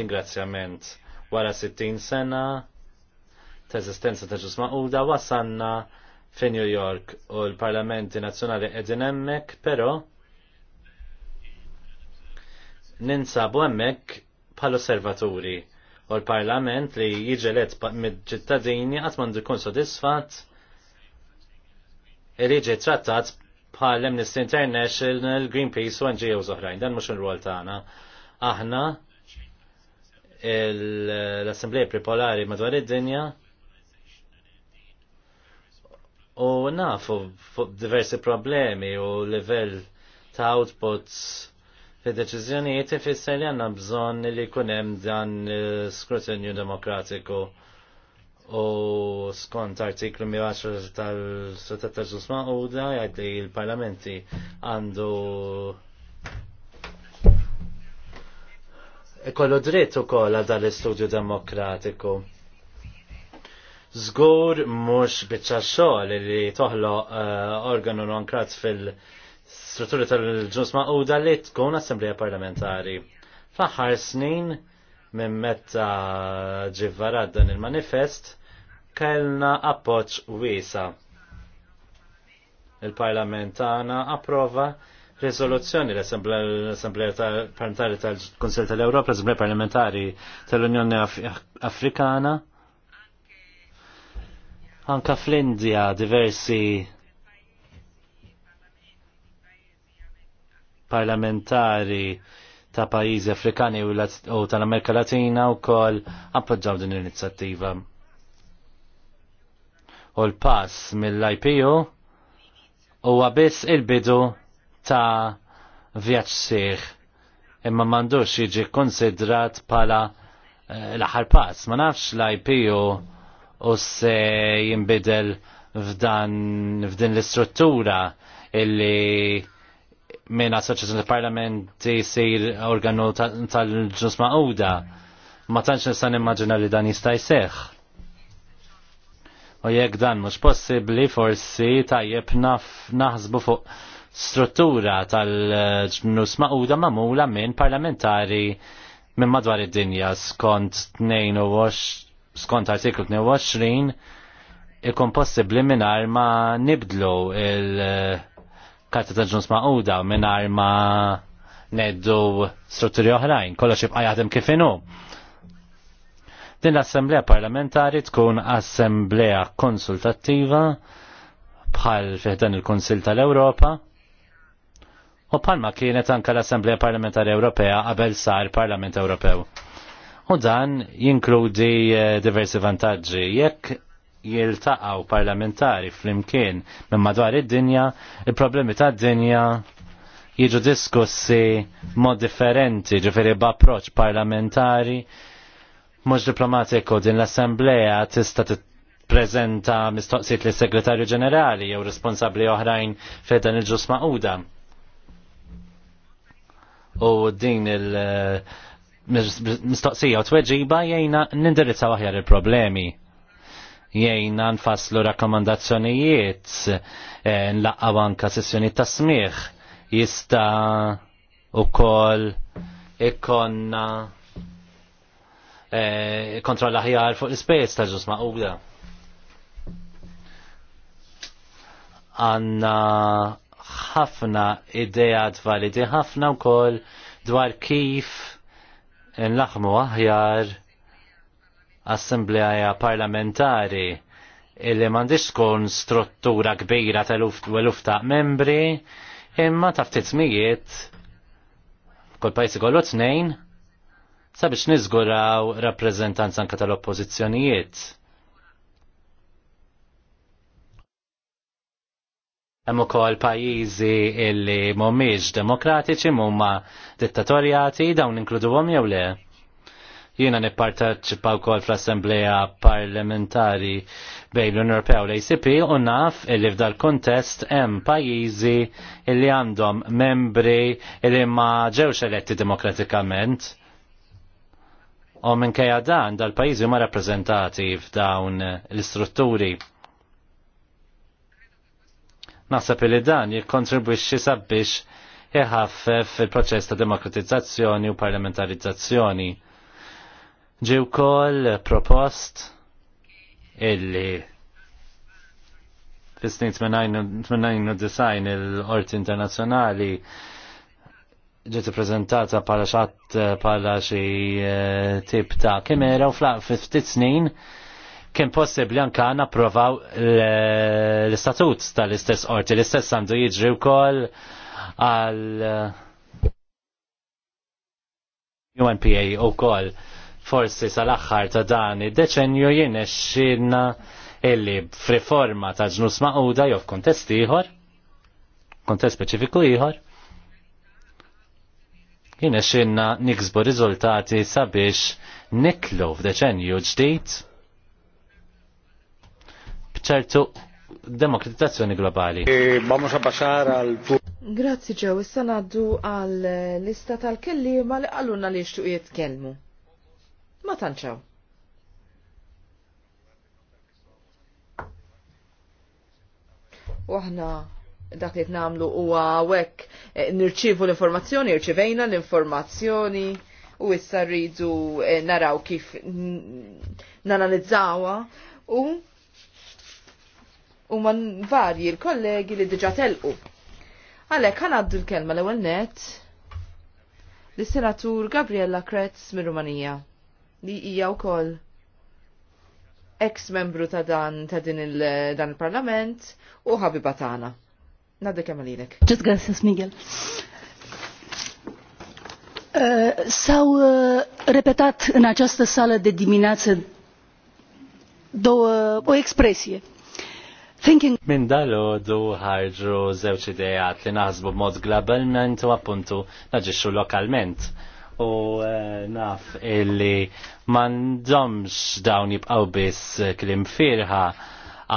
ringrazzjament. Wara 60 sena ta' eżistenza ta' ġusma u da wasanna fi New York u l-Parlamenti Nazzjonali qegħdin hemmhekk, però ninsabu hemmhekk bħal osservaturi u l-Parlament li jiġelet mid-ċittadini qatt m'għandu jkun sodisfatt irriġi trattat bħal Amnesty International, Greenpeace u NGOs Zoħrajn. dan mhux il rol tagħna. Aħna l-Assembleja Popolari madwar id-dinja u nafu diversi problemi u livell ta' outputs Fid-deċiżjonijiet ifisser li għandna bżonn li jkun hemm dan skrutinju demokratiku u skont artiklu 110 tal-Stratat tal u da jgħid li l-Parlamenti għandu kollu dritt ukoll għal dal-istudju demokratiku. Zgur mhux bieċa xogħol li toħloq uh, organu non fil- strutturi tal-ġus maquda li tkun assembleja parlamentari. Fl-aħħar snin minn meta ġivvarad dan il-manifest kellna appoġġ wiesa. Il-parlamentana approva Rezoluzzjoni l-Assembleja Parlamentari tal-Konsell tal-Europa, l-Assembleja Parlamentari tal-Unjoni Afrikana. Anka fl-Indja diversi parlamentari ta' pajjiżi Afrikani u tal-Amerika Latina wkoll appoġġaw din l-inizjattiva. U l-pass mill-IPU huwa biss il-bidu ta' vjaċ seħ imma m'għandux jiġi konsidrat bħala eh, l-aħħar pass. Ma nafx l-IPU u se jinbidel f'dan f'din l-istruttura illi minn assoċjazzjoni tal parlament sir organu tal-ġus ma'uda. Ma tantx nista' nimmaġina li dan jista' jseħħ. U jekk dan mhux possibbli forsi tajjeb naħsbu fuq struttura tal-ġnus ma'uda ma'mula minn parlamentari minn madwar id-dinja skont 22 skont artiklu 22 ikun possibbli mingħajr ma nibdlu il- uh, karta ta' ma' uda mingħajr ma neddu strutturi oħrajn, kollox jibqa' jaħdem kif inhu. Din l-Assemblea Parlamentari tkun Assemblea Konsultattiva bħal fiħdan il-Konsil tal-Ewropa u bħalma kienet anka l-Assemblea Parlamentari Ewropea qabel sar Parlament Ewropew. U dan jinkludi eh, diversi vantaġġi. Jekk jiltaqaw parlamentari flimkien minn madwar id-dinja, il-problemi ta' dinja jiġu diskussi mod differenti, ġifiri b'approċ parlamentari, mhux diplomatiku din l-Assembleja tista' prezenta mistoqsijiet li segretarju ġenerali jew responsabli oħrajn fedan il-ġus maquda. U din il- mistoqsija u tweġiba jgħina nindirizzaw aħjar il-problemi jiejna nfasslu rakkomandazzjonijiet eh, nlaqgħu anka sessjoni ta' smigħ jista' kol ikonna eh, kontrolla ħjar fuq l-ispejs ta' ġus maqbla. Għanna ħafna idejat validi ħafna kol dwar kif nlaħmu aħjar assembleja parlamentari illi mandiġ tkun struttura kbira tal-uf membri imma ta' ftitmijiet kol pajsi kollu tnejn sabiex nizguraw rappreżentanza anka tal-oppożizzjonijiet. Hemm ukoll pajjiżi illi mhumiex demokratiċi huma dittatorjati dawn inkluduhom jew le. Jiena nipparteċipa wkoll fl-Assembleja Parlamentari bejn l-Unjoni Ewropea u l-ACP u naf illi f'dal kontest hemm pajjiżi illi għandhom membri illi ma ġewx eletti demokratikament. U minkejja dan dal-pajjiżi ma rappreżentati f'dawn l-istrutturi. Naħseb li dan jikkontribwixxi sabiex iħaffef il-proċess ta' demokratizzazzjoni u parlamentarizzazzjoni. Ġew kol propost illi fis-snin 89 il-Qorti Internazzjonali ġiet ippreżentata bħala xatt bħala xi eh, tip ta' kimera u flaq ftit snin kien possibbli anke għandna approvaw l-istatut tal-istess qorti, l-istess għandu jiġri wkoll għal UNPA u koll forsi sal-axħar ta' dan id-deċenju jien xinna illi f'riforma ta' ġnus maquda jew f'kontest ieħor, kontest speċifiku ieħor, jien xinna niksbu riżultati sabiex nitlu f'deċenju ġdid b'ċertu demokratizzazzjoni globali. E, vamos a al Grazzi ġew, issa naddu għal lista tal kelliema li għalluna li xtuq jitkellmu ma tanċaw. U aħna dak li namlu u għawek eh, nirċivu l-informazzjoni, irċivejna l-informazzjoni u issa rridu eh, naraw kif nanalizzawa u u man varji l-kollegi li diġa telqu. Għalek, għaddu l-kelma l-ewel net l-senatur Gabriella Kretz mir rumanija li hija wkoll ex-membru ta' dan ta' din il-dan il-parlament u ħabiba tagħna. Nadde kemm għalilek. Ġis grazzis Miguel. Eh, Saw eh, repetat in această sala de diminazza do u ekspresje. Thinking... Min dal du ħarġu zewċ idejat li naħsbu mod globalment u appuntu naġiċu lokalment u eh, naf illi mandomx dawn jibqaw biss eh, klim firħa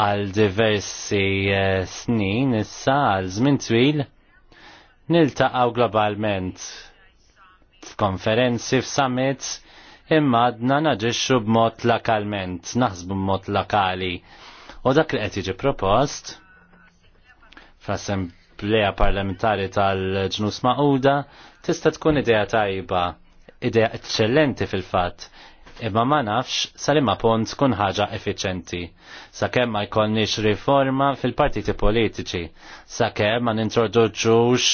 għal diversi eh, snin issa għal żmien twil niltaqgħu globalment f'konferenzi f'summits imma għadna naġixxu b'mod lokalment, naħsbu b'mod lokali. U dak li qed jiġi propost fl-Assembleja Parlamentari tal-Ġnus Maquda tista' tkun idea tajba, idea eċċellenti fil-fatt, imma ma nafx salima pont tkun ħaġa effiċenti. Sakemm ma jkollniex riforma fil-partiti politiċi, sakemm ma nintroduċux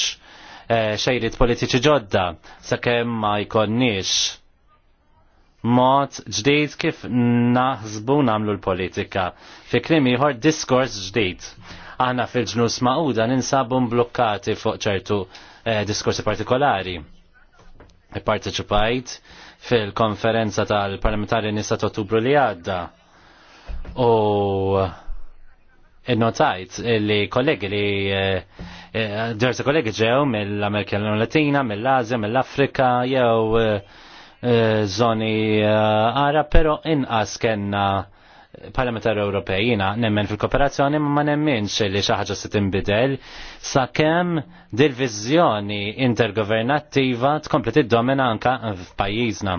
eh, xejrit politiċi ġodda, sakemm ma jkollniex mod ġdid kif naħsbu namlu l-politika. Fi klim ieħor diskors ġdid. Aħna fil-ġnus maquda ninsabu mblukkati fuq ċertu Eh, diskorsi partikolari. Parteċipajt fil-konferenza tal-parlamentari nisa ta' ottubru li għadda u innotajt li kollegi li eh, eh, diversi kollegi ġew mill-Amerika Latina, mill-Azja, mill-Afrika, jew zoni għara, pero inqas kena parlamentar Ewropej nemmen fil-kooperazzjoni ma nemmenx li xi ħaġa se tinbidel sakemm dil-viżjoni intergovernattiva tkompli tiddomina anka f'pajjiżna.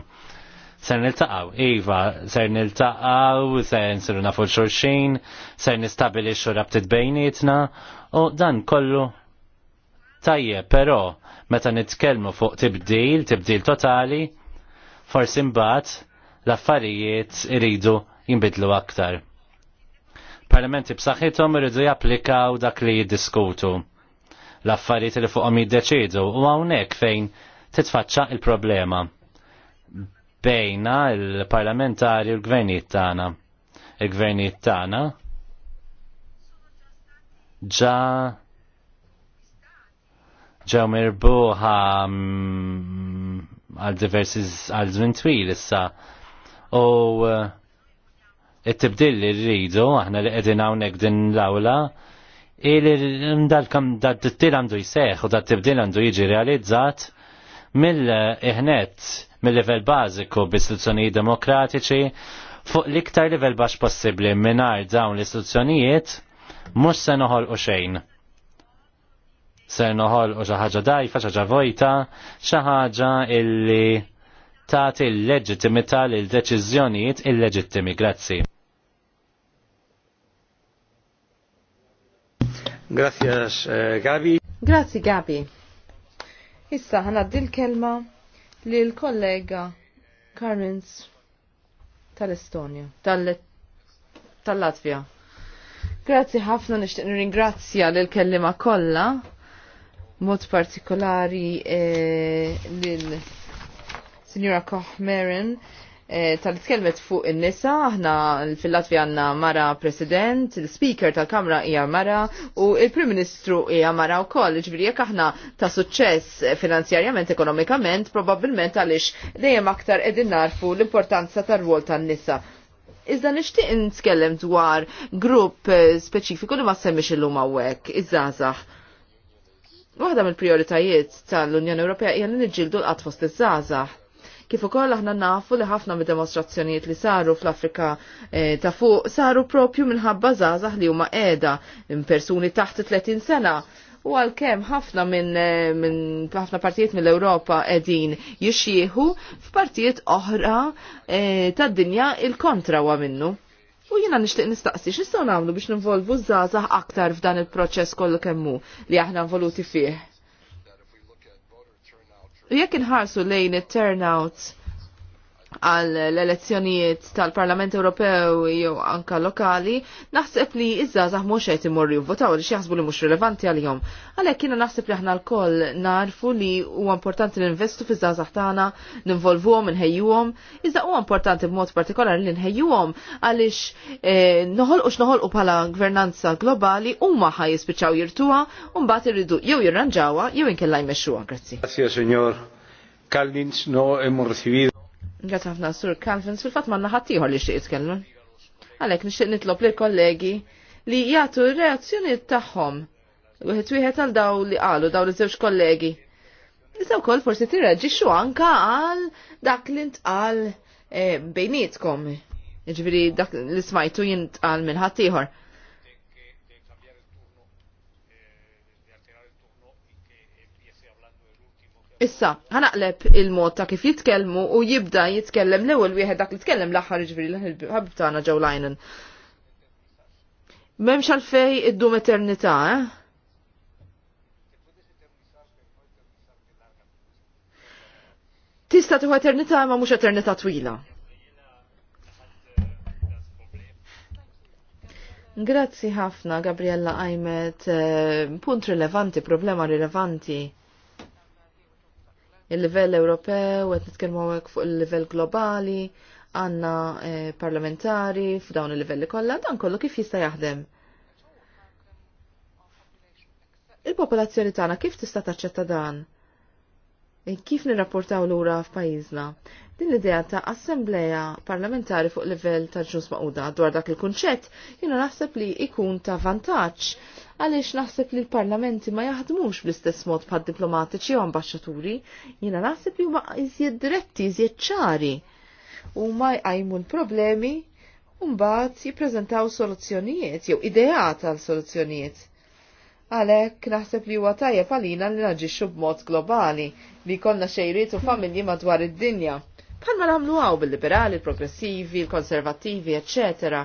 Ser niltaqgħu, iva, ser niltaqgħu, ser nsiru nafu xulxin, ser nistabilixxu rabtiet bejnietna u dan kollu tajjeb, però meta nitkellmu fuq tibdil, tibdil totali, forsi mbagħad l-affarijiet iridu jinbidlu aktar. Parlamenti b'saħħithom irridu japplikaw dak li jiddiskutu l-affarijiet li fuqhom jiddeċidu u hawnhekk fejn titfaċċa il-problema bejna il-parlamentari u l-gvernijiet tagħna. Il-gvernijiet tagħna ġa ġew mirbuħa mm, għal diversi għal żmien twil issa u uh, it-tibdil li rridu, aħna li qegħdin hawnhekk din l-awla, il-dal-kam dat-tibdil għandu jseħ u dat-tibdil għandu jiġi realizzat mill-iħnet, mill-level bażiku b'istituzzjonijiet demokratiċi fuq l-iktar level bax possibbli mingħajr dawn l-istituzzjonijiet mhux se noħolqu xejn. Se noħolqu xi ħaġa dajfa, xaħġa ħaġa vojta, xi ħaġa illi tagħti l-leġittimità lil deċiżjonijiet illeġittimi. Grazzi. Gracias, eh, Gabi. Grazzi Gabi. Issa ħana l-kelma l kollega Karmins tal-Estonja, tal-Latvija. Grazzi ħafna nixtieq nirringrazzja lil kellima kollha, mod partikolari eh, lil Signora Koch Merin Eh, tal-tkelmet fuq in-nisa, aħna fil latvi għanna mara president, il-speaker tal-kamra hija mara u il-Prim Ministru hija mara wkoll. Ġifieri jekk aħna ta' suċċess finanzjarjament ekonomikament, probabbilment għaliex dejjem aktar qegħdin narfu l-importanza tar-rwol tan-nisa. Iżda nixtieq nitkellem dwar grupp eh, speċifiku li ma semmix illum hawnhekk, iż-żgħażagħ. Waħda mill-prioritajiet tal-Unjoni Ewropea hija li niġġieldu l-qatt fost iż-żgħażagħ Kif ukoll aħna nafu li ħafna mid-demonstrazzjonijiet li saru fl-Afrika eh, ta' fuq saru propju minħabba żgħażagħ li huma qiegħda persuni taħt 30 sena u għal-kem ħafna minn eh, min, ħafna partijiet mill-Europa edin jixxieħu, f'partijiet oħra e, tad-dinja il-kontra wa minnu. U jina nishtiq nistaqsi, x'istgħu nagħmlu biex ninvolvu żgħażagħ aktar f'dan il-proċess kollu kemmu li aħna involuti fih? Jekk inħarsu lejn it turnouts? għal l-elezzjonijiet tal-Parlament Ewropew jew anka lokali, naħseb li iż-żgħażagħ mhux qed imorru jivvotaw li jaħsbu li mhux rilevanti għalihom. Għalhekk kienu naħseb li aħna lkoll narfu li huwa importanti li fi żgħażagħ tagħna, ninvolvuhom, inħejjuhom, iżda huwa importanti b'mod partikolari li nħejjuhom għaliex eh, noħolqux noħolqu bħala gvernanza globali huma ħaj jispiċċaw jirtuha u mbagħad irridu jew jirranġawha jew inkella jmexxuha. Grazzi. Grazzi, signor. Kalnins no hemos recibido. Għat ħafna sur Kanfens, fil-fat manna ħattijħor li xie kellu. Għalek nixtieq nitlob li kollegi li jgħatu reazzjoni tagħhom. Wieħed wieħed għal daw li qalu daw li żewġ kollegi. Nisaw wkoll forsi tirreġixxu anka għal dak li ntqal eh, bejnietkom. Ġifieri dak li smajtu jintqal minn ħaddieħor. Issa, ħanaqleb il-mod ta' kif jitkellmu u jibda jitkellem l-ewwel wieħed dak li tkellem l-aħħar ġifieri l-ħabib tagħna ġew lajnen. M'hemmx għalfej iddum eternità, eh? Tista' tieħu eternità ma mhux eternità twila. Grazzi ħafna, Gabriella Ajmet, eh, punt rilevanti, problema rilevanti il-livell Ewropew, għet nitkelmu għek fuq il-livell globali, għanna eh, parlamentari, f'dawn il-livelli kollha, dan kollu kif jista' jaħdem. Il-popolazzjoni tagħna kif tista' taċċetta dan? E kif nirrapportaw lura f'pajjiżna? Din l-idea ta' assembleja parlamentari fuq livell ta' ġnus maquda dwar dak il-kunċett jiena naħseb li ikun ta' vantaġġ għaliex naħseb li l-parlamenti ma jaħdmux bl-istess mod bħad diplomatiċi u ambasċaturi, jina naħseb li huma iżjed diretti, iżjed ċari. U ma jqajmu l-problemi u mbagħad jippreżentaw soluzzjonijiet jew ideat għal soluzzjonijiet. Għalek, naħseb li huwa tajjeb għalina li naġixxu b'mod globali li konna xejriet u familji madwar id-dinja. Bħalma nagħmlu għaw bil-liberali, il-progressivi, il-konservativi, eccetera.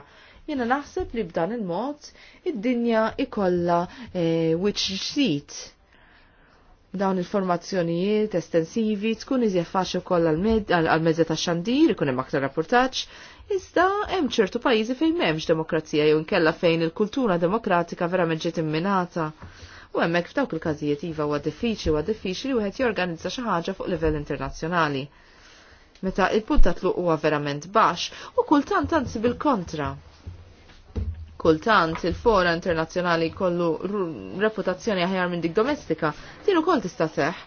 Jena naħseb li b'dan il-mod id-dinja ikolla eh, which seat. Dawn il-formazzjonijiet estensivi tkun iżjed faċli wkoll għal-mezza ta' xandir, ikun hemm aktar rapportaġġ, iżda hemm ċertu pajjiżi fejn m'hemmx demokrazija jew inkella fejn il-kultura demokratika verament ġiet imminata. U hemmhekk f'dawk il-każijiet iva huwa diffiċli huwa diffiċli wieħed jorganizza xi ħaġa fuq livell internazzjonali. Meta il-punt ta' tluq huwa verament baxx u kultant tant bil-kontra kultant il-fora internazzjonali kollu reputazzjoni aħjar minn dik domestika, din ukoll tista' seħ.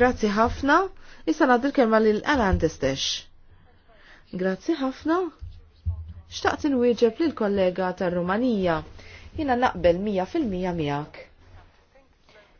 Grazzi ħafna, issa nagħdi l-kelma lil Alan Testex. Grazzi ħafna. Xtaqt inwieġeb lill kollega tar-Rumanija. Jiena naqbel 100% miegħek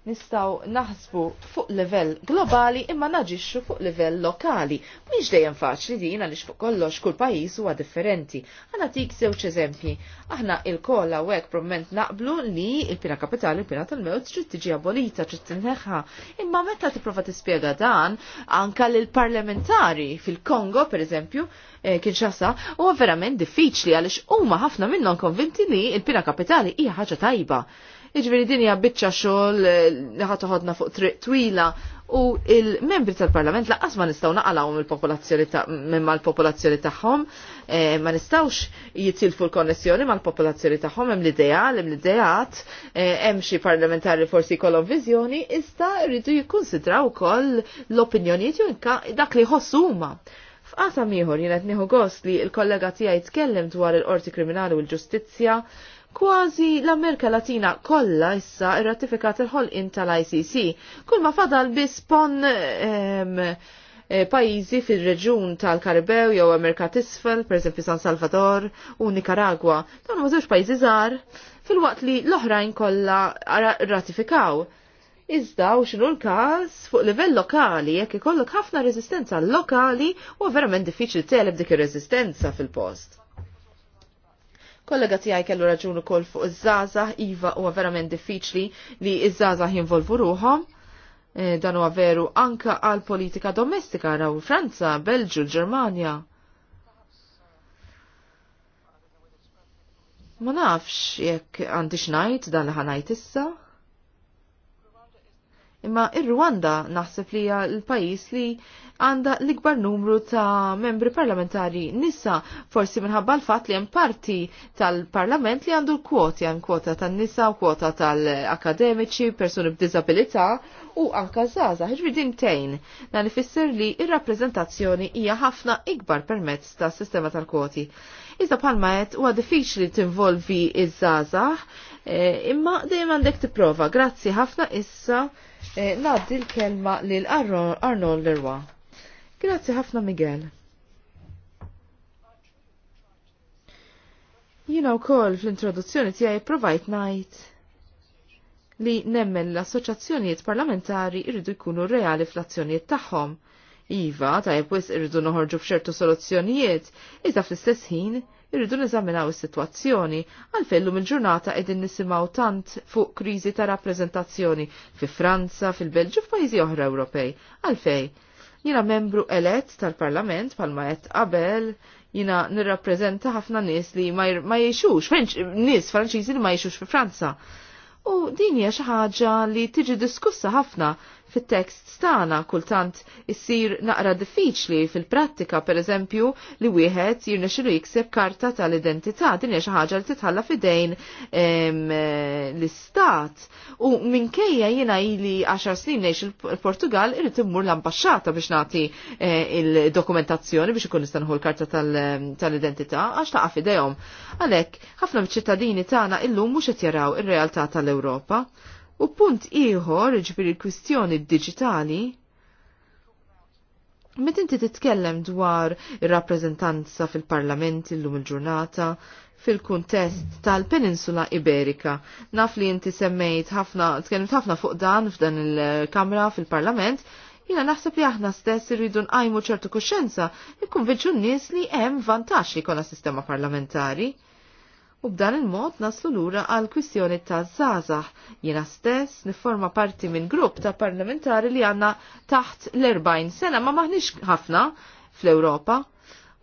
nistaw naħsbu fuq level globali imma naġixxu fuq level lokali. Mhix dejjem faċli din għaliex fuq kollox kull pajjiż huwa differenti. Għana tik żewġ eżempji. Aħna il u għek promment naqblu li l-pina kapitali, il-pina tal-mewt trid tiġi abolita, trid tinneħħa. Imma meta tipprova tispjega dan anka l parlamentari fil-Kongo pereżempju kien eh, kinċasa, huwa verament diffiċli għaliex huma ħafna minnhom konvinti li l-pina kapitali hija ħaġa tajba Iġveri din hija biċċa xogħol eh, fuq triq twila u il-membri tal-Parlament laqqas ma nistgħu naqalawhom il-popolazzjoni minn mal-popolazzjoni tagħhom, eh, ma nistgħux jitilfu l-konnessjoni mal-popolazzjoni tagħhom hemm l-ideal, hemm l-ideat, eh, hemm xi parlamentari forsi jkollhom viżjoni, iżda rridu jikkunsidraw ukoll l-opinjonijiet jew dak li ħossuma. F'qasam ieħor jien qed nieħu gost li l-kollega tiegħi tkellem dwar il-qorti kriminali u l-ġustizzja Kważi l-Amerika Latina kollha issa rratifikat il-ħolqin tal-ICC, kull ma fadal bispon ehm, e, pajizi fil-reġun tal-Karibew jew Amerika Tisfel, per San Salvador u Nicaragua. Dan ma żewġ pajjiżi żgħar fil-waqt li l-oħrajn kollha rratifikaw. Iżda u xinu l-każ fuq livell lokali jekk ikollok ħafna reżistenza lokali u verament diffiċli teleb dik ir-reżistenza fil-post. Kollega tiegħi kellu raġun ukoll fuq iż żaza iva huwa verament diffiċli li iż żaza jinvolvu ruhom. E, dan huwa veru anka għal politika domestika raw Franza, Belġu, Ġermania. ġermanja Ma nafx jekk għandix ngħid dan li ħanajt issa. Imma ir-Rwanda naħseb li hija l-pajjiż li għandha l-ikbar numru ta' membri parlamentari nisa, forsi minħabba l-fatt li hemm parti tal-Parlament li għandu l-kwoti, hemm kwota tan-nisa kwota tal-akademiċi, persuni b'diżabilità u anka żgħażagħ ħiġri din tejn. Dan ifisser li r rappreżentazzjoni hija ħafna ikbar permezz tas sistema tal-kwoti. Iżda bħalma qed huwa diffiċli tinvolvi iż żgħażagħ eh, imma dejjem għandek tipprova. Grazzi ħafna issa eh, naddi l-kelma lil Arnold Lerwa. Grazzi ħafna Miguel. Jina u koll fl-introduzzjoni tijaj provajt najt li nemmen l-assoċazzjonijiet parlamentari irridu jkunu reali fl-azzjonijiet tagħhom. Iva, tajb wis irridu noħorġu f'ċertu soluzzjonijiet, iżda fl-istess ħin irridu niżaminaw is-sitwazzjoni għalfejn lum il-ġurnata qegħdin nisimgħu tant fuq kriżi ta' rappreżentazzjoni fi Franza, fil-Belġu f'pajjiżi oħra Ewropej. Għalfej jina membru elett tal-parlament palma qed qabel jina nirrappreżenta ħafna nies li ma jiexux, nies Franċiżi li ma jiexux fi Franza. U din hija xi ħaġa li tiġi diskussa ħafna fit-tekst stana kultant issir naqra diffiċli fil-prattika per eżempju li wieħed jirnexilu jikseb karta tal-identità din hija xi ħaġa li titħalla fidejn l-istat u minkejja jiena ili 10 snin ngħix il-Portugal irrid immur l-ambaxxata biex nagħti eh, il-dokumentazzjoni biex ikun nistanħu l-karta tal-identità għax taqa' fidejhom. Għalhekk ħafna miċ-ċittadini tagħna illum mhux qed jaraw ir-realtà tal-Ewropa. U punt ieħor, il kwistjoni digitali, Met inti titkellem dwar ir-rappreżentanza fil-Parlament illum il-ġurnata fil-kuntest tal-Peninsula Iberika. Naf li inti semmejt ħafna, tkellimt ħafna fuq dan f'dan il-Kamra fil-Parlament, jina naħseb li aħna stess irridu nqajmu ċertu kuxenza ikkonvinċu n-nies li hemm vantaġġ li jkollha sistema parlamentari u b'dan il-mod naslu lura għal kwistjoni ta' Zaza. Jena stess niforma parti minn grupp ta' parlamentari li għanna taħt l-40 sena ma m'aħniex ħafna fl-Europa.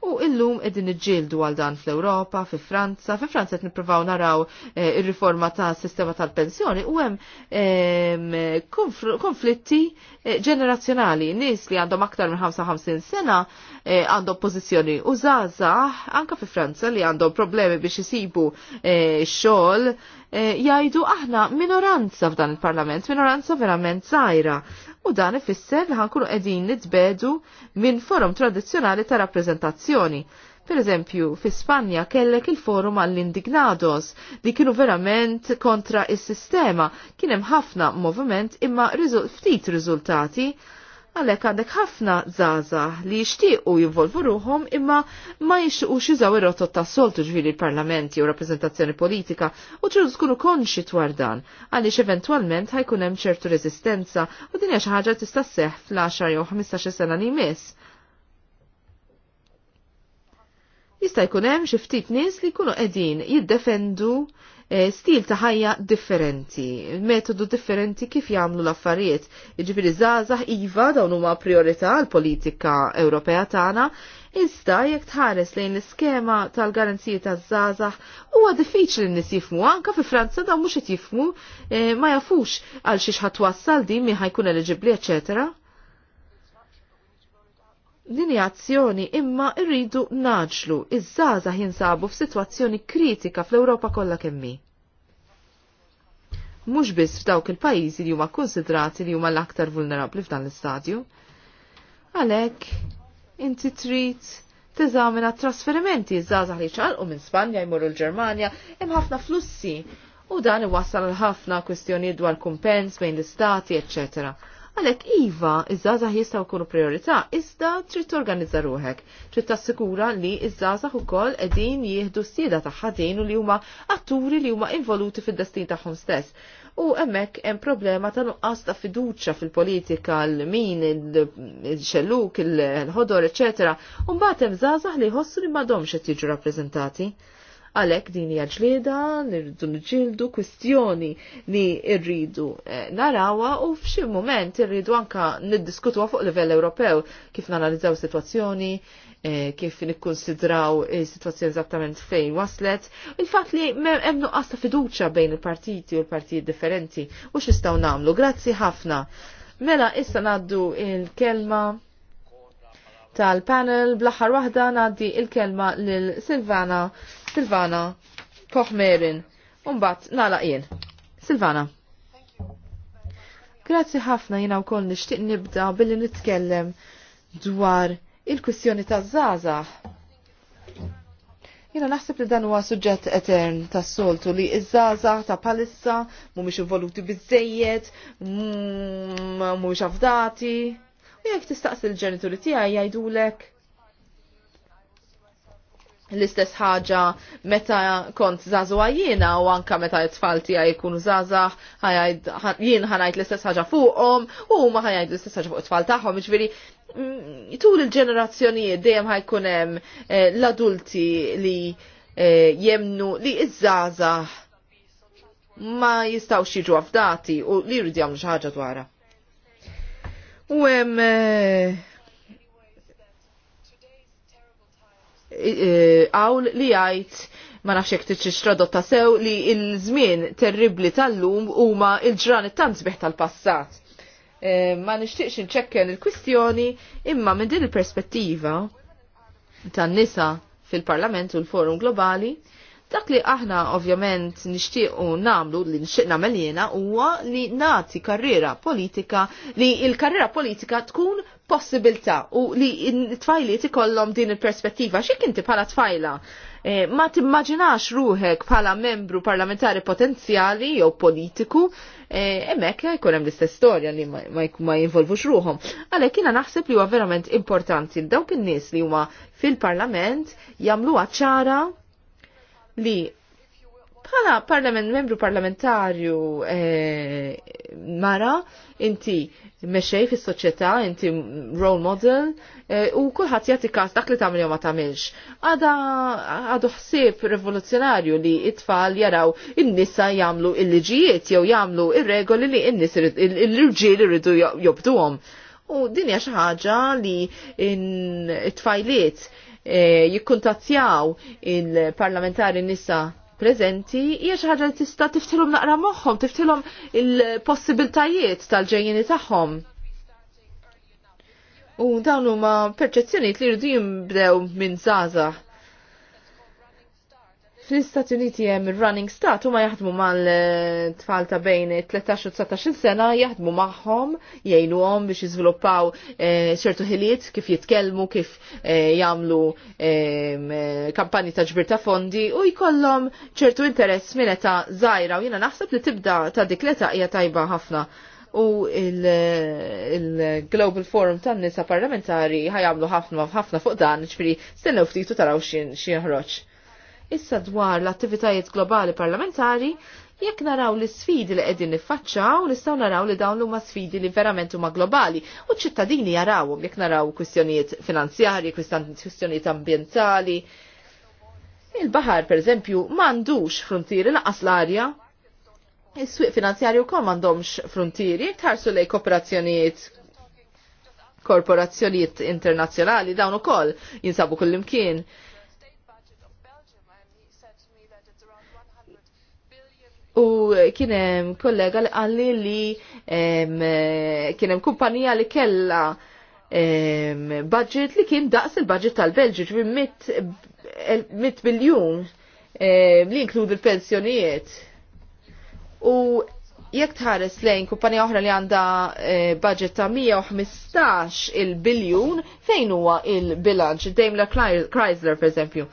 U illum edin iġġieldu għal dan fl-Europa, fi Franza, fi Franza qed nippruvaw naraw eh, ir-riforma ta' sistema tal-pensjoni u hemm eh, konflitti eh, ġenerazzjonali. Nies li għandhom aktar minn 55 sena eh, għandhom pożizzjoni u żgħażagħ anke fi Franza li għandhom problemi biex isibu eh, xogħol Eh, jajdu aħna minoranza f'dan il-parlament, minoranza verament zaħira. U dan ifisser li ħankunu edin nitbedu minn forum tradizjonali ta' rappresentazzjoni. Per eżempju, fi Spanja kellek il-forum għall-indignados li kienu verament kontra is sistema kien hemm ħafna moviment imma ftit riżultati Rizult Għalek għandek ħafna zaza li jixtiequ jivolvu ruhom imma ma jixtiequx jużaw ir-rotot ta' soltu ġvili l-parlamenti u rappresentazzjoni politika u ċertu tkunu konxi dwar dan għaliex eventwalment ħajkun hemm ċertu reżistenza u din hija xi ħaġa tista' sseħħ fl-10 jew 15 sena li jmiss. jista' jkun hemm xi ftit nies li jkunu qegħdin jiddefendu Eh, stil ta' ħajja differenti, metodu differenti kif jagħmlu l-affarijiet. Jiġifieri żgħażagħ iva dawn huma priorità għall politika Ewropea tagħna, iżda jekk tħares lejn l-iskema tal-garanziji taż-żgħażagħ huwa diffiċli nies jifmu anke fi Franza dawn mhux qed jifmu eh, ma jafux għal xi ħadd wassal din min ħajkun eliġibbli eċetera din azzjoni imma rridu naġlu iż-żgħażagħ jinsabu f'sitwazzjoni kritika fl-Ewropa kollha kemmi. Mhux biss f'dawk il-pajjiżi li huma konsidrati li huma l-aktar vulnerabbli f'dan l-istadju. Għalhekk inti trid teżamina trasferimenti iż żaza li ċalqu minn Spanja jmorru l-Ġermanja hemm ħafna flussi u dan iwassal ħafna kwistjonijiet dwar kumpens bejn l-istati, eċċetera Għalek Iva, iż żazax jistaw kunu priorità, iżda trid torganizza ruħek, trid tassikura li iż-żazah ukoll qegħdin jieħdu s-sieda tagħha u li huma atturi li huma involuti fid-destin tagħhom stess. U hemmhekk hemm problema ta' nuqqas ta' fiduċja fil-politika l-min, il-xelluk, il-ħodor, eċetera. U mbagħad hemm żgħażagħ li jħossu li m'għadhomx qed jiġu rappreżentati. Għalek din hija ġlieda, nirridu nġildu kwistjoni li rridu eh, narawa u f'xi moment irridu anka niddiskutu fuq livell Ewropew kif nanalizzaw situazzjoni, eh, kif nikkonsidraw is-sitwazzjoni eżattament fejn waslet. Il-fatt li hemm nuqqas ta' fiduċja bejn il-partiti u l-partijiet differenti u x'istgħu nagħmlu. Grazzi ħafna. Mela issa naddu il-kelma tal-panel bl-aħħar waħda ngħaddi il-kelma lil Silvana Silvana Kochmerin. Umbat nala jien. Silvana. Grazzi ħafna u wkoll nixtieq nibda billi nitkellem dwar il-kwistjoni taż zaza. Jina naħseb li dan huwa suġġett etern tas soltu li iż-żaza ta' palissa mhumiex involuti biżejjed, mm, mhumiex avdati. Jek tistaqsi l-ġenituri tiegħi jgħidulek l-istess ħaġa meta kont zazu għajjina u anka meta t-tfal tiegħi jkunu jien ħanajt l-istess ħaġa fuqhom u huma ħanajt l-istess ħaġa fuq it-tfal tagħhom, jiġifieri tul il-ġenerazzjonijiet dejjem ħajkun eh, l-adulti li eh, jemnu li iż-żazax ma jistaw xieġu għafdati u li rridjam jagħmlu xi ħaġa dwarha. U hemm għawl eh, eh, li jgħid ma nafx jekk tiċċix tradotta sew li il-żmien terribli tal-lum huma il-ġranet tant sbieħ tal-passat. Eh, ma nixtieqx inċekken il-kwistjoni imma minn din il-perspettiva tan-nisa fil-Parlament u l-Forum Globali Dak li aħna ovvjament nixtiequ namlu li nixtieq nagħmel jiena huwa li nagħti karriera politika li l-karriera politika tkun possibilità u li t-tfajliet ikollhom din il-perspettiva x'ik inti bħala tfajla eh, ma timmaġinax ruħek bħala membru parlamentari potenzjali jew politiku eh, hemmhekk jkun hemm l-istess storja li ma jinvolvux ruhom. Għalhekk jiena naħseb li huwa verament importanti dawk in-nies li huma fil-Parlament jagħmluha ċara li bħala parlament, membru parlamentarju e, mara, inti meċej fis soċjetà inti role model, e, u kullħat jati kas dak li tamil ma tamilx. Għada għadu ħsib revoluzjonarju li it-tfal jaraw in-nisa jamlu il-liġijiet jew jamlu il-regoli li in-nis il-rġiel irridu jobduhom. U dinja xi ħaġa li it-tfajliet E, jikkuntattjaw il-parlamentari nisa prezenti hija xi ħaġa li tista' tiftilhom naqra moħħom, tiftilhom il-possibiltajiet tal ġejjini tagħhom. U dawn huma perċezzjonijiet li jridu jimbdew minn zaza fl-Istati Uniti hemm running stat huma jaħdmu mal-tfal ta' bejn 13 u 19 sena jaħdmu magħhom jgħinuhom biex jiżviluppaw eh, ċertu ħiliet kif jitkellmu kif e, jagħmlu eh, kampanji ta' ġbir ta' fondi u jkollhom ċertu interess minn ta' zaħira u jiena naħseb li tibda ta' dik l-età hija tajba ħafna u il-Global il Forum tan nisa parlamentari ħajamlu ħafna ħafna fuq dan, ċpiri stennew ftitu taraw xie ħroċ. Issa dwar l-attivitajiet globali parlamentari, jekk naraw l sfidi li qegħdin niffaċċaw, nistgħu naraw li dawn huma sfidi li verament huma globali u ċ-ċittadini jarawhom jekk naraw kwistjonijiet finanzjarji, kwistjonijiet ambjentali. Il-baħar pereżempju m'għandux frontieri laqas l-arja. Is-swieq finanzjarju wkoll m'għandhomx frontieri, tħarsu lej kooperazzjonijiet korporazzjonijiet internazzjonali dawn ukoll jinsabu kullimkien. imkien U kienem kollega li għalli li kienem kumpanija li kella budget li kien daqs il-budget tal belġi ġvi 100 biljun li inkludi l-pensjonijiet. U jekk tħares lejn kumpanija oħra li għandha e, budget ta' 115 il-biljun fejn huwa il-bilanċ la Chrysler per eżempju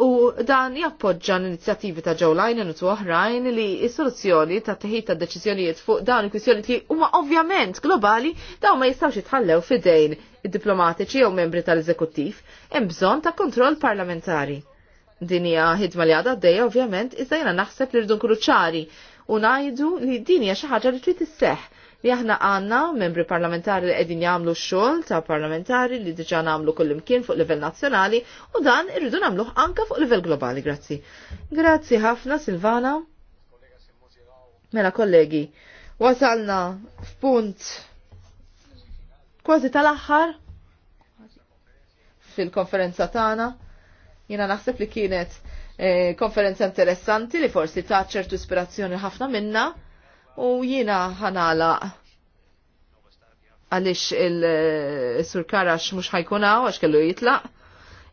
U dan jappoġġa l-inizjattivi ta' Joe u u oħrajn li s-soluzzjoni ta' teħid ta' deċiżjonijiet fuq dawn il-kwistjoni li huma ovvjament globali dawn ma jistgħux jitħallew fidejn id-diplomatiċi jew membri tal-eżekuttiv, hemm bżonn ta' kontroll parlamentari. Din hija ħidma li għadha għaddejja ovvjament iżda jiena naħseb li rridu nkunu ċari u ngħidu li din hija xi ħaġa li trid isseħħ li aħna għanna membri parlamentari li qegħdin jagħmlu x-xogħol ta' parlamentari li għamlu nagħmlu kullimkien fuq livell nazzjonali u dan irridu nagħmluh anka fuq level globali, grazzi. Grazzi ħafna Silvana. Mela kollegi, wasalna f'punt kważi tal-aħħar fil-konferenza tagħna. Jiena naħseb li kienet eh, konferenza interessanti li forsi ta' ċertu ispirazzjoni ħafna minna u jiena ħanala għalix il-sur Karax mux ħajkuna għax kellu jitlaq,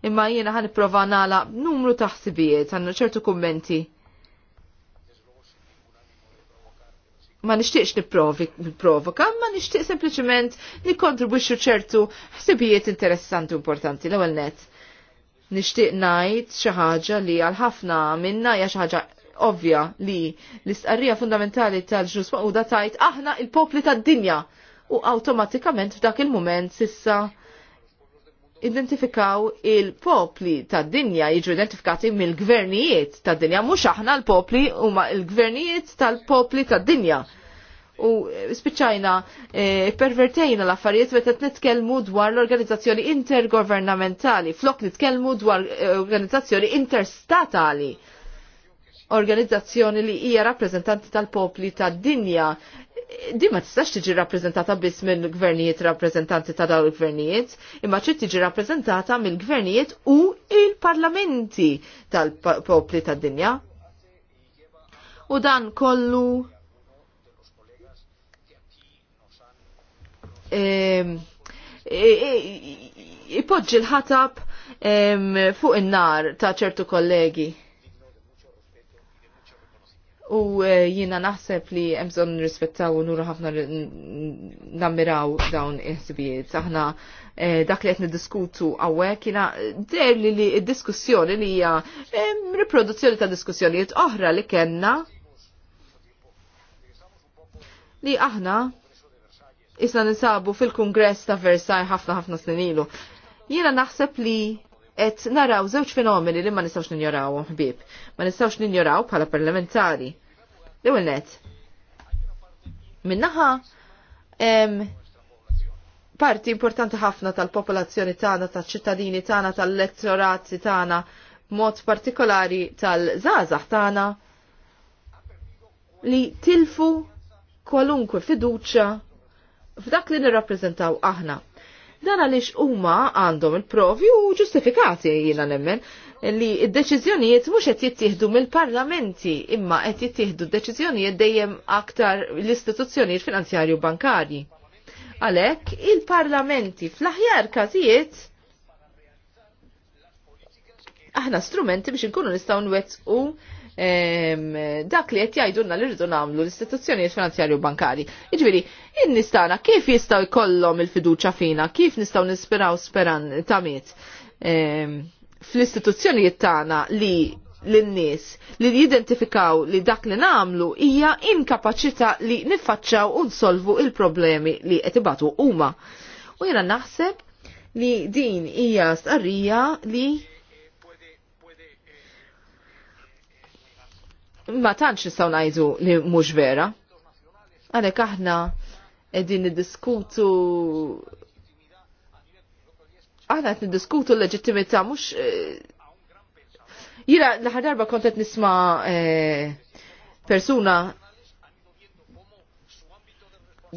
imma jiena ħan prova nala numru taħsibijiet, għannu ċertu kummenti. Ma nishtiqx niprovoka, ma nishtiq sempliciment nikontribwixxu ċertu ħsibijiet interessanti u importanti l ewwel net. Nishtiq najt xi ħaġa li għal ħafna minna hija xi ħaġa ovvja li l-istqarrija fundamentali tal-ġus maquda tajt aħna il-popli tad-dinja u awtomatikament f'dak il-moment sissa identifikaw il-popli ta' dinja jiġu identifikati mill-gvernijiet ta' dinja, mux aħna l-popli u ma' l-gvernijiet tal-popli ta' dinja. U spiċajna e, eh, pervertejna l-affarijiet meta nitkellmu dwar l-organizzazzjoni intergovernamentali, flok nitkellmu dwar eh, organizzazzjoni interstatali organizzazzjoni li hija rappreżentanti tal-popli tad-dinja di ma tistax tiġi rappreżentata biss minn gvernijiet rappreżentanti ta' dawn il-gvernijiet, imma ċi tiġi rappreżentata mill gvernijiet u il-parlamenti tal-popli tad dinja U dan kollu ipoġġi l-ħatab fuq in-nar ta' ċertu kollegi. U eh, jina naħseb li jemżon nrispettaw u nuru ħafna nammiraw dawn il-ħsibijiet. Aħna eh, dak li għetni diskutu għawek jina eh, der li li diskussjoni li hija riproduzzjoni ta' diskussjonijiet oħra li kena li aħna isna ninsabu fil-kongress ta' Versailles ħafna ħafna snin ilu. Jina naħseb li et naraw żewġ fenomeni li ma nistawx ninjoraw bib. Ma nistawx ninjoraw bħala parlamentari. L-ewwel net. Minnaħa parti importanti ħafna tal-popolazzjoni tagħna, tal-ċittadini tagħna, tal-elettorati tagħna, mod partikolari tal-żgħażagħ tagħna li tilfu kwalunkwe fiduċa f'dak li nirrappreżentaw aħna Dan għaliex huma għandhom il-provi u ġustifikati jiena nemmen li id-deċiżjonijiet mhux qed jittihdu mill-parlamenti imma qed jittieħdu d-deċiżjonijiet dejjem aktar l-istituzzjonijiet finanzjarji u bankarji. Għalhekk il-parlamenti fl-aħjar każijiet aħna strumenti biex inkunu nistgħu nwettqu dak li qed jgħidulna li rridu nagħmlu l-istituzzjonijiet finanzjarju u bankari. Jiġifieri, in-nistana kif jistgħu jkollhom il-fiduċja fina, kif nistgħu nisperaw speran tamiet fl-istituzzjonijiet tagħna li l-nies li jidentifikaw li dak li namlu hija inkapaċità li niffaċċaw u nsolvu il-problemi li qed ibatu huma. U jiena naħseb li din hija starrija li ma tantx nistgħu ngħidu li mhux vera. Għalhekk aħna qegħdin niddiskutu aħna qed niddiskutu l-leġittimità mhux eh, jiena l-ħar darba kont qed nisma' eh, persuna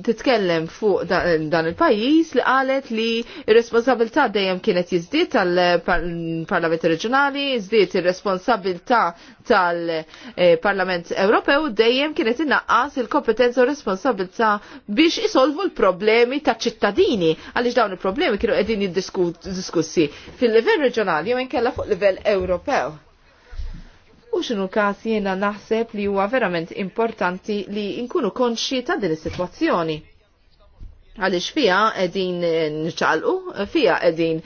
titkellem fuq dan il-pajis li qalet li il responsabilità dejjem kienet jiżdied tal-Parlament Reġjonali, jiżdied ir-responsabilità tal-Parlament Ewropew dejjem kienet innaqqas il-kompetenza u responsabilità biex isolvu l-problemi ta' ċittadini għaliex dawn il-problemi kienu qegħdin jiddiskussi fil-livell reġjonali jew kella fuq livell Ewropew. U xinu kas jiena naħseb li huwa verament importanti li nkunu konxi ta' din is-sitwazzjoni għalix fija edin nċalqu, fija edin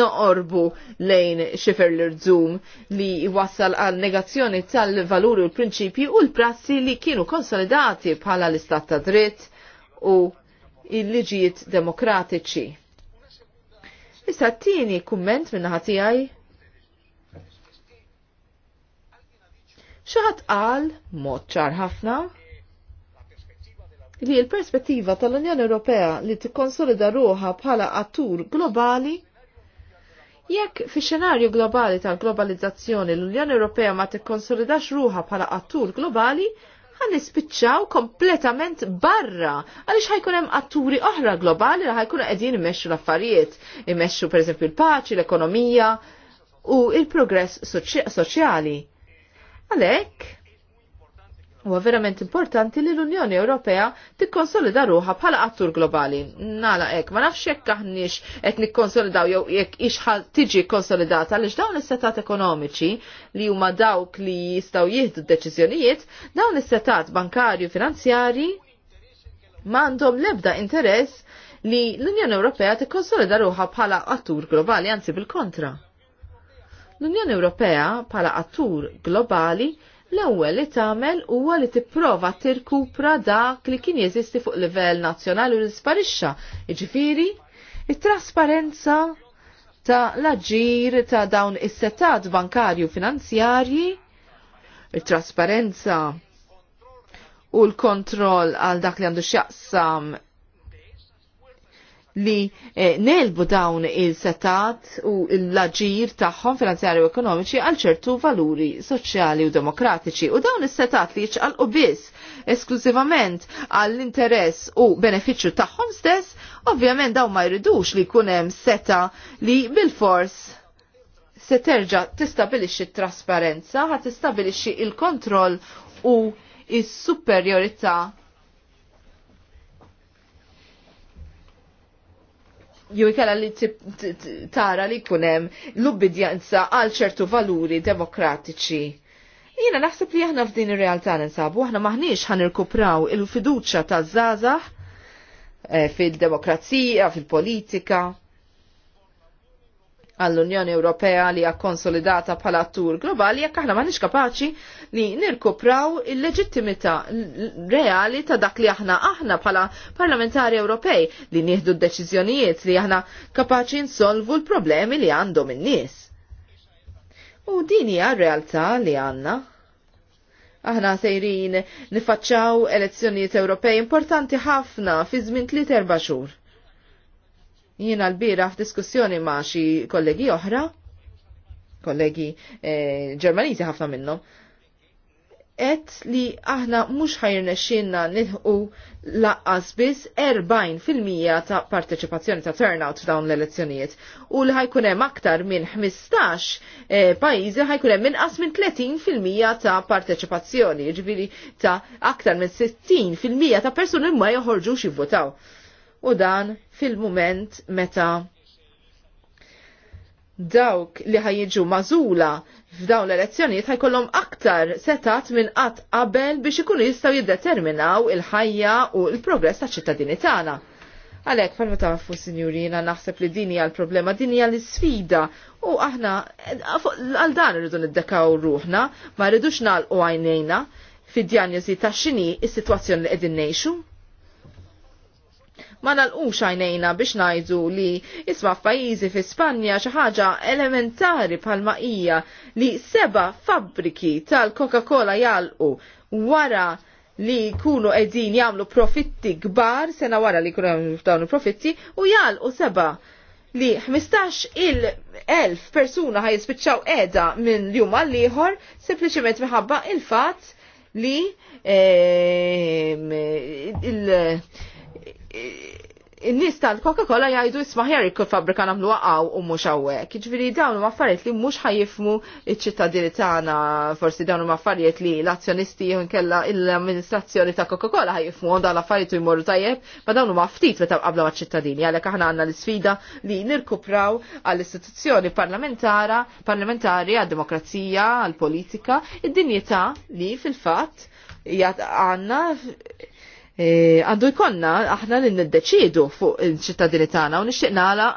noqorbu lejn xifer l-rżum li wassal għal negazzjoni tal-valuri u l-prinċipji u l-prassi li kienu konsolidati bħala l-istat ta' dritt u il-liġijiet demokratiċi. Issa t-tieni kumment minna ħatijaj Xaħat qal, mod ċar ħafna, li l-perspettiva tal-Unjoni Ewropea li tikkonsolida ruħa bħala attur globali Jekk fi xenarju globali tal-globalizzazzjoni l-Unjoni Ewropea ma tikkonsolidax ruħa bħala attur globali, ħan nispiċċaw kompletament barra għaliex ħajkun hemm atturi oħra globali li ħajkunu qegħdin imesċu l-affarijiet, imexxu pereżempju l-paċi, l-ekonomija u il-progress soċjali. Għalhekk, huwa verament importanti li l-Unjoni Ewropea tikkonsolida ruħa bħala attur globali. Nala hekk, ma nafx jekk aħniex qed nikkonsolidaw jew jekk ixħal tiġi konsolidata għaliex dawn is-setat ekonomiċi li huma dawk li jistgħu jieħdu d-deċiżjonijiet, dawn is-setat bankarju finanzjarji m'għandhom ebda interess li l-Unjoni Ewropea tikkonsolida ruħa bħala attur globali, anzi bil-kontra. L-Unjoni Ewropea bħala attur globali l-ewwel li tagħmel huwa li tipprova tirkupra dak li kien jeżisti fuq livell nazzjonali u li sparixxa. Jiġifieri, it-trasparenza ta' l-aġir ta' dawn is-setat bankarju finanzjarji, it-trasparenza u l-kontroll għal dak li għandu x'jaqsam li eh, nelbu dawn il-setat u l-aġir tagħhom u ekonomiċi għal ċertu valuri soċjali u demokratiċi. U dawn is-setat li u biss esklużivament għall-interess u benefiċċju tagħhom stess, ovvjament dawn ma jridux li jkun hemm seta li bil-fors se terġa' tistabilixxi t-trasparenza, ħa tistabilixxi il-kontroll u il superjorità jew ikella li tara li hemm l-ubbidjanza għal ċertu valuri demokratiċi. Jiena naħseb li aħna f'din ir-realtà ninsabu, aħna maħniex ħanirkupraw il-fiduċja taż-żgħażagħ eh, fil-demokrazija, fil-politika għall-Unjoni Ewropea li hija konsolidata bħala attur globali jekk aħna m'għandniex kapaċi li nirkupraw il-leġittimità reali ta' dak li aħna aħna bħala parlamentari Ewropej li nieħdu d-deċiżjonijiet li aħna kapaċi nsolvu l-problemi li għandhom in-nies. U din hija r-realtà li għandna. Aħna sejrin nifaċċaw elezzjonijiet Ewropej importanti ħafna fi żmien tliet erba' xhur Jiena l-bira f'diskussjoni ma' xi kollegi oħra, kollegi eh, Ġermaniżi ħafna minnhom, et li aħna mhux ħajrne xinna nilħu laqqas biss 40% ta' parteċipazzjoni ta' turnout f'dawn l-elezzjonijiet u li ħajkun hemm aktar minn 15 eh, pajjiżi ħajkun hemm inqas minn 30% ta' parteċipazzjoni, ġviri jiġifieri ta' aktar minn 60% ta' persuni ma joħorġux jivvotaw u dan fil-moment meta dawk li ħajġu mażula f'dawn l-elezzjonijiet ħajkollhom aktar setat minn qatt qabel biex ikunu jistgħu jiddeterminaw il-ħajja u l-progress taċ-ċittadini tagħna. Għalhekk palma tafu sinjurina naħseb li din hija l-problema, din hija l-isfida u aħna għal dan irridu niddekaw ruħna, ma rridux nagħlqu għajnejna fid-djanjosi ta' x'inhi s-sitwazzjoni li qegħdin ngħixu ma nalqux għajnejna biex najdu li isma' f'pajjiżi fi Spanja xi ħaġa elementari bħal maqija li seba' fabbriki tal-Coca-Cola jalqu wara li kunu edin jamlu profitti gbar, sena wara li kunu dawn profitti, u jalqu seba li 15 il-1000 persuna ħaj jispiċċaw edha minn jum għall-liħor, sempliciment minħabba il-fat li e, il- in-nies tal-Coca-Cola jgħidu ismaħjar il-fabbrika nagħmlu għaw u mhux hawnhekk. Jiġifieri dawn huma affarijiet li mhux ħajifmu iċ-ċittadini tagħna, forsi dawn huma affarijiet li l-azzjonisti jew inkella l-amministrazzjoni ta' Coca-Cola ħajifmu dawn l-affarijiet u jmorru tajjeb, ma dawn huma ftit meta qabla maċ-ċittadini għalhekk aħna għandna l-isfida li nirkupraw għall-istituzzjoni parlamentara, parlamentari għad-demokrazija, għall-politika, id-dinjità li fil-fatt għandna E, għandu jkollna aħna li niddeċidu fuq il-ċittadini tagħna u nixtieq nagħlaq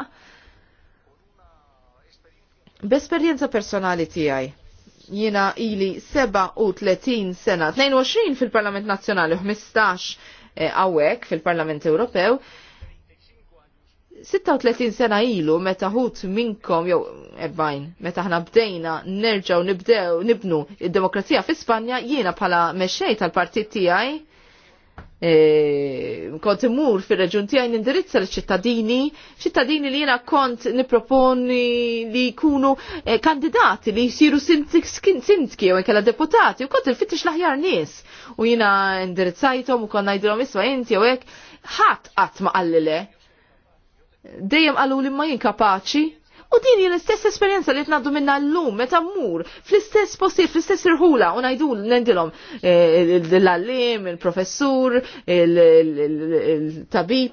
b'esperjenza personali tiegħi jiena ili 37 sena, 22 fil-Parlament Nazzjonali u 15 e, għawek fil-Parlament Ewropew, 36 sena ilu meta ħut minkom jew 40 meta ħna bdejna nerġaw nibdew nibnu id-demokrazija fi Spanja jiena bħala mexxej tal-partit tiegħi E, kont imur fir reġun tiegħi nindirizza l ċittadini ċittadini li jiena kont niproponi li jkunu e, kandidati li jsiru sindki jew inkella deputati u kont il-fittix l-aħjar nies u jiena indirizzajthom u konna ngħidilhom isma' inti jew hekk ħadd qatt ma qallile. Dejjem qalu li ma jinkapaċi U din hija l-istess esperjenza li tnaddu minna l-lum, meta mmur, fl-istess postijiet, fl-istess irħula, u ngħidu nendilhom eh, l-allim, il-professur, il-tabib,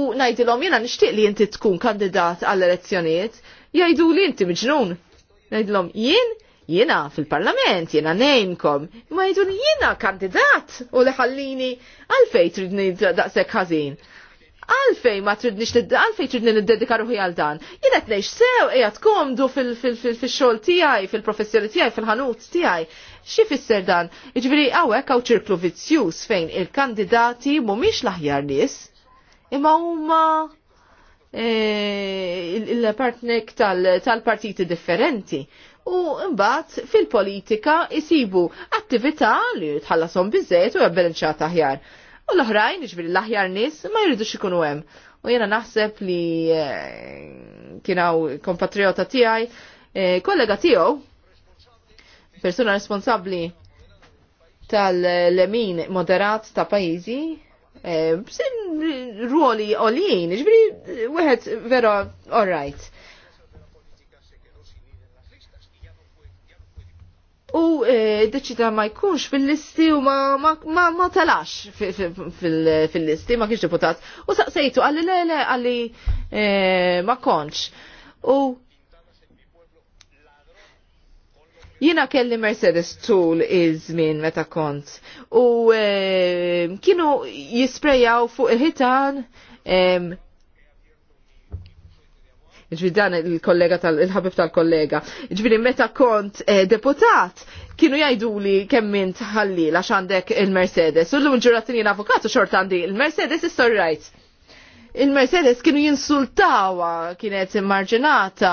u ngħidilhom jiena nixtieq li inti tkun kandidat għall-elezzjonijiet, jgħidu li inti miġnun. Ngħidilhom jien jiena fil-parlament, jiena nejnkom, ma jgħidu jiena kandidat u li ħallini għalfej tridni daqshekk ħażin għalfej ma tridnix għalfej tridni niddedika ruħi għal dan. Jien qed ngħix sew qiegħed komdu fil-xogħol tiegħi, fil-professjoni tiegħi, fil-ħanut tiegħi. Xi fisser dan? Jiġifieri hawnhekk hawn ċirklu vizzjuż fejn il-kandidati mhumiex l-aħjar nies imma huma e, il-partnek tal-partiti differenti. U mbagħad fil-politika isibu attività li tħallasom biżejt u jabbelinċata aħjar u l-oħrajn iġbiri l-aħjar nis ma jridux ikunu hemm. U jena naħseb li eh, kienaw kompatriota tiegħi, eh, kollega tiegħu, persuna responsabbli tal-lemin moderat ta' pajjiżi, eh, b'sin ruoli olijin, ġbiri, wieħed vera all right u e, deċida ma jkunx fil-listi u ma talax fil-listi, ma kienx deputat. U saqsejtu għalli le le għalli e, ma konċ. U jina kelli Mercedes tul iż-żmien meta kont u e, kienu jisprejaw fuq il-ħitan Ġviri dan il-kollega tal-ħabib tal-kollega. Ġviri meta kont eh, deputat kienu jajdu li kemmin tħalli għax għandek il-Mercedes. U l-lum ġuratini l-avokatu xort għandi il-Mercedes is right. Il-Mercedes kienu jinsultawa, kienet marġinata.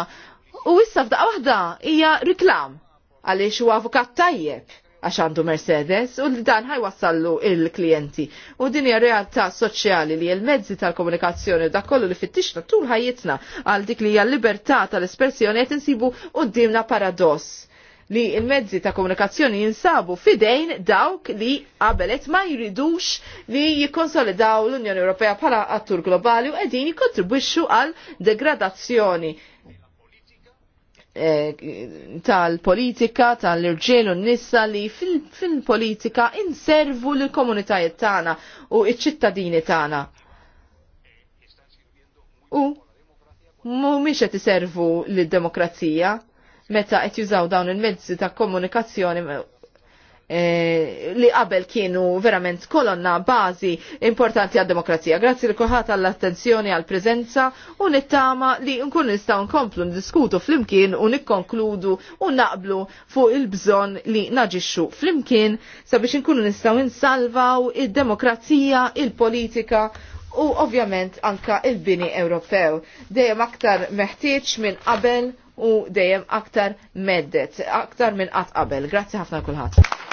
U issa f'daqqa waħda hija riklam għaliex huwa avukat tajjeb għax għandu Mercedes u dan ħajwassallu il-klienti. U din hija realtà soċjali li l-mezzi tal-komunikazzjoni u kollu li fittixna tul ħajjitna għal dik li hija libertà tal-espressjoni qed insibu qudiemna paradoss li il-mezzi ta' komunikazzjoni jinsabu fidejn dawk li qabelet ma jridux li jikkonsolidaw l-Unjoni Ewropea bħala attur globali u qegħdin jikkontribwixxu għal degradazzjoni Eh, tal-politika, tal-irġiel u nissa li fil-politika inservu l-komunitajiet tagħna u iċ-ċittadini tagħna. U mhumiex qed iservu lid-demokrazija meta qed jużaw dawn il-mezzi ta' komunikazzjoni Eh, li qabel kienu verament kolonna bazi importanti għad demokrazija. Grazzi li kuħat għall attenzjoni għall prezenza u nittama li nkun nistaw nkomplu ndiskutu flimkien u nikkonkludu u naqblu fuq il-bżon li naġixxu flimkien sabiex nkunu nistaw insalvaw il-demokrazija, il-politika u ovvjament anka il-bini Ewropew. Dejjem aktar meħtieġ minn qabel u dejjem aktar meddet, aktar minn qatt qabel. Grazzi ħafna kulħadd.